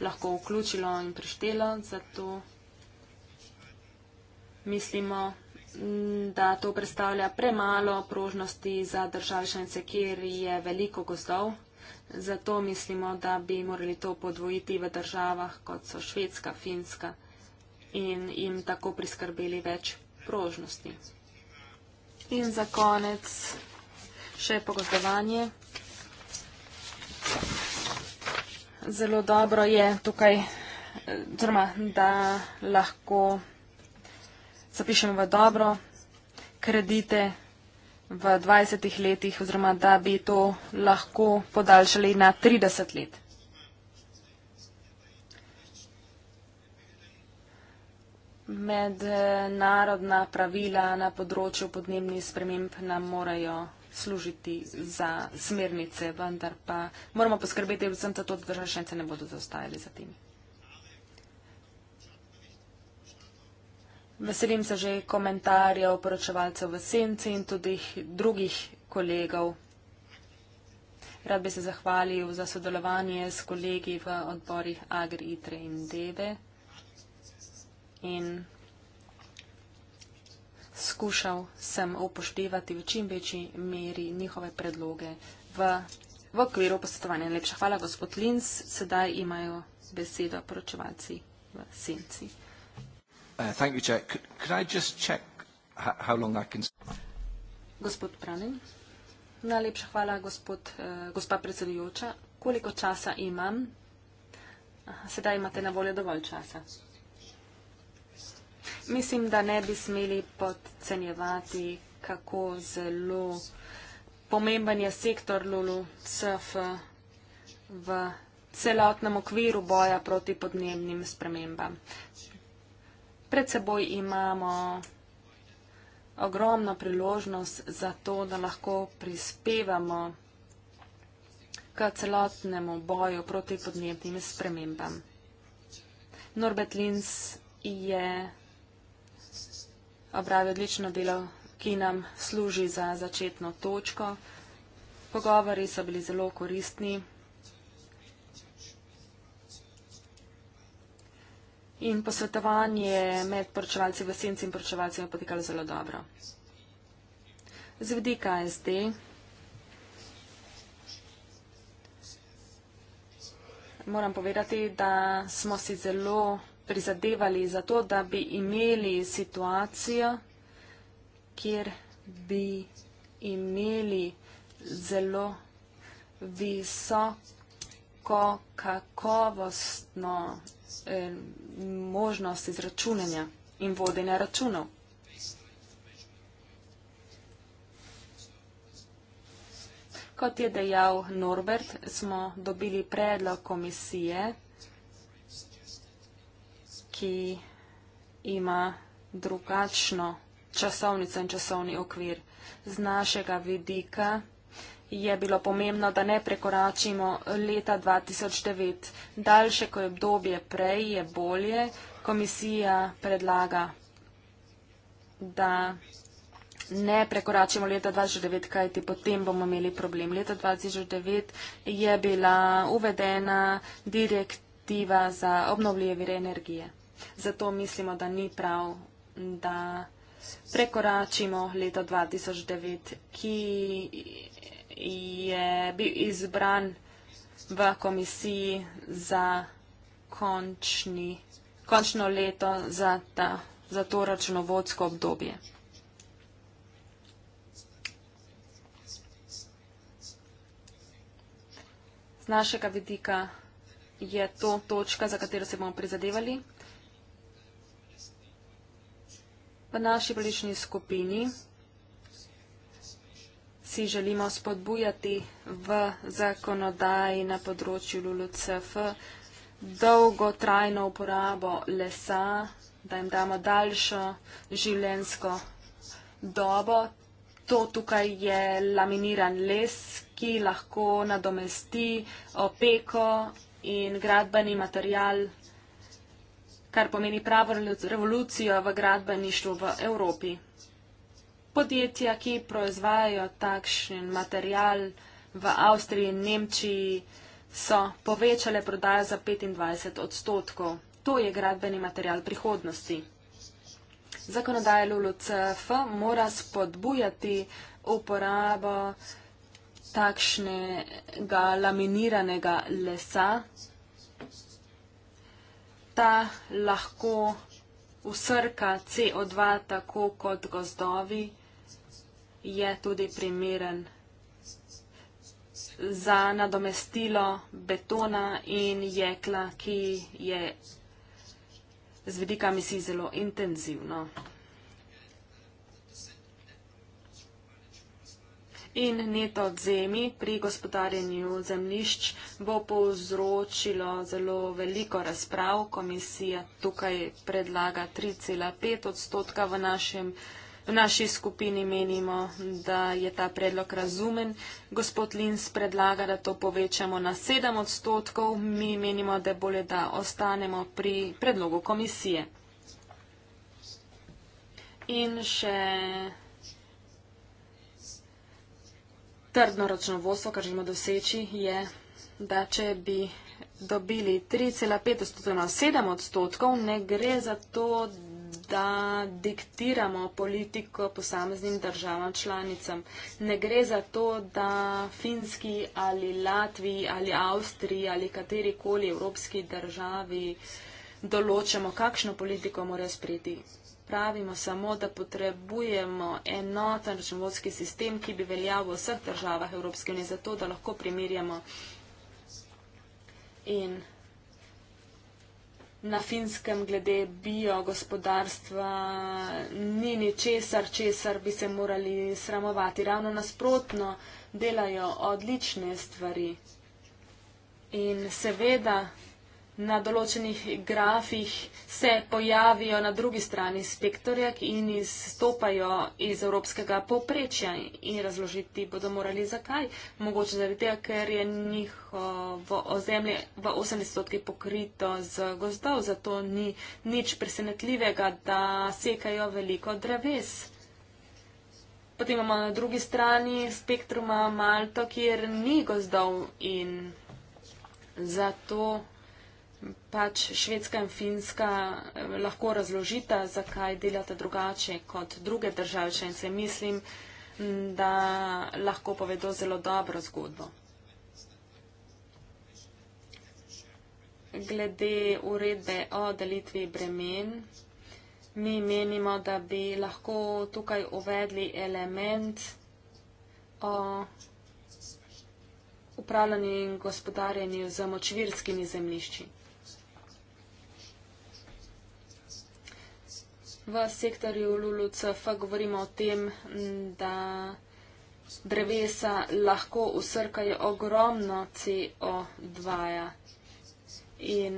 lahko vključilo in prištelo. Zato mislimo, Mm, da to predstavlja premalo prožnosti za države šence, kjer je veliko gozdov. Zato mislimo, da bi morali to podvojiti v državah, kot so Švedska, Finska in jim tako priskrbeli več prožnosti. In za konec še pogozdovanje. Zelo dobro je tukaj, eh, zrma, da lahko zapišem v dobro kredite v 20 letih oziroma da bi to lahko podaljšali na 30 let. Mednarodna pravila na področju podnebnih sprememb nam morajo služiti za smernice, vendar pa moramo poskrbeti vsem za to, da državšence ne bodo zaostajali za timi. Veselim se že komentarjev poročevalcev v Senci in tudi drugih kolegov. Rad bi se zahvalil za sodelovanje s kolegi v odborih Agri, Itre in Deve in skušal sem upoštevati v čim večji meri njihove predloge v, v okviru posvetovanja. Lepša hvala, gospod Linz. Sedaj imajo besedo poročevalci v Senci. Uh, thank you, Chair. Could, could I just check how long I can... Gospod Pranin. Najlepša hvala, gospod, uh, gospa predsedujoča. Koliko časa imam? Aha, sedaj imate na voljo dovolj časa. Mislim, da ne bi smeli podcenjevati, kako zelo pomemben je sektor Lulu CF v celotnem okviru boja proti podnebnim spremembam pred seboj imamo ogromno priložnost za to, da lahko prispevamo k celotnemu boju proti podnebnim spremembam. Norbert Linz je opravil odlično delo, ki nam služi za začetno točko. Pogovori so bili zelo koristni. In posvetovanje med poročevalci v senci in poročevalci je potekalo zelo dobro. Z vidika SD moram povedati, da smo si zelo prizadevali za to, da bi imeli situacijo, kjer bi imeli zelo visok tako kakovostno eh, možnost izračunanja in vodenja računov. Kot je dejal Norbert, smo dobili predlog komisije, ki ima drugačno časovnico in časovni okvir. Z našega vidika je bilo pomembno, da ne prekoračimo leta 2009. Daljše, ko je obdobje prej, je bolje. Komisija predlaga, da ne prekoračimo leta 2009, kajti potem bomo imeli problem. Leta 2009 je bila uvedena direktiva za obnovljive vire energije. Zato mislimo, da ni prav, da prekoračimo leto 2009, ki je bil izbran v komisiji za končni, končno leto za, ta, za to računovodsko obdobje. Z našega vidika je to točka, za katero se bomo prizadevali. V naši politični skupini si želimo spodbujati v zakonodaji na področju LULUCF dolgotrajno uporabo lesa, da jim damo daljšo življensko dobo. To tukaj je laminiran les, ki lahko nadomesti opeko in gradbeni material, kar pomeni pravo revolucijo v gradbeništvu v Evropi podjetja, ki proizvajajo takšen material v Avstriji in Nemčiji, so povečale prodajo za 25 odstotkov. To je gradbeni material prihodnosti. Zakonodaja LULUCF mora spodbujati uporabo takšnega laminiranega lesa. Ta lahko usrka CO2 tako kot gozdovi je tudi primeren za nadomestilo betona in jekla, ki je z vidika misij zelo intenzivno. In neto zemi pri gospodarjenju zemlišč bo povzročilo zelo veliko razprav. Komisija tukaj predlaga 3,5 odstotka v našem V naši skupini menimo, da je ta predlog razumen. Gospod Linz predlaga, da to povečamo na 7 odstotkov. Mi menimo, da je bolje, da ostanemo pri predlogu komisije. In še trdno računovodstvo, kar želimo doseči, je, da če bi dobili 3,5 odstotkov na 7 odstotkov, ne gre za to, da diktiramo politiko posameznim državam članicam. Ne gre za to, da Finski ali Latviji ali Avstriji ali katerikoli evropski državi določamo, kakšno politiko mora sprejeti. Pravimo samo, da potrebujemo enoten računovodski sistem, ki bi veljal v vseh državah Evropske unije, zato da lahko primerjamo in na finskem glede bio gospodarstva ni ničesar, česar bi se morali sramovati. Ravno nasprotno delajo odlične stvari. In seveda na določenih grafih se pojavijo na drugi strani spektorja in izstopajo iz evropskega poprečja in razložiti bodo morali zakaj. Mogoče zaradi tega, ker je njihovo ozemlje v 80% pokrito z gozdov, zato ni nič presenetljivega, da sekajo veliko dreves. Potem imamo na drugi strani spektruma Malto, kjer ni gozdov in zato pač Švedska in Finska eh, lahko razložita, zakaj delate drugače kot druge države članice. Mislim, da lahko povedo zelo dobro zgodbo. Glede uredbe o delitvi bremen, mi menimo, da bi lahko tukaj uvedli element o upravljanju in gospodarjenju z močvirskimi zemljišči. V sektorju LULUCF govorimo o tem, da drevesa lahko usrkajo ogromno CO2. -ja. In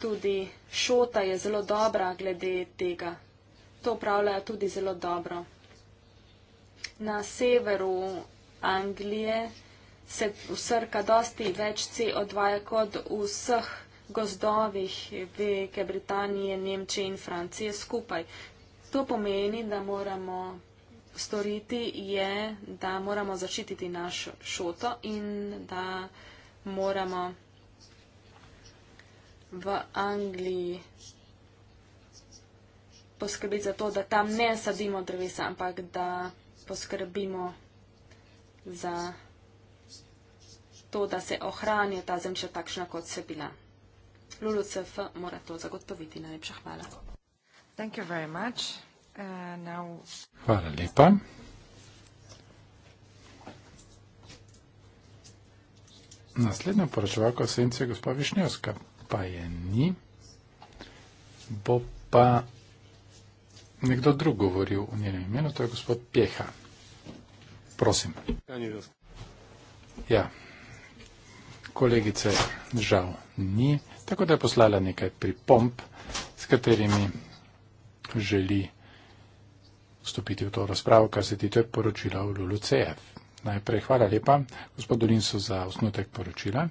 tudi šota je zelo dobra glede tega. To upravljajo tudi zelo dobro. Na severu Anglije se usrka dosti več CO2 -ja kot v vseh gozdovih Velike Britanije, Nemčije in Francije skupaj. To pomeni, da moramo storiti je, da moramo zaščititi našo šoto in da moramo v Angliji poskrbiti za to, da tam ne sadimo drevesa, ampak da poskrbimo za to, da se ohranje ta zemlja takšna, kot se bila. LULUCF mora to zagotoviti. Najlepša hvala. Uh, hvala lepa. Naslednja poročevalka v senci je gospod Višnjovska, pa je ni, bo pa nekdo drug govoril v njenem imenu, to je gospod Pjeha. Prosim. Ja, kolegice, žal ni tako da je poslala nekaj pripomp, s katerimi želi vstopiti v to razpravo, kar se tiče poročila v LULUCF. Najprej hvala lepa, gospod Dolinsu, za osnutek poročila.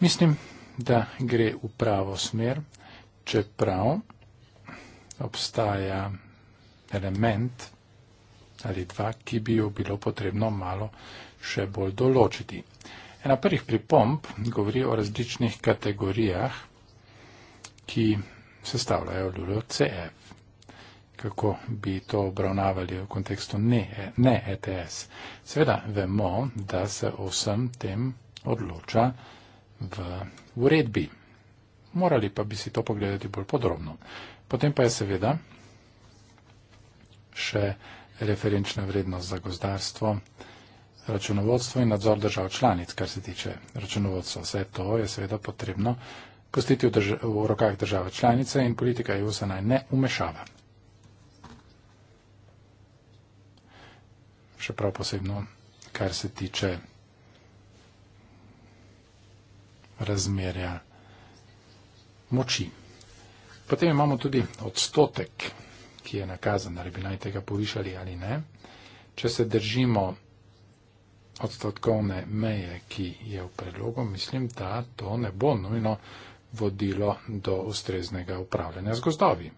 Mislim, da gre v pravo smer, čeprav obstaja element ali dva, ki bi jo bilo potrebno malo še bolj določiti. Ena prvih pripomp govori o različnih kategorijah, ki sestavljajo ljudi od CF. Kako bi to obravnavali v kontekstu ne, ne ETS? Seveda vemo, da se o vsem tem odloča v uredbi. Morali pa bi si to pogledati bolj podrobno. Potem pa je seveda še referenčna vrednost za gozdarstvo računovodstvo in nadzor držav članic, kar se tiče računovodstva. Vse to je seveda potrebno postiti v, drž v rokah države članice in politika EU se naj ne umešava. Še prav posebno, kar se tiče razmerja moči. Potem imamo tudi odstotek, ki je nakazan, ali bi naj tega povišali ali ne. Če se držimo odstotkovne meje, ki je v predlogu, mislim, da to ne bo nujno vodilo do ustreznega upravljanja z gozdovi.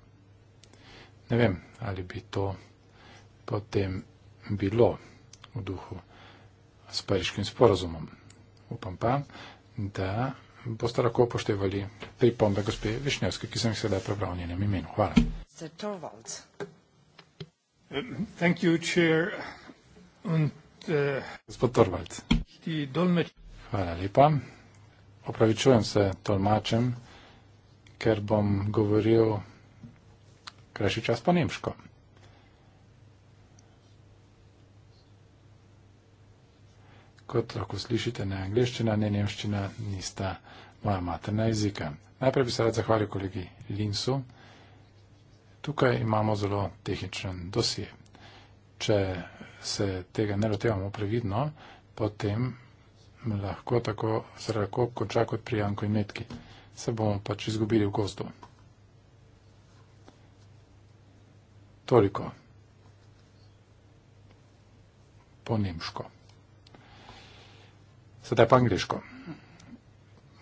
Ne vem, ali bi to potem bilo v duhu s pariškim sporozumom. Upam pa, da boste lahko upoštevali pripombe gospe Višnjevske, ki sem jih sedaj prebral v njenem imenu. Hvala. Uh, thank you, Chair. Um, Gospod Torvalc. Hvala lepa. Opravičujem se tolmačem, ker bom govoril krajši čas po nemško. Kot lahko slišite, ne angliščina, ne nemščina nista moja materna jezika. Najprej bi se rad zahvalil kolegi Linsu. Tukaj imamo zelo tehničen dosje. Če se tega ne lotevamo previdno, potem lahko tako zrako konča kot pri Janko in Metki. Se bomo pač izgubili v gozdu. Toliko. Po nemško. Sedaj pa angliško.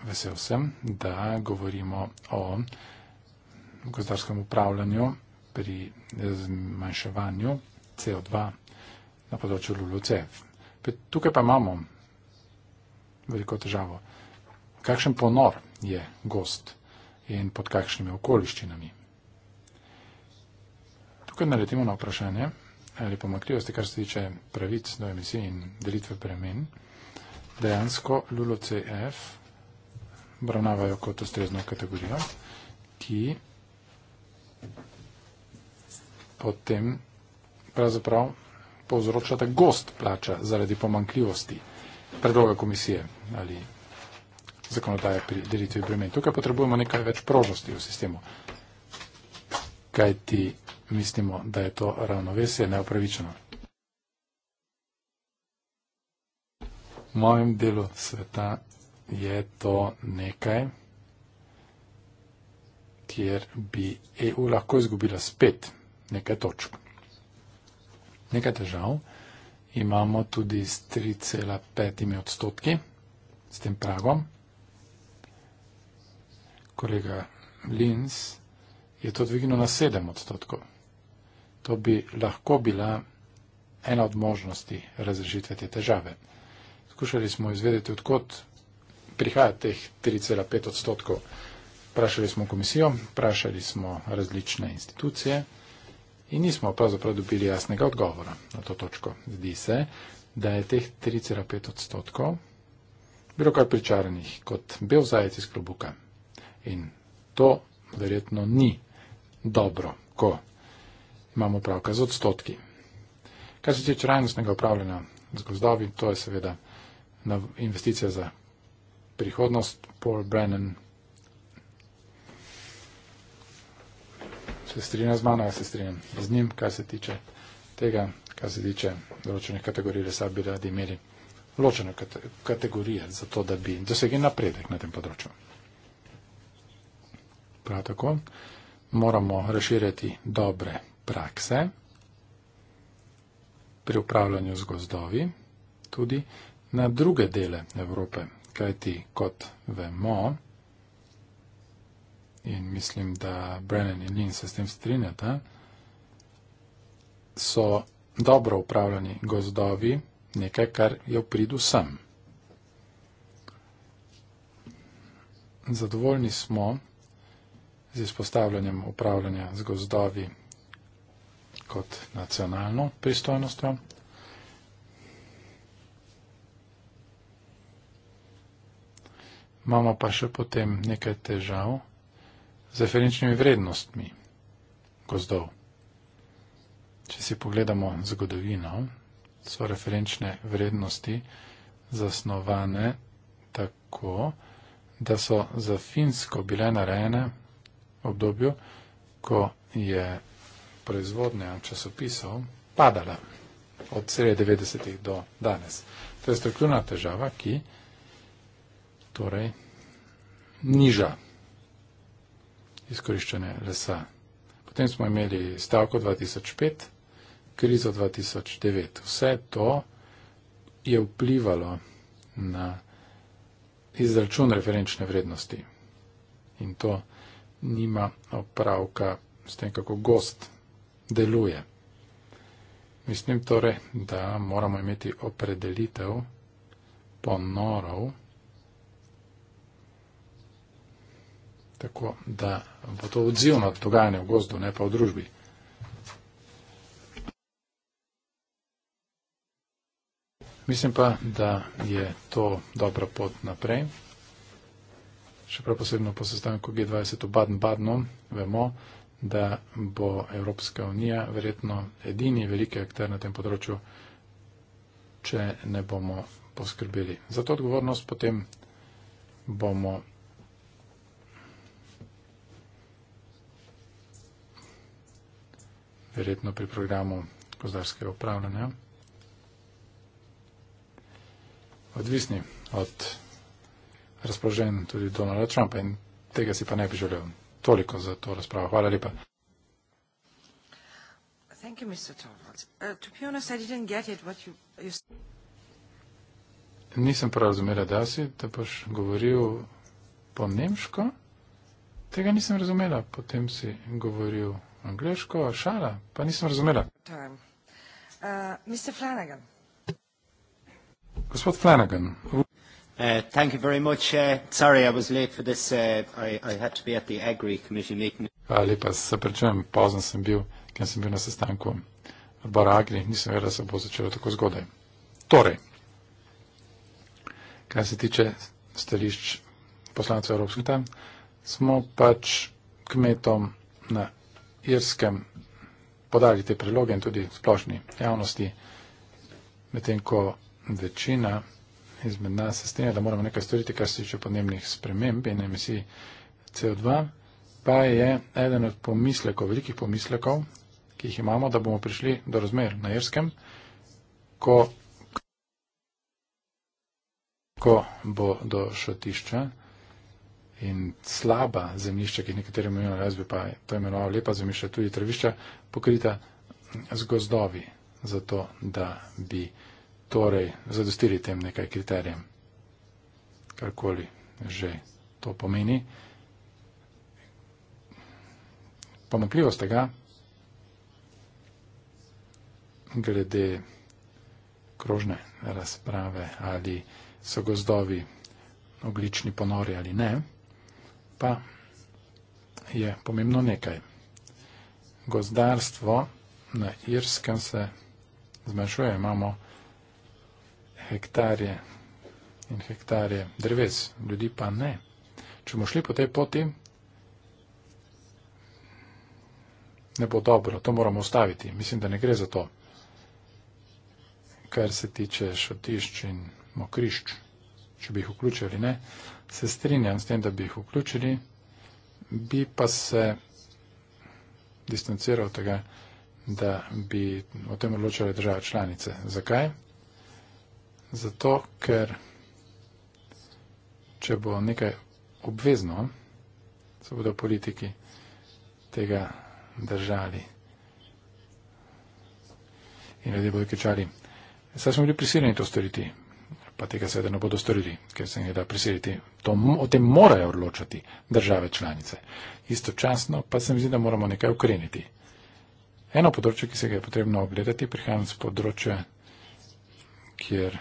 Vesel sem, da govorimo o gozdarskem upravljanju pri zmanjševanju CO2 na področju Luluce. Tukaj pa imamo veliko težavo. Kakšen ponor je gost in pod kakšnimi okoliščinami? Tukaj naletimo na vprašanje ali pomakljivosti, kar se tiče pravic do emisij in delitve premen. Dejansko LULOCF obravnavajo kot ustrezno kategorijo, ki potem pravzaprav povzročate gost plača zaradi pomankljivosti predloga komisije ali zakonodaje pri delitvi bremen. Tukaj potrebujemo nekaj več prožnosti v sistemu. Kaj ti mislimo, da je to ravnovesje neopravičeno? V mojem delu sveta je to nekaj, kjer bi EU lahko izgubila spet nekaj točk nekaj težav, imamo tudi s 3,5 odstotki, s tem pragom. Kolega Linz je to dvignil na 7 odstotkov. To bi lahko bila ena od možnosti razrešitve te težave. Skušali smo izvedeti, odkot prihaja teh 3,5 odstotkov. Prašali smo komisijo, prašali smo različne institucije. In nismo pravzaprav dobili jasnega odgovora na to točko. Zdi se, da je teh 3,5 odstotkov bilo kar pričaranih kot bel zajec iz klobuka. In to verjetno ni dobro, ko imamo pravka z odstotki. Kar se tiče trajnostnega upravljanja z gozdovi, to je seveda investicija za prihodnost. Paul Brennan se strinja z mano, se strinjam z njim, kar se tiče tega, kar se tiče določenih kategorij, da bi radi imeli ločene kategorije za to, da bi dosegli napredek na tem področju. Prav tako moramo razširjati dobre prakse pri upravljanju z gozdovi tudi na druge dele Evrope, kajti kot vemo, in mislim, da Brennan in Lin se s tem strinjata, so dobro upravljani gozdovi nekaj, kar je v pridu sem. Zadovoljni smo z izpostavljanjem upravljanja z gozdovi kot nacionalno pristojnostjo. Imamo pa še potem nekaj težav z referenčnimi vrednostmi gozdov. Če si pogledamo zgodovino, so referenčne vrednosti zasnovane tako, da so za Finsko bile narejene v obdobju, ko je proizvodnja časopisov padala od sredi 90-ih do danes. To je strukturna težava, ki torej niža izkoriščanje lesa. Potem smo imeli stavko 2005, krizo 2009. Vse to je vplivalo na izračun referenčne vrednosti. In to nima opravka s tem, kako gost deluje. Mislim torej, da moramo imeti opredelitev ponorov, tako da bo to odziv na dogajanje v gozdu, ne pa v družbi. Mislim pa, da je to dobra pot naprej. Še prav posebno po sestanku G20 v Baden-Badnu vemo, da bo Evropska unija verjetno edini veliki akter na tem področju, če ne bomo poskrbeli. Za to odgovornost potem bomo verjetno pri programu kozarskega upravljanja. Odvisni od razpoložen tudi Donalda Trumpa in tega si pa ne bi želel. Toliko za to razpravo. Hvala lepa. Uh, nisem prav razumela, da si, da boš govoril po nemško. Tega nisem razumela, potem si govoril. Angliško, šala, pa nisem razumela. Uh, Gospod Flanagan. Uh, thank you very much. Uh, sorry, I was late for this. Uh, I, I had to be at the Agri Commission meeting. Hvala lepa, se pričujem, pozno sem bil, ker sem bil na sestanku odbora Agri, nisem vedel, da se bo začelo tako zgodaj. Torej, kar se tiče stališč poslancev Evropske unije, smo pač kmetom na Irskem podali te priloge in tudi splošni javnosti, medtem ko večina izmed nas se strinja, da moramo nekaj storiti, kar se tiče podnebnih sprememb in emisij CO2, pa je eden od pomislekov, velikih pomislekov, ki jih imamo, da bomo prišli do razmer na Irskem, ko, ko bo do šotišča in slaba zemljišča, ki jih nekateri imenujejo, jaz bi pa to imenoval lepa zemljišča, tudi travišča, pokrita z gozdovi, zato da bi torej zadostili tem nekaj kriterijem, karkoli že to pomeni. Pomakljivost tega glede krožne razprave ali so gozdovi oglični ponori ali ne, pa je pomembno nekaj. Gozdarstvo na Irskem se zmanjšuje. Imamo hektarje in hektarje dreves, ljudi pa ne. Če bomo šli po tej poti, ne bo dobro, to moramo ustaviti. Mislim, da ne gre za to, kar se tiče šotišč in mokrišč, če bi jih vključili, ne se strinjam s tem, da bi jih vključili, bi pa se distanciral tega, da bi o tem odločale države članice. Zakaj? Zato, ker če bo nekaj obvezno, se bodo politiki tega držali. In ljudje bodo kričali, saj smo bili prisiljeni to storiti pa tega seveda ne bodo storili, ker se ne da prisiliti. To, o tem morajo odločati države članice. Istočasno pa se mi zdi, da moramo nekaj ukreniti. Eno področje, ki se ga je potrebno ogledati, prihajam z področja, kjer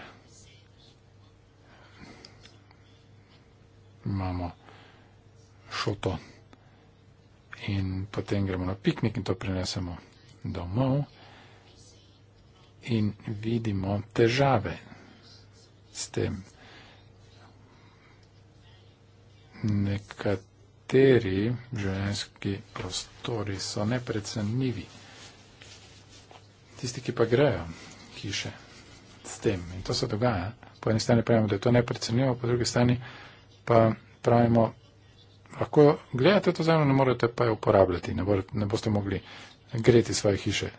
imamo šoto in potem gremo na piknik in to prinesemo domov in vidimo težave s tem. Nekateri ženski prostori so neprecenljivi. Tisti, ki pa grejo hiše s tem. In to se dogaja. Po eni strani pravimo, da je to neprecenljivo, po drugi strani pa pravimo, lahko gledate to zemljo, ne morete pa jo uporabljati, ne, bo, ne boste mogli greti svoje hiše.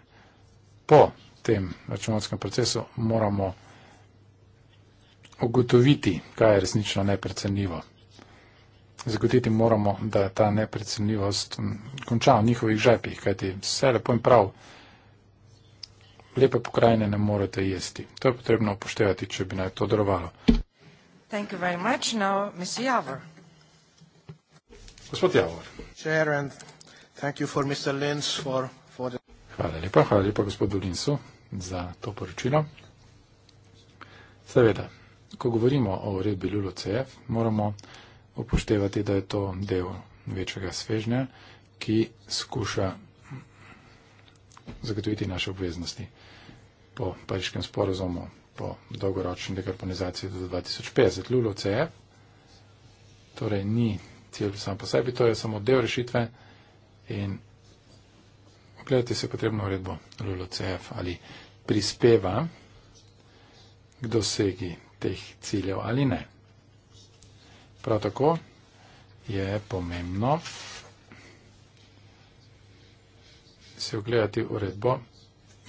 Po tem računovodskem procesu moramo ugotoviti, kaj je resnično neprecenljivo. Zagotoviti moramo, da ta neprecenljivost konča v njihovih žepih, kajti vse lepo in prav, lepe pokrajine ne morete jesti. To je potrebno upoštevati, če bi naj to darovalo. Gospod Javor. Chair and thank you for Mr. Lins for, for the... Hvala lepa, hvala lepa gospodu Linsu za to poročilo. Seveda ko govorimo o uredbi LULOCF, moramo upoštevati, da je to del večjega svežnja, ki skuša zagotoviti naše obveznosti po pariškem sporozumu, po dolgoročni dekarbonizaciji do 2050. LULOCF torej ni cilj sam po sebi, to je samo del rešitve in ogledati se potrebno uredbo LULOCF ali prispeva k dosegi teh ciljev ali ne. Prav tako je pomembno se ogledati uredbo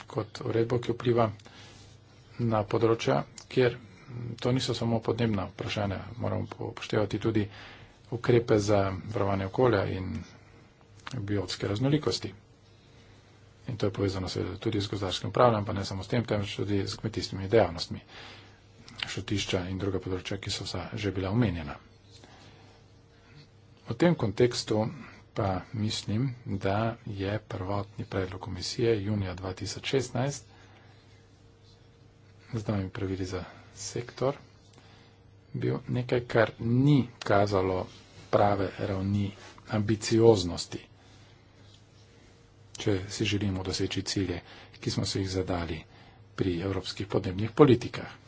kot uredbo, ki vpliva na področja, kjer to niso samo podnebna vprašanja. Moramo upoštevati tudi ukrepe za varovanje okolja in biotske raznolikosti. In to je povezano seveda tudi z gozdarskim upravljanjem, pa ne samo s tem, temveč tudi s kmetijskimi dejavnostmi šotišča in druga področja, ki so vsa že bila omenjena. V tem kontekstu pa mislim, da je prvotni predlog komisije junija 2016 z novimi pravili za sektor bil nekaj, kar ni kazalo prave ravni ambicioznosti, če si želimo doseči cilje, ki smo se jih zadali pri evropskih podnebnih politikah.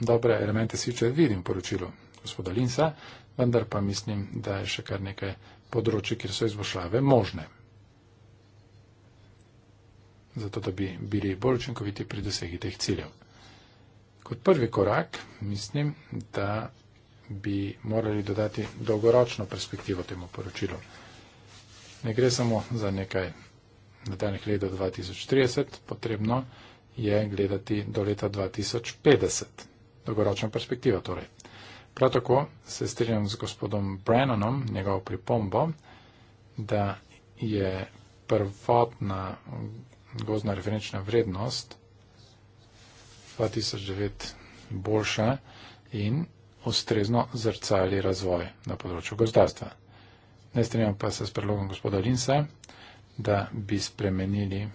dobre elemente sviče vidim poročilo gospoda Linsa, vendar pa mislim, da je še kar nekaj področji, kjer so izboljšave možne. Zato, da bi bili bolj učinkoviti pri dosegi teh ciljev. Kot prvi korak mislim, da bi morali dodati dolgoročno perspektivo temu poročilu. Ne gre samo za nekaj nadaljnih let do 2030, potrebno je gledati do leta 2050 dolgoročno perspektivo. Torej. Prav tako se strinjam z gospodom Brennanom, njegovo pripombo, da je prvotna gozna referenčna vrednost 2009 boljša in ustrezno zrcali razvoj na področju gozdarstva. Ne strinjam pa se s predlogom gospoda Linsa, da bi spremenili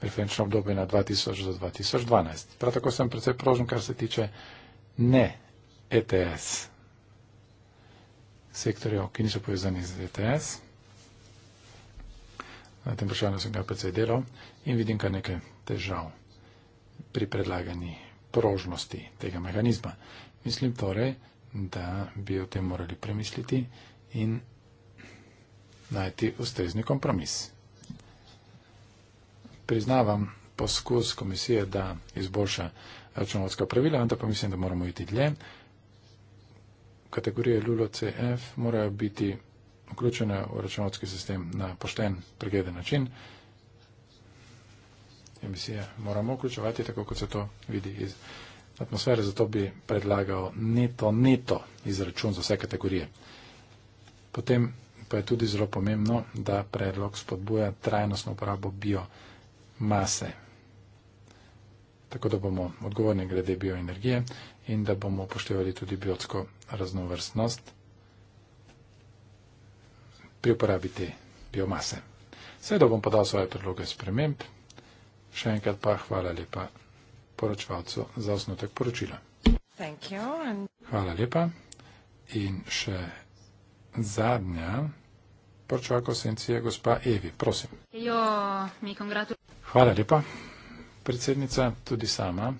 referenčno obdobje na 2000 do 2012. Prav tako sem predvsej prožen, kar se tiče ne ETS sektorjev, ki niso povezani z ETS. Na tem vprašanju sem ga predvsej delal in vidim kar nekaj težav pri predlagani prožnosti tega mehanizma. Mislim torej, da bi o tem morali premisliti in najti ustrezni kompromis priznavam poskus komisije, da izboljša računovodska pravila, vendar pa mislim, da moramo iti dlje. Kategorije Lulo CF morajo biti vključene v računovodski sistem na pošten, pregleden način. Emisije moramo vključevati, tako kot se to vidi iz atmosfere, zato bi predlagal neto-neto izračun za vse kategorije. Potem pa je tudi zelo pomembno, da predlog spodbuja trajnostno uporabo bio-energije mase. Tako da bomo odgovorni glede bioenergije in da bomo upoštevali tudi biotsko raznovrstnost pri uporabi te biomase. Seveda bom podal svoje predloge sprememb, še enkrat pa hvala lepa poročevalcu za osnotek poročila. Hvala lepa in še zadnja poročevalka osencija, gospa Evi, prosim. Jo, mi kongratu... Hvala lepa, predsednica. Tudi sama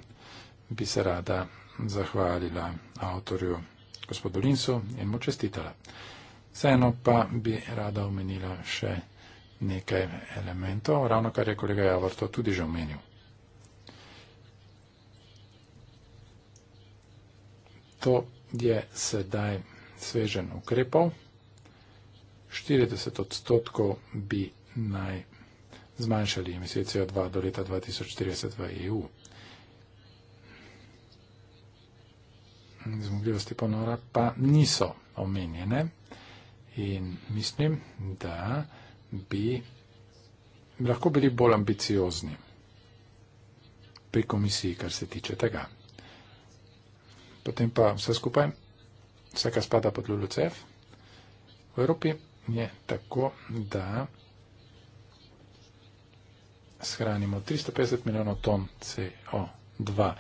bi se rada zahvalila avtorju gospodu Linsu in mu čestitala. Vseeno pa bi rada omenila še nekaj elementov, ravno kar je kolega Javor to tudi že omenil. To je sedaj svežen ukrepov. 40 odstotkov bi naj zmanjšali emisije CO2 do leta 2040 v EU. Zmogljivosti ponora pa niso omenjene in mislim, da bi lahko bili bolj ambiciozni pri komisiji, kar se tiče tega. Potem pa vse skupaj, vse, kar spada pod LULUCEF, v Evropi je tako, da shranimo 350 milijonov ton CO2.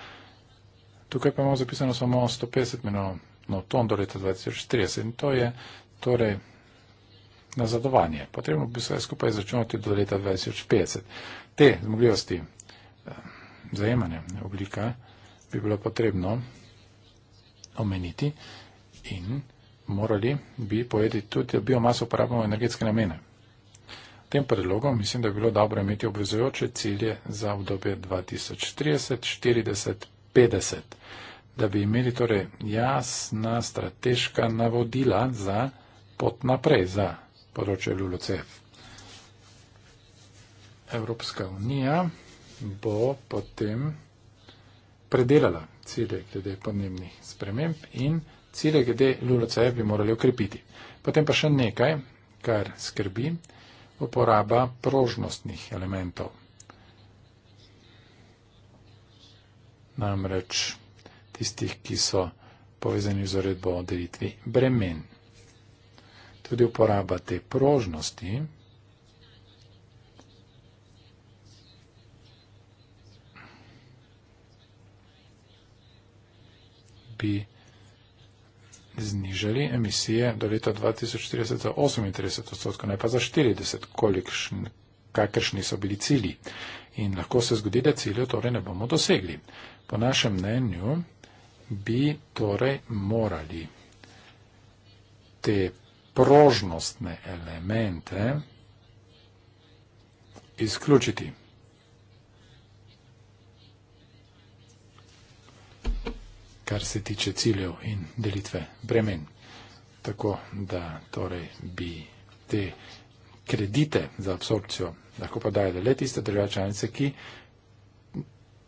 Tukaj pa imamo zapisano samo 150 milijonov ton do leta 2030 in to je torej nazadovanje. Potrebno bi vse skupaj izračunati do leta 2050. Te zmogljivosti eh, zajemanja oblika bi bilo potrebno omeniti in morali bi povedati tudi, da biomaso uporabljamo energetske namene tem predlogom mislim, da bi bilo dobro imeti obvezujoče cilje za obdobje 2030, 40, 50, da bi imeli torej jasna strateška navodila za pot naprej za področje LULUCEF. Evropska unija bo potem predelala cilje glede podnebnih sprememb in cilje glede LULUCEF bi morali okrepiti. Potem pa še nekaj, kar skrbi uporaba prožnostnih elementov. Namreč tistih, ki so povezani z uredbo o delitvi bremen. Tudi uporaba te prožnosti bi znižali emisije do leta 2030 za 38 odstotkov, ne pa za 40, kolikšni, kakršni so bili cilji. In lahko se zgodi, da ciljev torej ne bomo dosegli. Po našem mnenju bi torej morali te prožnostne elemente izključiti. kar se tiče ciljev in delitve bremen. Tako da torej bi te kredite za absorpcijo lahko pa dajale le tiste države članice, ki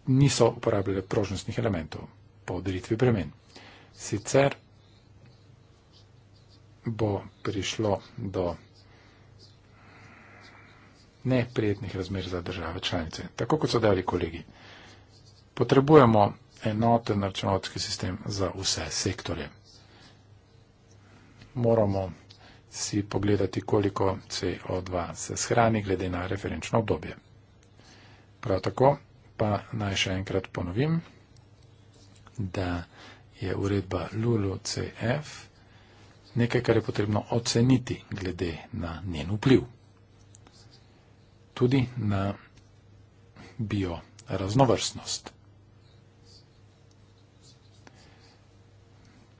niso uporabljale prožnostnih elementov po delitvi bremen. Sicer bo prišlo do neprijetnih razmer za države članice, tako kot so dali kolegi. Potrebujemo enoten računovodski sistem za vse sektorje. Moramo si pogledati, koliko CO2 se shrani glede na referenčno obdobje. Prav tako pa naj še enkrat ponovim, da je uredba LULU-CF nekaj, kar je potrebno oceniti glede na njen vpliv. Tudi na bioraznovrstnost.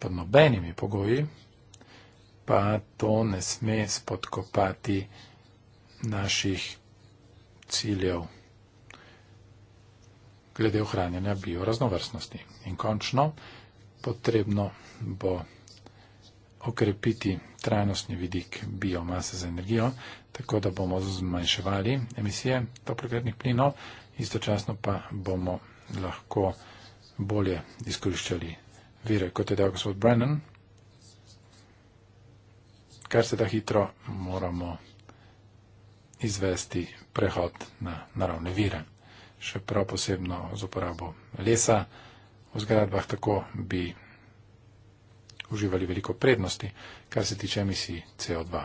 pod nobenimi pogoji, pa to ne sme spodkopati naših ciljev glede ohranjanja bioraznovrstnosti. In končno, potrebno bo okrepiti trajnostni vidik biomase za energijo, tako da bomo zmanjševali emisije toplogrednih plinov, istočasno pa bomo lahko bolje izkoriščali vire, kot je dejal gospod Brennan. Kar se da hitro moramo izvesti prehod na naravne vire. Še prav posebno z uporabo lesa v zgradbah tako bi uživali veliko prednosti, kar se tiče emisij CO2.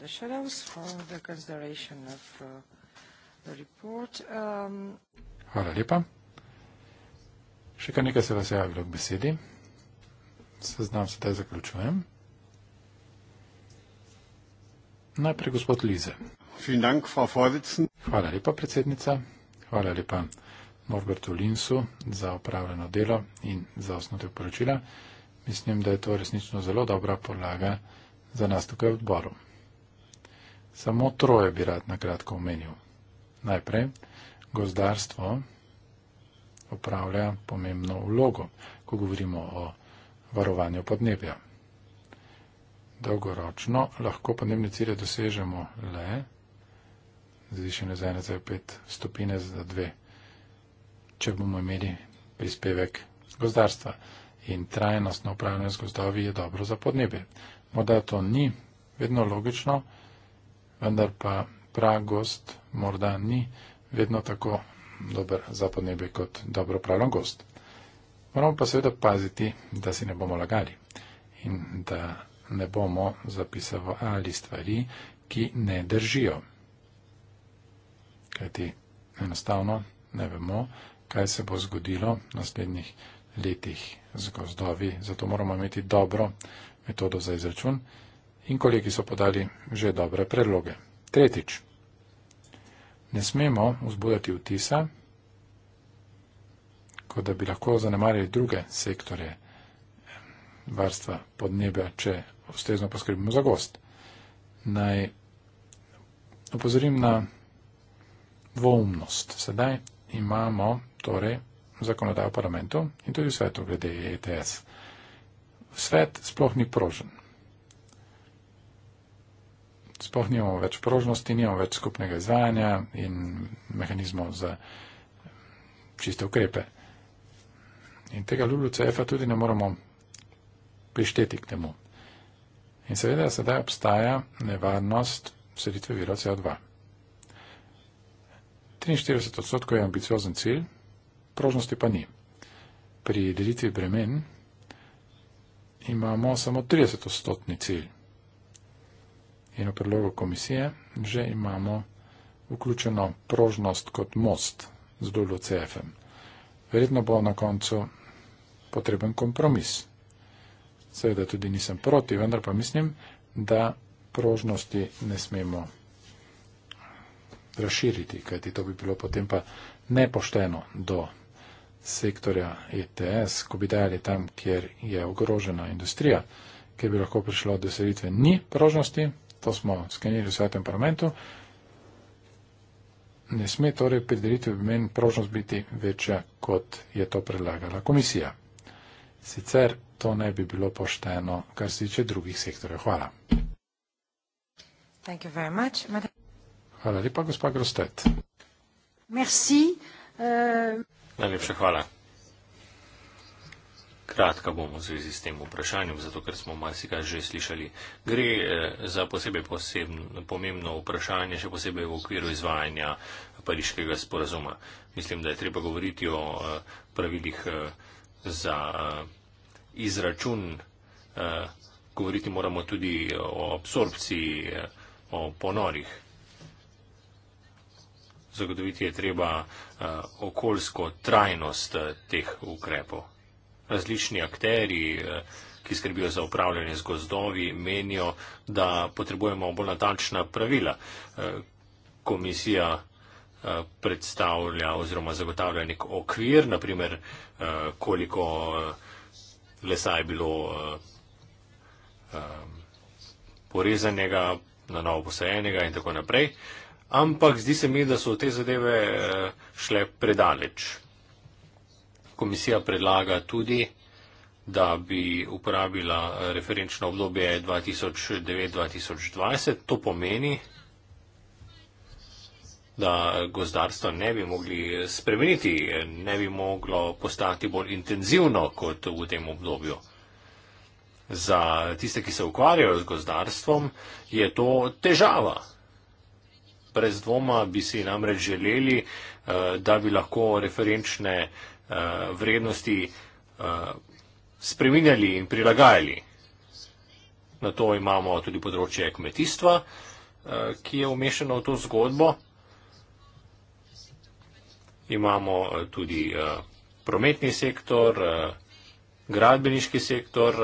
Uh, um, Hvala lepa. Še kar nekaj se vas je javilo k besedi seznam sedaj zaključujem. Najprej gospod Lize. Hvala lepa, predsednica. Hvala lepa Norbertu Linsu za upravljeno delo in za osnutek poročila. Mislim, da je to resnično zelo dobra podlaga za nas tukaj v odboru. Samo troje bi rad nakratko omenil. Najprej, gozdarstvo upravlja pomembno vlogo, ko govorimo o varovanju podnebja. Dolgoročno lahko podnebne cilje dosežemo le zvišene za 1,5 stopine za dve, če bomo imeli prispevek gozdarstva. In trajnostno upravljanje z gozdovi je dobro za podnebje. Morda to ni vedno logično, vendar pa prav gost morda ni vedno tako dober za podnebje kot dobro upravljen gost. Moramo pa seveda paziti, da si ne bomo lagali in da ne bomo zapisovali stvari, ki ne držijo. Kajti enostavno ne vemo, kaj se bo zgodilo v naslednjih letih z gozdovi. Zato moramo imeti dobro metodo za izračun in kolegi so podali že dobre predloge. Tretjič. Ne smemo vzbujati vtisa, kot da bi lahko zanemarili druge sektore varstva podnebja, če ustrezno poskrbimo za gost. Naj opozorim na dvoumnost. Sedaj imamo torej zakonodajo parlamentu in tudi svetu glede ETS. Svet sploh ni prožen. Sploh nimamo več prožnosti, nimamo več skupnega izvajanja in mehanizmov za čiste ukrepe. In tega LULUCF-a tudi ne moremo prišteti k temu. In seveda sedaj obstaja nevarnost selitve vira CO2. 43 odstotkov je ambiciozen cilj, prožnosti pa ni. Pri delitvi bremen imamo samo 30 odstotni cilj. In v predlogu komisije že imamo vključeno prožnost kot most z LULUCF-em verjetno bo na koncu potreben kompromis. Seveda tudi nisem proti, vendar pa mislim, da prožnosti ne smemo razširiti, kajti to bi bilo potem pa nepošteno do sektorja ETS, ko bi dajali tam, kjer je ogrožena industrija, kjer bi lahko prišlo do selitve. Ni prožnosti, to smo sklenili v svetem parlamentu ne sme torej pri delitvi bremen prožnost biti večja, kot je to predlagala komisija. Sicer to ne bi bilo pošteno, kar se tiče drugih sektorjev. Hvala. Hvala lepa, gospod Grostet. Merci. Uh... Najlepša hvala. Kratka bomo v zvezi s tem vprašanjem, zato ker smo marsikaj že slišali. Gre eh, za posebej posebno, pomembno vprašanje, še posebej v okviru izvajanja pariškega sporazuma. Mislim, da je treba govoriti o eh, pravilih eh, za izračun, govoriti moramo tudi o absorpciji, o ponorih. Zagotoviti je treba okoljsko trajnost teh ukrepov različni akteri, eh, ki skrbijo za upravljanje z gozdovi, menijo, da potrebujemo bolj natančna pravila. Eh, komisija eh, predstavlja oziroma zagotavlja nek okvir, naprimer koliko lesa je bilo porezanega, na novo posajenega in tako naprej. Ampak zdi se mi, da so te zadeve šle predaleč komisija predlaga tudi, da bi uporabila referenčno obdobje 2009-2020. To pomeni, da gozdarstvo ne bi mogli spremeniti, ne bi moglo postati bolj intenzivno kot v tem obdobju. Za tiste, ki se ukvarjajo z gozdarstvom, je to težava. Brez dvoma bi si namreč želeli, eh, da bi lahko referenčne Eh, vrednosti eh, spreminjali in prilagajali. Na to imamo tudi področje kmetijstva, eh, ki je umešeno v to zgodbo. Imamo tudi prometni sektor, gradbeniški sektor.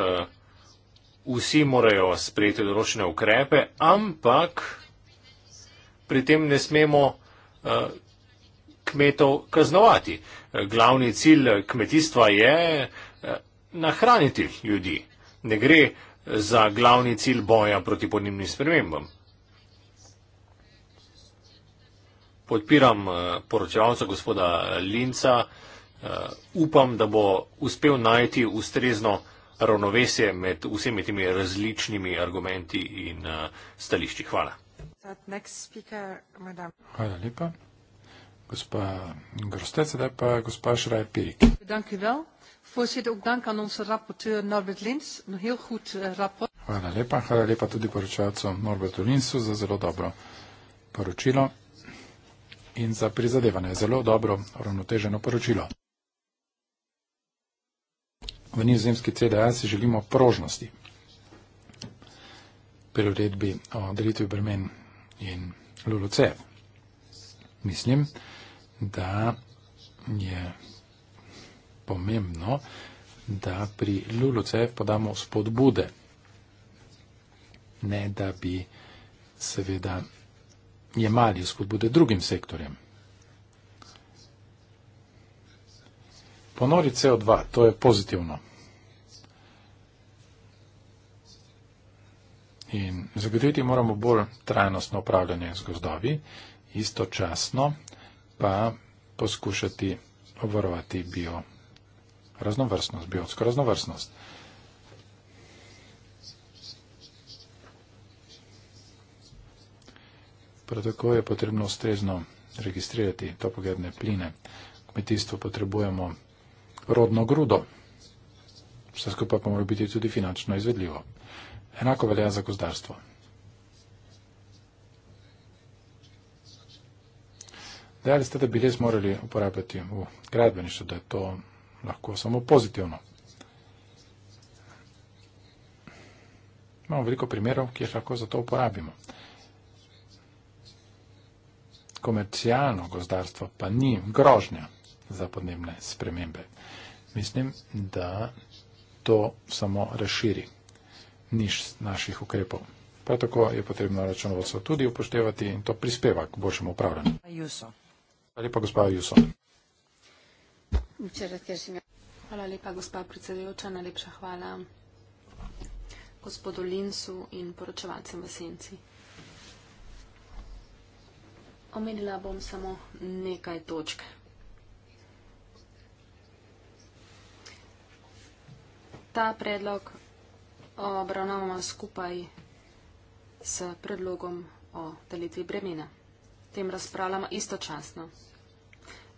Vsi morajo sprejeti določene ukrepe, ampak pri tem ne smemo kmetov kaznovati. Glavni cilj kmetijstva je eh, nahraniti ljudi. Ne gre za glavni cilj boja proti podnebnim spremembam. Podpiram eh, poročevalca gospoda Linca. Eh, upam, da bo uspel najti ustrezno ravnovesje med vsemi temi različnimi argumenti in stališči. Hvala. Speaker, Hvala lepa gospa Grostet, zdaj pa gospa Šraj Pirik. Voorzitter, ook dank aan onze rapporteur Norbert Lins. Een heel goed uh, rapport. Hvala lepa. Hvala lepa tudi poročevalcu Norbertu Linsu za zelo dobro poročilo in za prizadevanje. Zelo dobro, ravnoteženo poročilo. V nizozemski CDA si želimo prožnosti pri uredbi o delitvi bremen in LULUCEV. Mislim, da da je pomembno, da pri LULUCF podamo spodbude, ne da bi seveda jemali spodbude drugim sektorjem. Ponori CO2, to je pozitivno. In zagotoviti moramo bolj trajnostno upravljanje z gozdovi, istočasno pa poskušati obvarovati bio raznovrstnost, biotsko raznovrstnost. Prav tako je potrebno ustrezno registrirati topogedne pline. V kmetijstvu potrebujemo rodno grudo. Vse skupaj pa mora biti tudi finančno izvedljivo. Enako velja za gozdarstvo. Da ali ste da bi res morali uporabljati v gradbeništvu, da je to lahko samo pozitivno? Imamo veliko primerov, ki jih lahko za to uporabimo. Komercijalno gozdarstvo pa ni grožnja za podnebne spremembe. Mislim, da to samo razširi niš naših ukrepov. Prav tako je potrebno računovodstvo tudi upoštevati in to prispeva k boljšemu upravljanju lepa, gospa Juso. Hvala lepa, gospa predsedujoča, najlepša hvala gospodu Linsu in poročevalcem v senci. Omenila bom samo nekaj točk. Ta predlog obravnavamo skupaj s predlogom o delitvi bremena tem razpravljamo istočasno.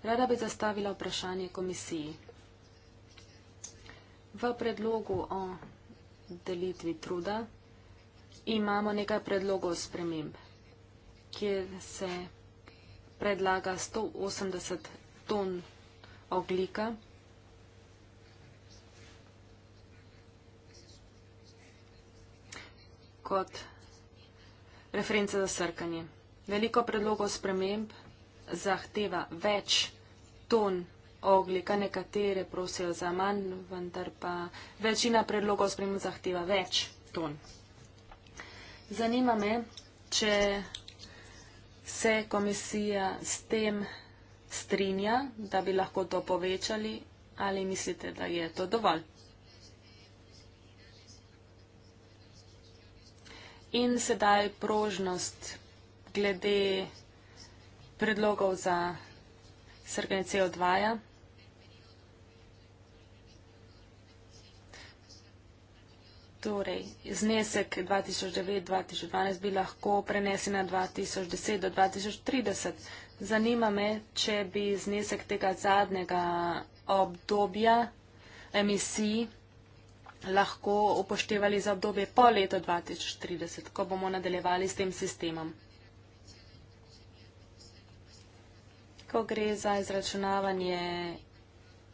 Rada bi zastavila vprašanje komisiji. V predlogu o delitvi truda imamo nekaj predlogov sprememb, kjer se predlaga 180 ton oglika. kot referenca za srkanje. Veliko predlogov sprememb zahteva več ton oglika, nekatere prosijo za manj, vendar pa večina predlogov sprememb zahteva več ton. Zanima me, če se komisija s tem strinja, da bi lahko to povečali ali mislite, da je to dovolj. In sedaj prožnost glede predlogov za srganje CO2. -ja. Torej, znesek 2009-2012 bi lahko prenesel na 2010 do 2030. Zanima me, če bi znesek tega zadnjega obdobja emisij lahko upoštevali za obdobje po leto 2030, ko bomo nadaljevali s tem sistemom. ko gre za izračunavanje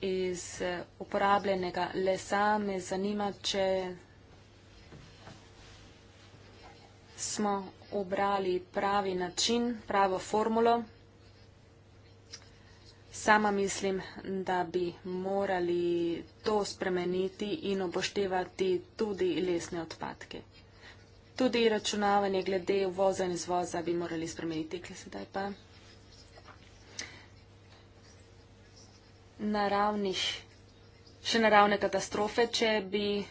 iz eh, uporabljenega lesa, me zanima, če smo obrali pravi način, pravo formulo. Sama mislim, da bi morali to spremeniti in upoštevati tudi lesne odpadke. Tudi računavanje glede uvoza in izvoza bi morali spremeniti, kaj sedaj pa. naravnih, še naravne katastrofe, če bi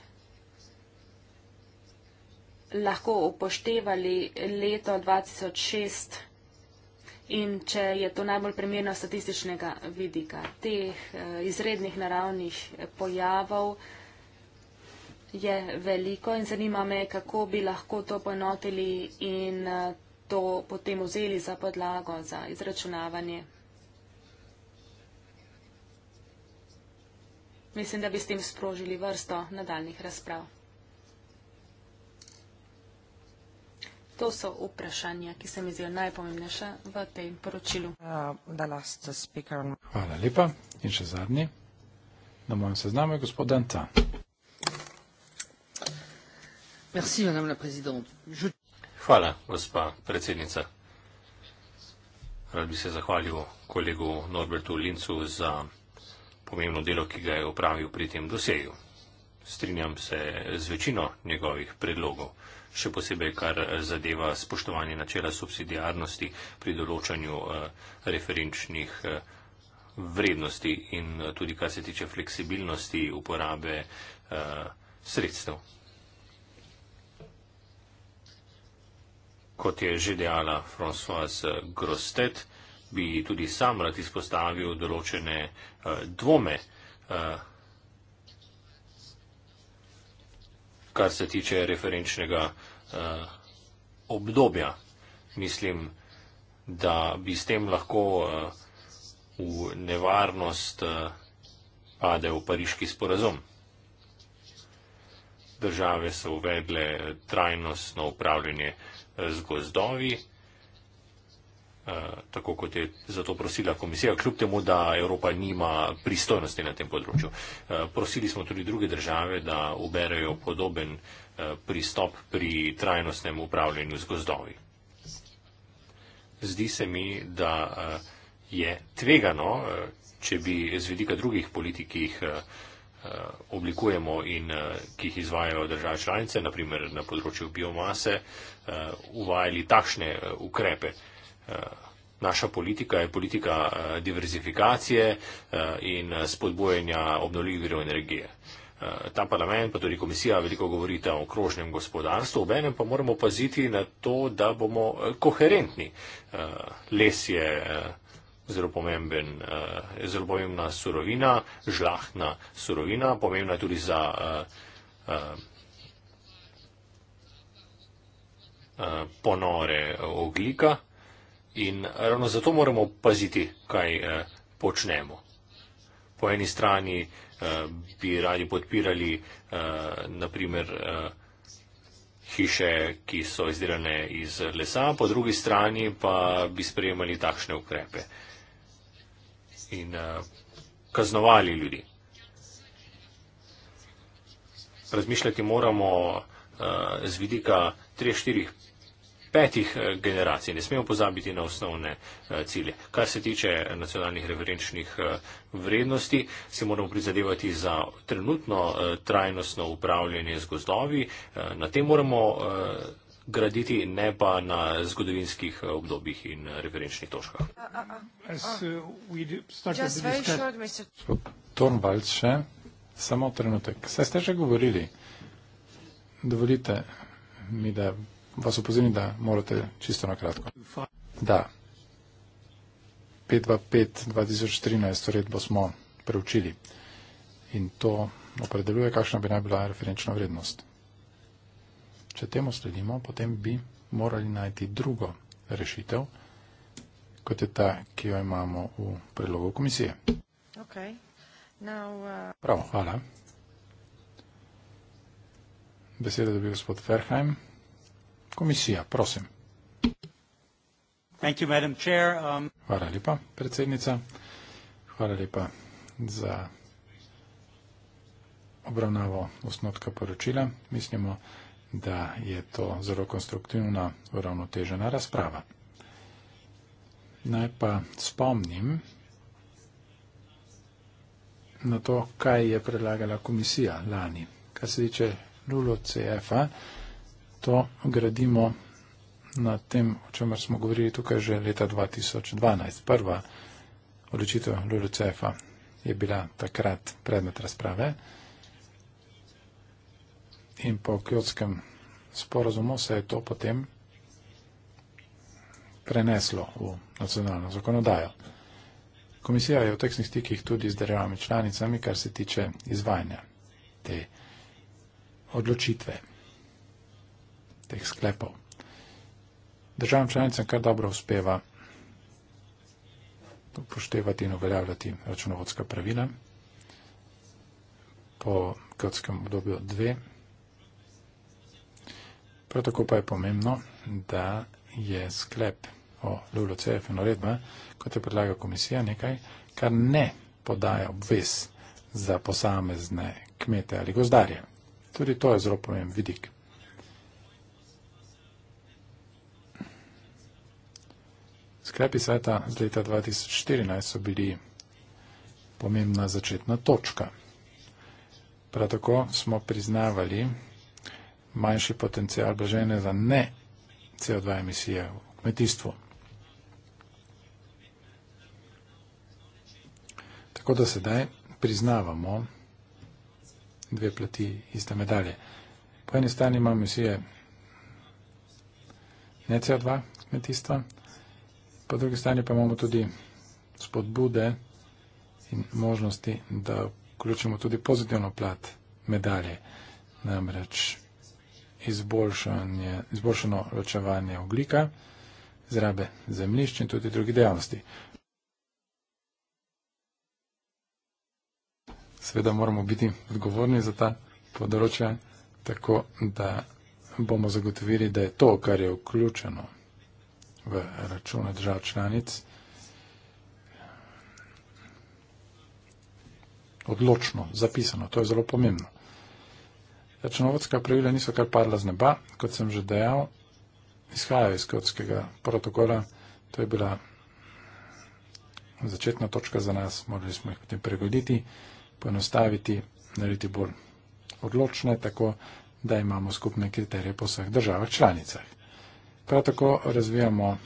lahko upoštevali leto 2006 in če je to najbolj primerno statističnega vidika. Teh eh, izrednih naravnih eh, pojavov je veliko in zanima me, kako bi lahko to poenotili in eh, to potem vzeli za podlago, za izračunavanje. Mislim, da bi s tem sprožili vrsto nadaljnih razprav. To so vprašanja, ki se mi zdijo najpomembnejša v tem poročilu. Uh, Hvala lepa. In še zadnji. Na mojem seznamu je gospod Danta. Hvala, gospa predsednica. Rad bi se zahvalil kolegu Norbertu Lincu za pomembno delo, ki ga je opravil pri tem doseju. Strinjam se z večino njegovih predlogov, še posebej kar zadeva spoštovanje načela subsidijarnosti pri določanju eh, referenčnih eh, vrednosti in eh, tudi kar se tiče fleksibilnosti uporabe sredstev. Kot je že dejala Françoise Grostet, bi tudi sam rad izpostavil določene uh, dvome, uh, kar se tiče referenčnega uh, obdobja. Mislim, da bi s tem lahko uh, v nevarnost uh, padel pariški sporazum. Države so uvedle trajnostno upravljanje z gozdovi, Eh, tako kot je zato prosila komisija, kljub temu, da Evropa nima pristojnosti na tem področju. Eh, prosili smo tudi druge države, da uberejo podoben eh, pristop pri trajnostnem upravljanju z gozdovi. Zdi se mi, da je tvegano, če bi z vidika drugih politik, ki jih oblikujemo in ki jih izvajajo države članice, naprimer na področju biomase, uvajali takšne ukrepe. Eh, naša politika je politika eh, diverzifikacije eh, in spodbojenja obnovljivih virov energije. Ta parlament, pa tudi komisija, veliko govorita o krožnem gospodarstvu, obenem pa moramo paziti na to, da bomo koherentni. Les je zelo, pomemben, zelo pomembna surovina, žlahna surovina, pomembna tudi za ponore oglika In ravno zato moramo paziti, kaj eh, počnemo. Po eni strani eh, bi radi podpirali eh, naprimer eh, hiše, ki so izdelane iz lesa, po drugi strani pa bi sprejemali takšne ukrepe in eh, kaznovali ljudi. Razmišljati moramo eh, z vidika 3-4 petih eh, generacij. Ne smemo pozabiti na osnovne eh, cilje. Kar se tiče nacionalnih referenčnih eh, vrednosti, si moramo prizadevati za trenutno trajnostno upravljanje z gozdovi. Na tem moramo graditi, ne pa na zgodovinskih obdobjih in referenčnih točkah. Tornbalc še, samo trenutek. Saj ste že govorili. Dovolite mi, da vas opozorim, da morate čisto na kratko. Da. 525-2013 uredbo smo preučili in to opredeljuje, kakšna bi naj bila referenčna vrednost. Če temu sledimo, potem bi morali najti drugo rešitev, kot je ta, ki jo imamo v predlogu komisije. Okay. Now, uh... Prav, hvala. Beseda dobil gospod Ferheim. Komisija, prosim. You, chair, um... Hvala lepa, predsednica. Hvala lepa za obravnavo osnotka poročila. Mislimo, da je to zelo konstruktivna, uravnotežena razprava. Naj pa spomnim na to, kaj je predlagala komisija lani. Kar se tiče LULO-CF-a, to gradimo na tem, o čemer smo govorili tukaj že leta 2012. Prva odločitev Lulucefa je bila takrat predmet razprave in po kjotskem sporozumu se je to potem preneslo v nacionalno zakonodajo. Komisija je v teksnih stikih tudi z državami članicami, kar se tiče izvajanja te odločitve teh sklepov. Državam članicam kar dobro uspeva upoštevati in uveljavljati računovodska pravila po kratkem obdobju dve. Prav tako pa je pomembno, da je sklep o Lulu CF in uredba, kot je predlaga komisija, nekaj, kar ne podaja obvez za posamezne kmete ali gozdarje. Tudi to je zelo pomemben vidik. Sklepi sveta z leta 2014 so bili pomembna začetna točka. Prav tako smo priznavali manjši potencial blažene za ne CO2 emisije v kmetijstvu. Tako da sedaj priznavamo dve plati iste medalje. Po eni strani imamo emisije ne CO2 kmetijstva, Po drugi strani pa imamo tudi spodbude in možnosti, da vključimo tudi pozitivno plat medalje, namreč izboljšano ločevanje oglika, zrabe zemljišč in tudi drugi dejavnosti. Seveda moramo biti odgovorni za ta področja, tako da bomo zagotovili, da je to, kar je vključeno v račune držav članic. Odločno, zapisano, to je zelo pomembno. Računovodska pravila niso kar padla z neba, kot sem že dejal, izhajajo iz kotskega protokola, to je bila začetna točka za nas, morali smo jih potem pregoditi, poenostaviti, narediti bolj odločne, tako da imamo skupne kriterije po vseh državah članicah. Prav tako razvijamo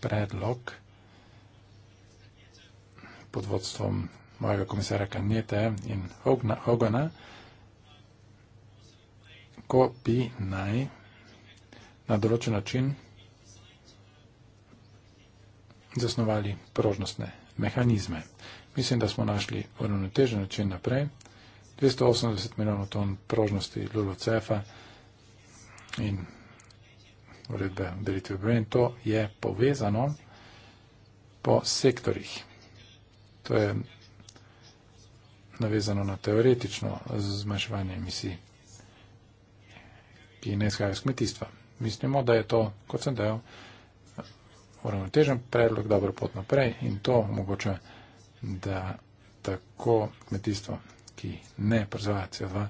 predlog pod vodstvom mojega komisara Kanjete in Hogana, ko bi naj na določen način zasnovali prožnostne mehanizme. Mislim, da smo našli uravnotežen način naprej. 280 milijonov ton prožnosti LULOCEF-a in prožnosti uredbe delitve obremenitve in to je povezano po sektorjih. To je navezano na teoretično zmanjševanje emisij, ki ne izhajajo iz kmetijstva. Mislimo, da je to, kot sem dejal, uravnotežen predlog, dobro pot naprej in to omogoča, da tako kmetijstvo, ki ne proizvaja CO2,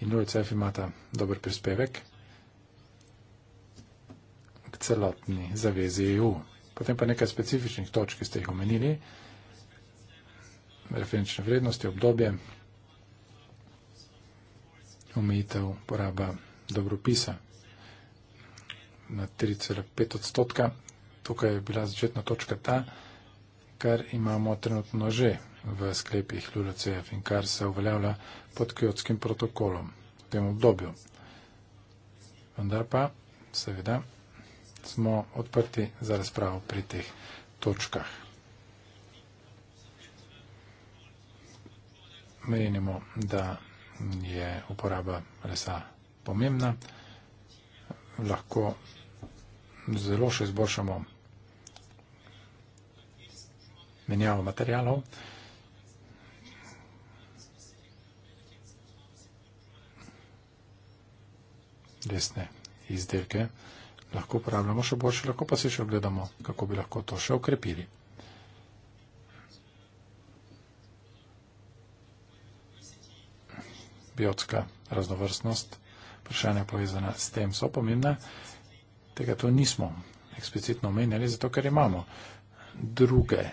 in UCF imata dober prispevek celotni zavezi EU. Potem pa nekaj specifičnih točk, ki ste jih omenili, referenčne vrednosti, obdobje, omejitev poraba dobropisa na 3,5 odstotka. Tukaj je bila začetna točka ta, kar imamo trenutno že v sklepih LULACF in kar se uveljavlja pod kjotskim protokolom v tem obdobju. Vendar pa, seveda, smo odprti za razpravo pri teh točkah. Menimo, da je uporaba lesa pomembna. Lahko zelo še izboljšamo menjavo materijalov. lesne izdelke lahko uporabljamo še boljše, lahko pa si še ogledamo, kako bi lahko to še ukrepili. Biotska raznovrstnost, vprašanja povezana s tem so pomembna. Tega to nismo eksplicitno omenjali, zato ker imamo druge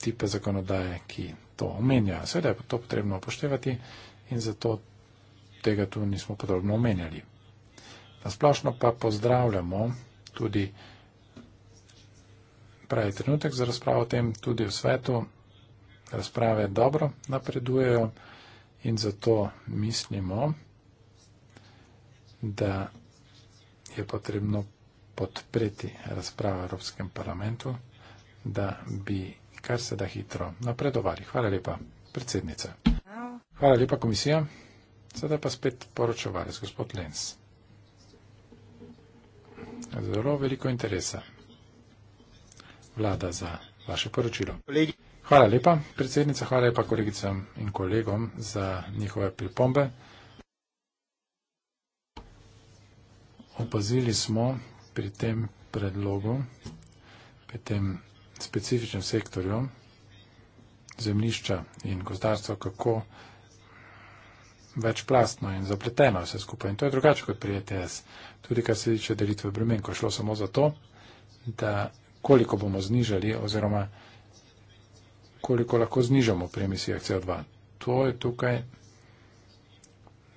tipe zakonodaje, ki to omenjajo. Seveda je to potrebno upoštevati in zato tega tu nismo podrobno omenjali. Nasplošno pa pozdravljamo tudi pravi trenutek za razpravo o tem, tudi v svetu razprave dobro napredujejo in zato mislimo, da je potrebno podpreti razpravo v Evropskem parlamentu, da bi kar se da hitro napredovali. Hvala lepa, predsednica. Hvala lepa, komisija. Sedaj pa spet poročevalec, gospod Lens zelo veliko interesa. Vlada za vaše poročilo. Kolegi. Hvala lepa, predsednica, hvala lepa kolegicam in kolegom za njihove pripombe. Opazili smo pri tem predlogu, pri tem specifičnem sektorju zemljišča in gozdarstva, kako večplastno in zapleteno vse skupaj. In to je drugače kot pri ETS. Tudi, kar se tiče delitve bremen, ko je šlo samo za to, da koliko bomo znižali oziroma koliko lahko znižamo pri emisijah CO2. To je tukaj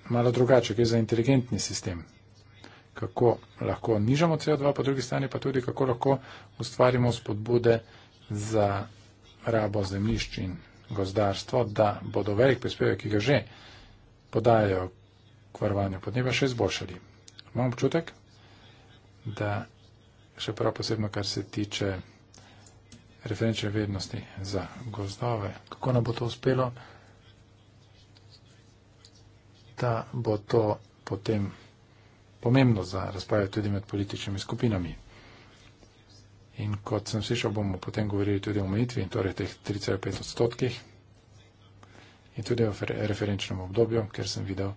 malo drugače, gre za inteligentni sistem. Kako lahko nižamo CO2, po drugi strani pa tudi, kako lahko ustvarimo spodbude za rabo zemljišč in gozdarstvo, da bodo velik prispevek, ki ga že podajajo k varovanju podnebja, še izboljšali. Imam občutek, da še prav posebno, kar se tiče referenčne vednosti za gozdove, kako nam bo to uspelo, da bo to potem pomembno za razpravljanje tudi med političnimi skupinami. In kot sem slišal, bomo potem govorili tudi o omejitvi, torej teh 3,5 odstotkih in tudi v referenčnem obdobju, ker sem videl,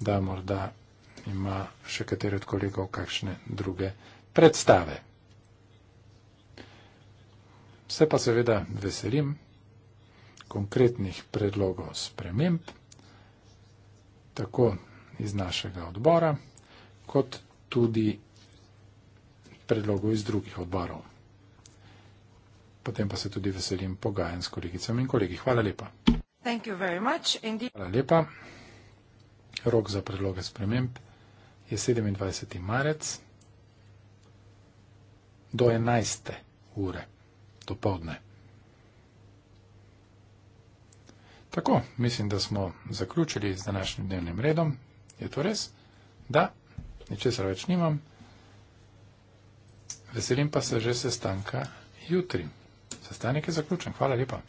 da morda ima še kateri od kolegov kakšne druge predstave. Vse pa seveda veselim konkretnih predlogov sprememb, tako iz našega odbora, kot tudi predlogov iz drugih odborov. Potem pa se tudi veselim pogajanj s kolegicami in kolegi. Hvala lepa. Hvala lepa. Rok za predloge sprememb je 27. marec do 11. ure do povdne. Tako, mislim, da smo zaključili z današnjim dnevnim redom. Je to res? Da, ničesar več nimam. Veselim pa se že sestanka jutri. Sestanek je zaključen. Hvala lepa.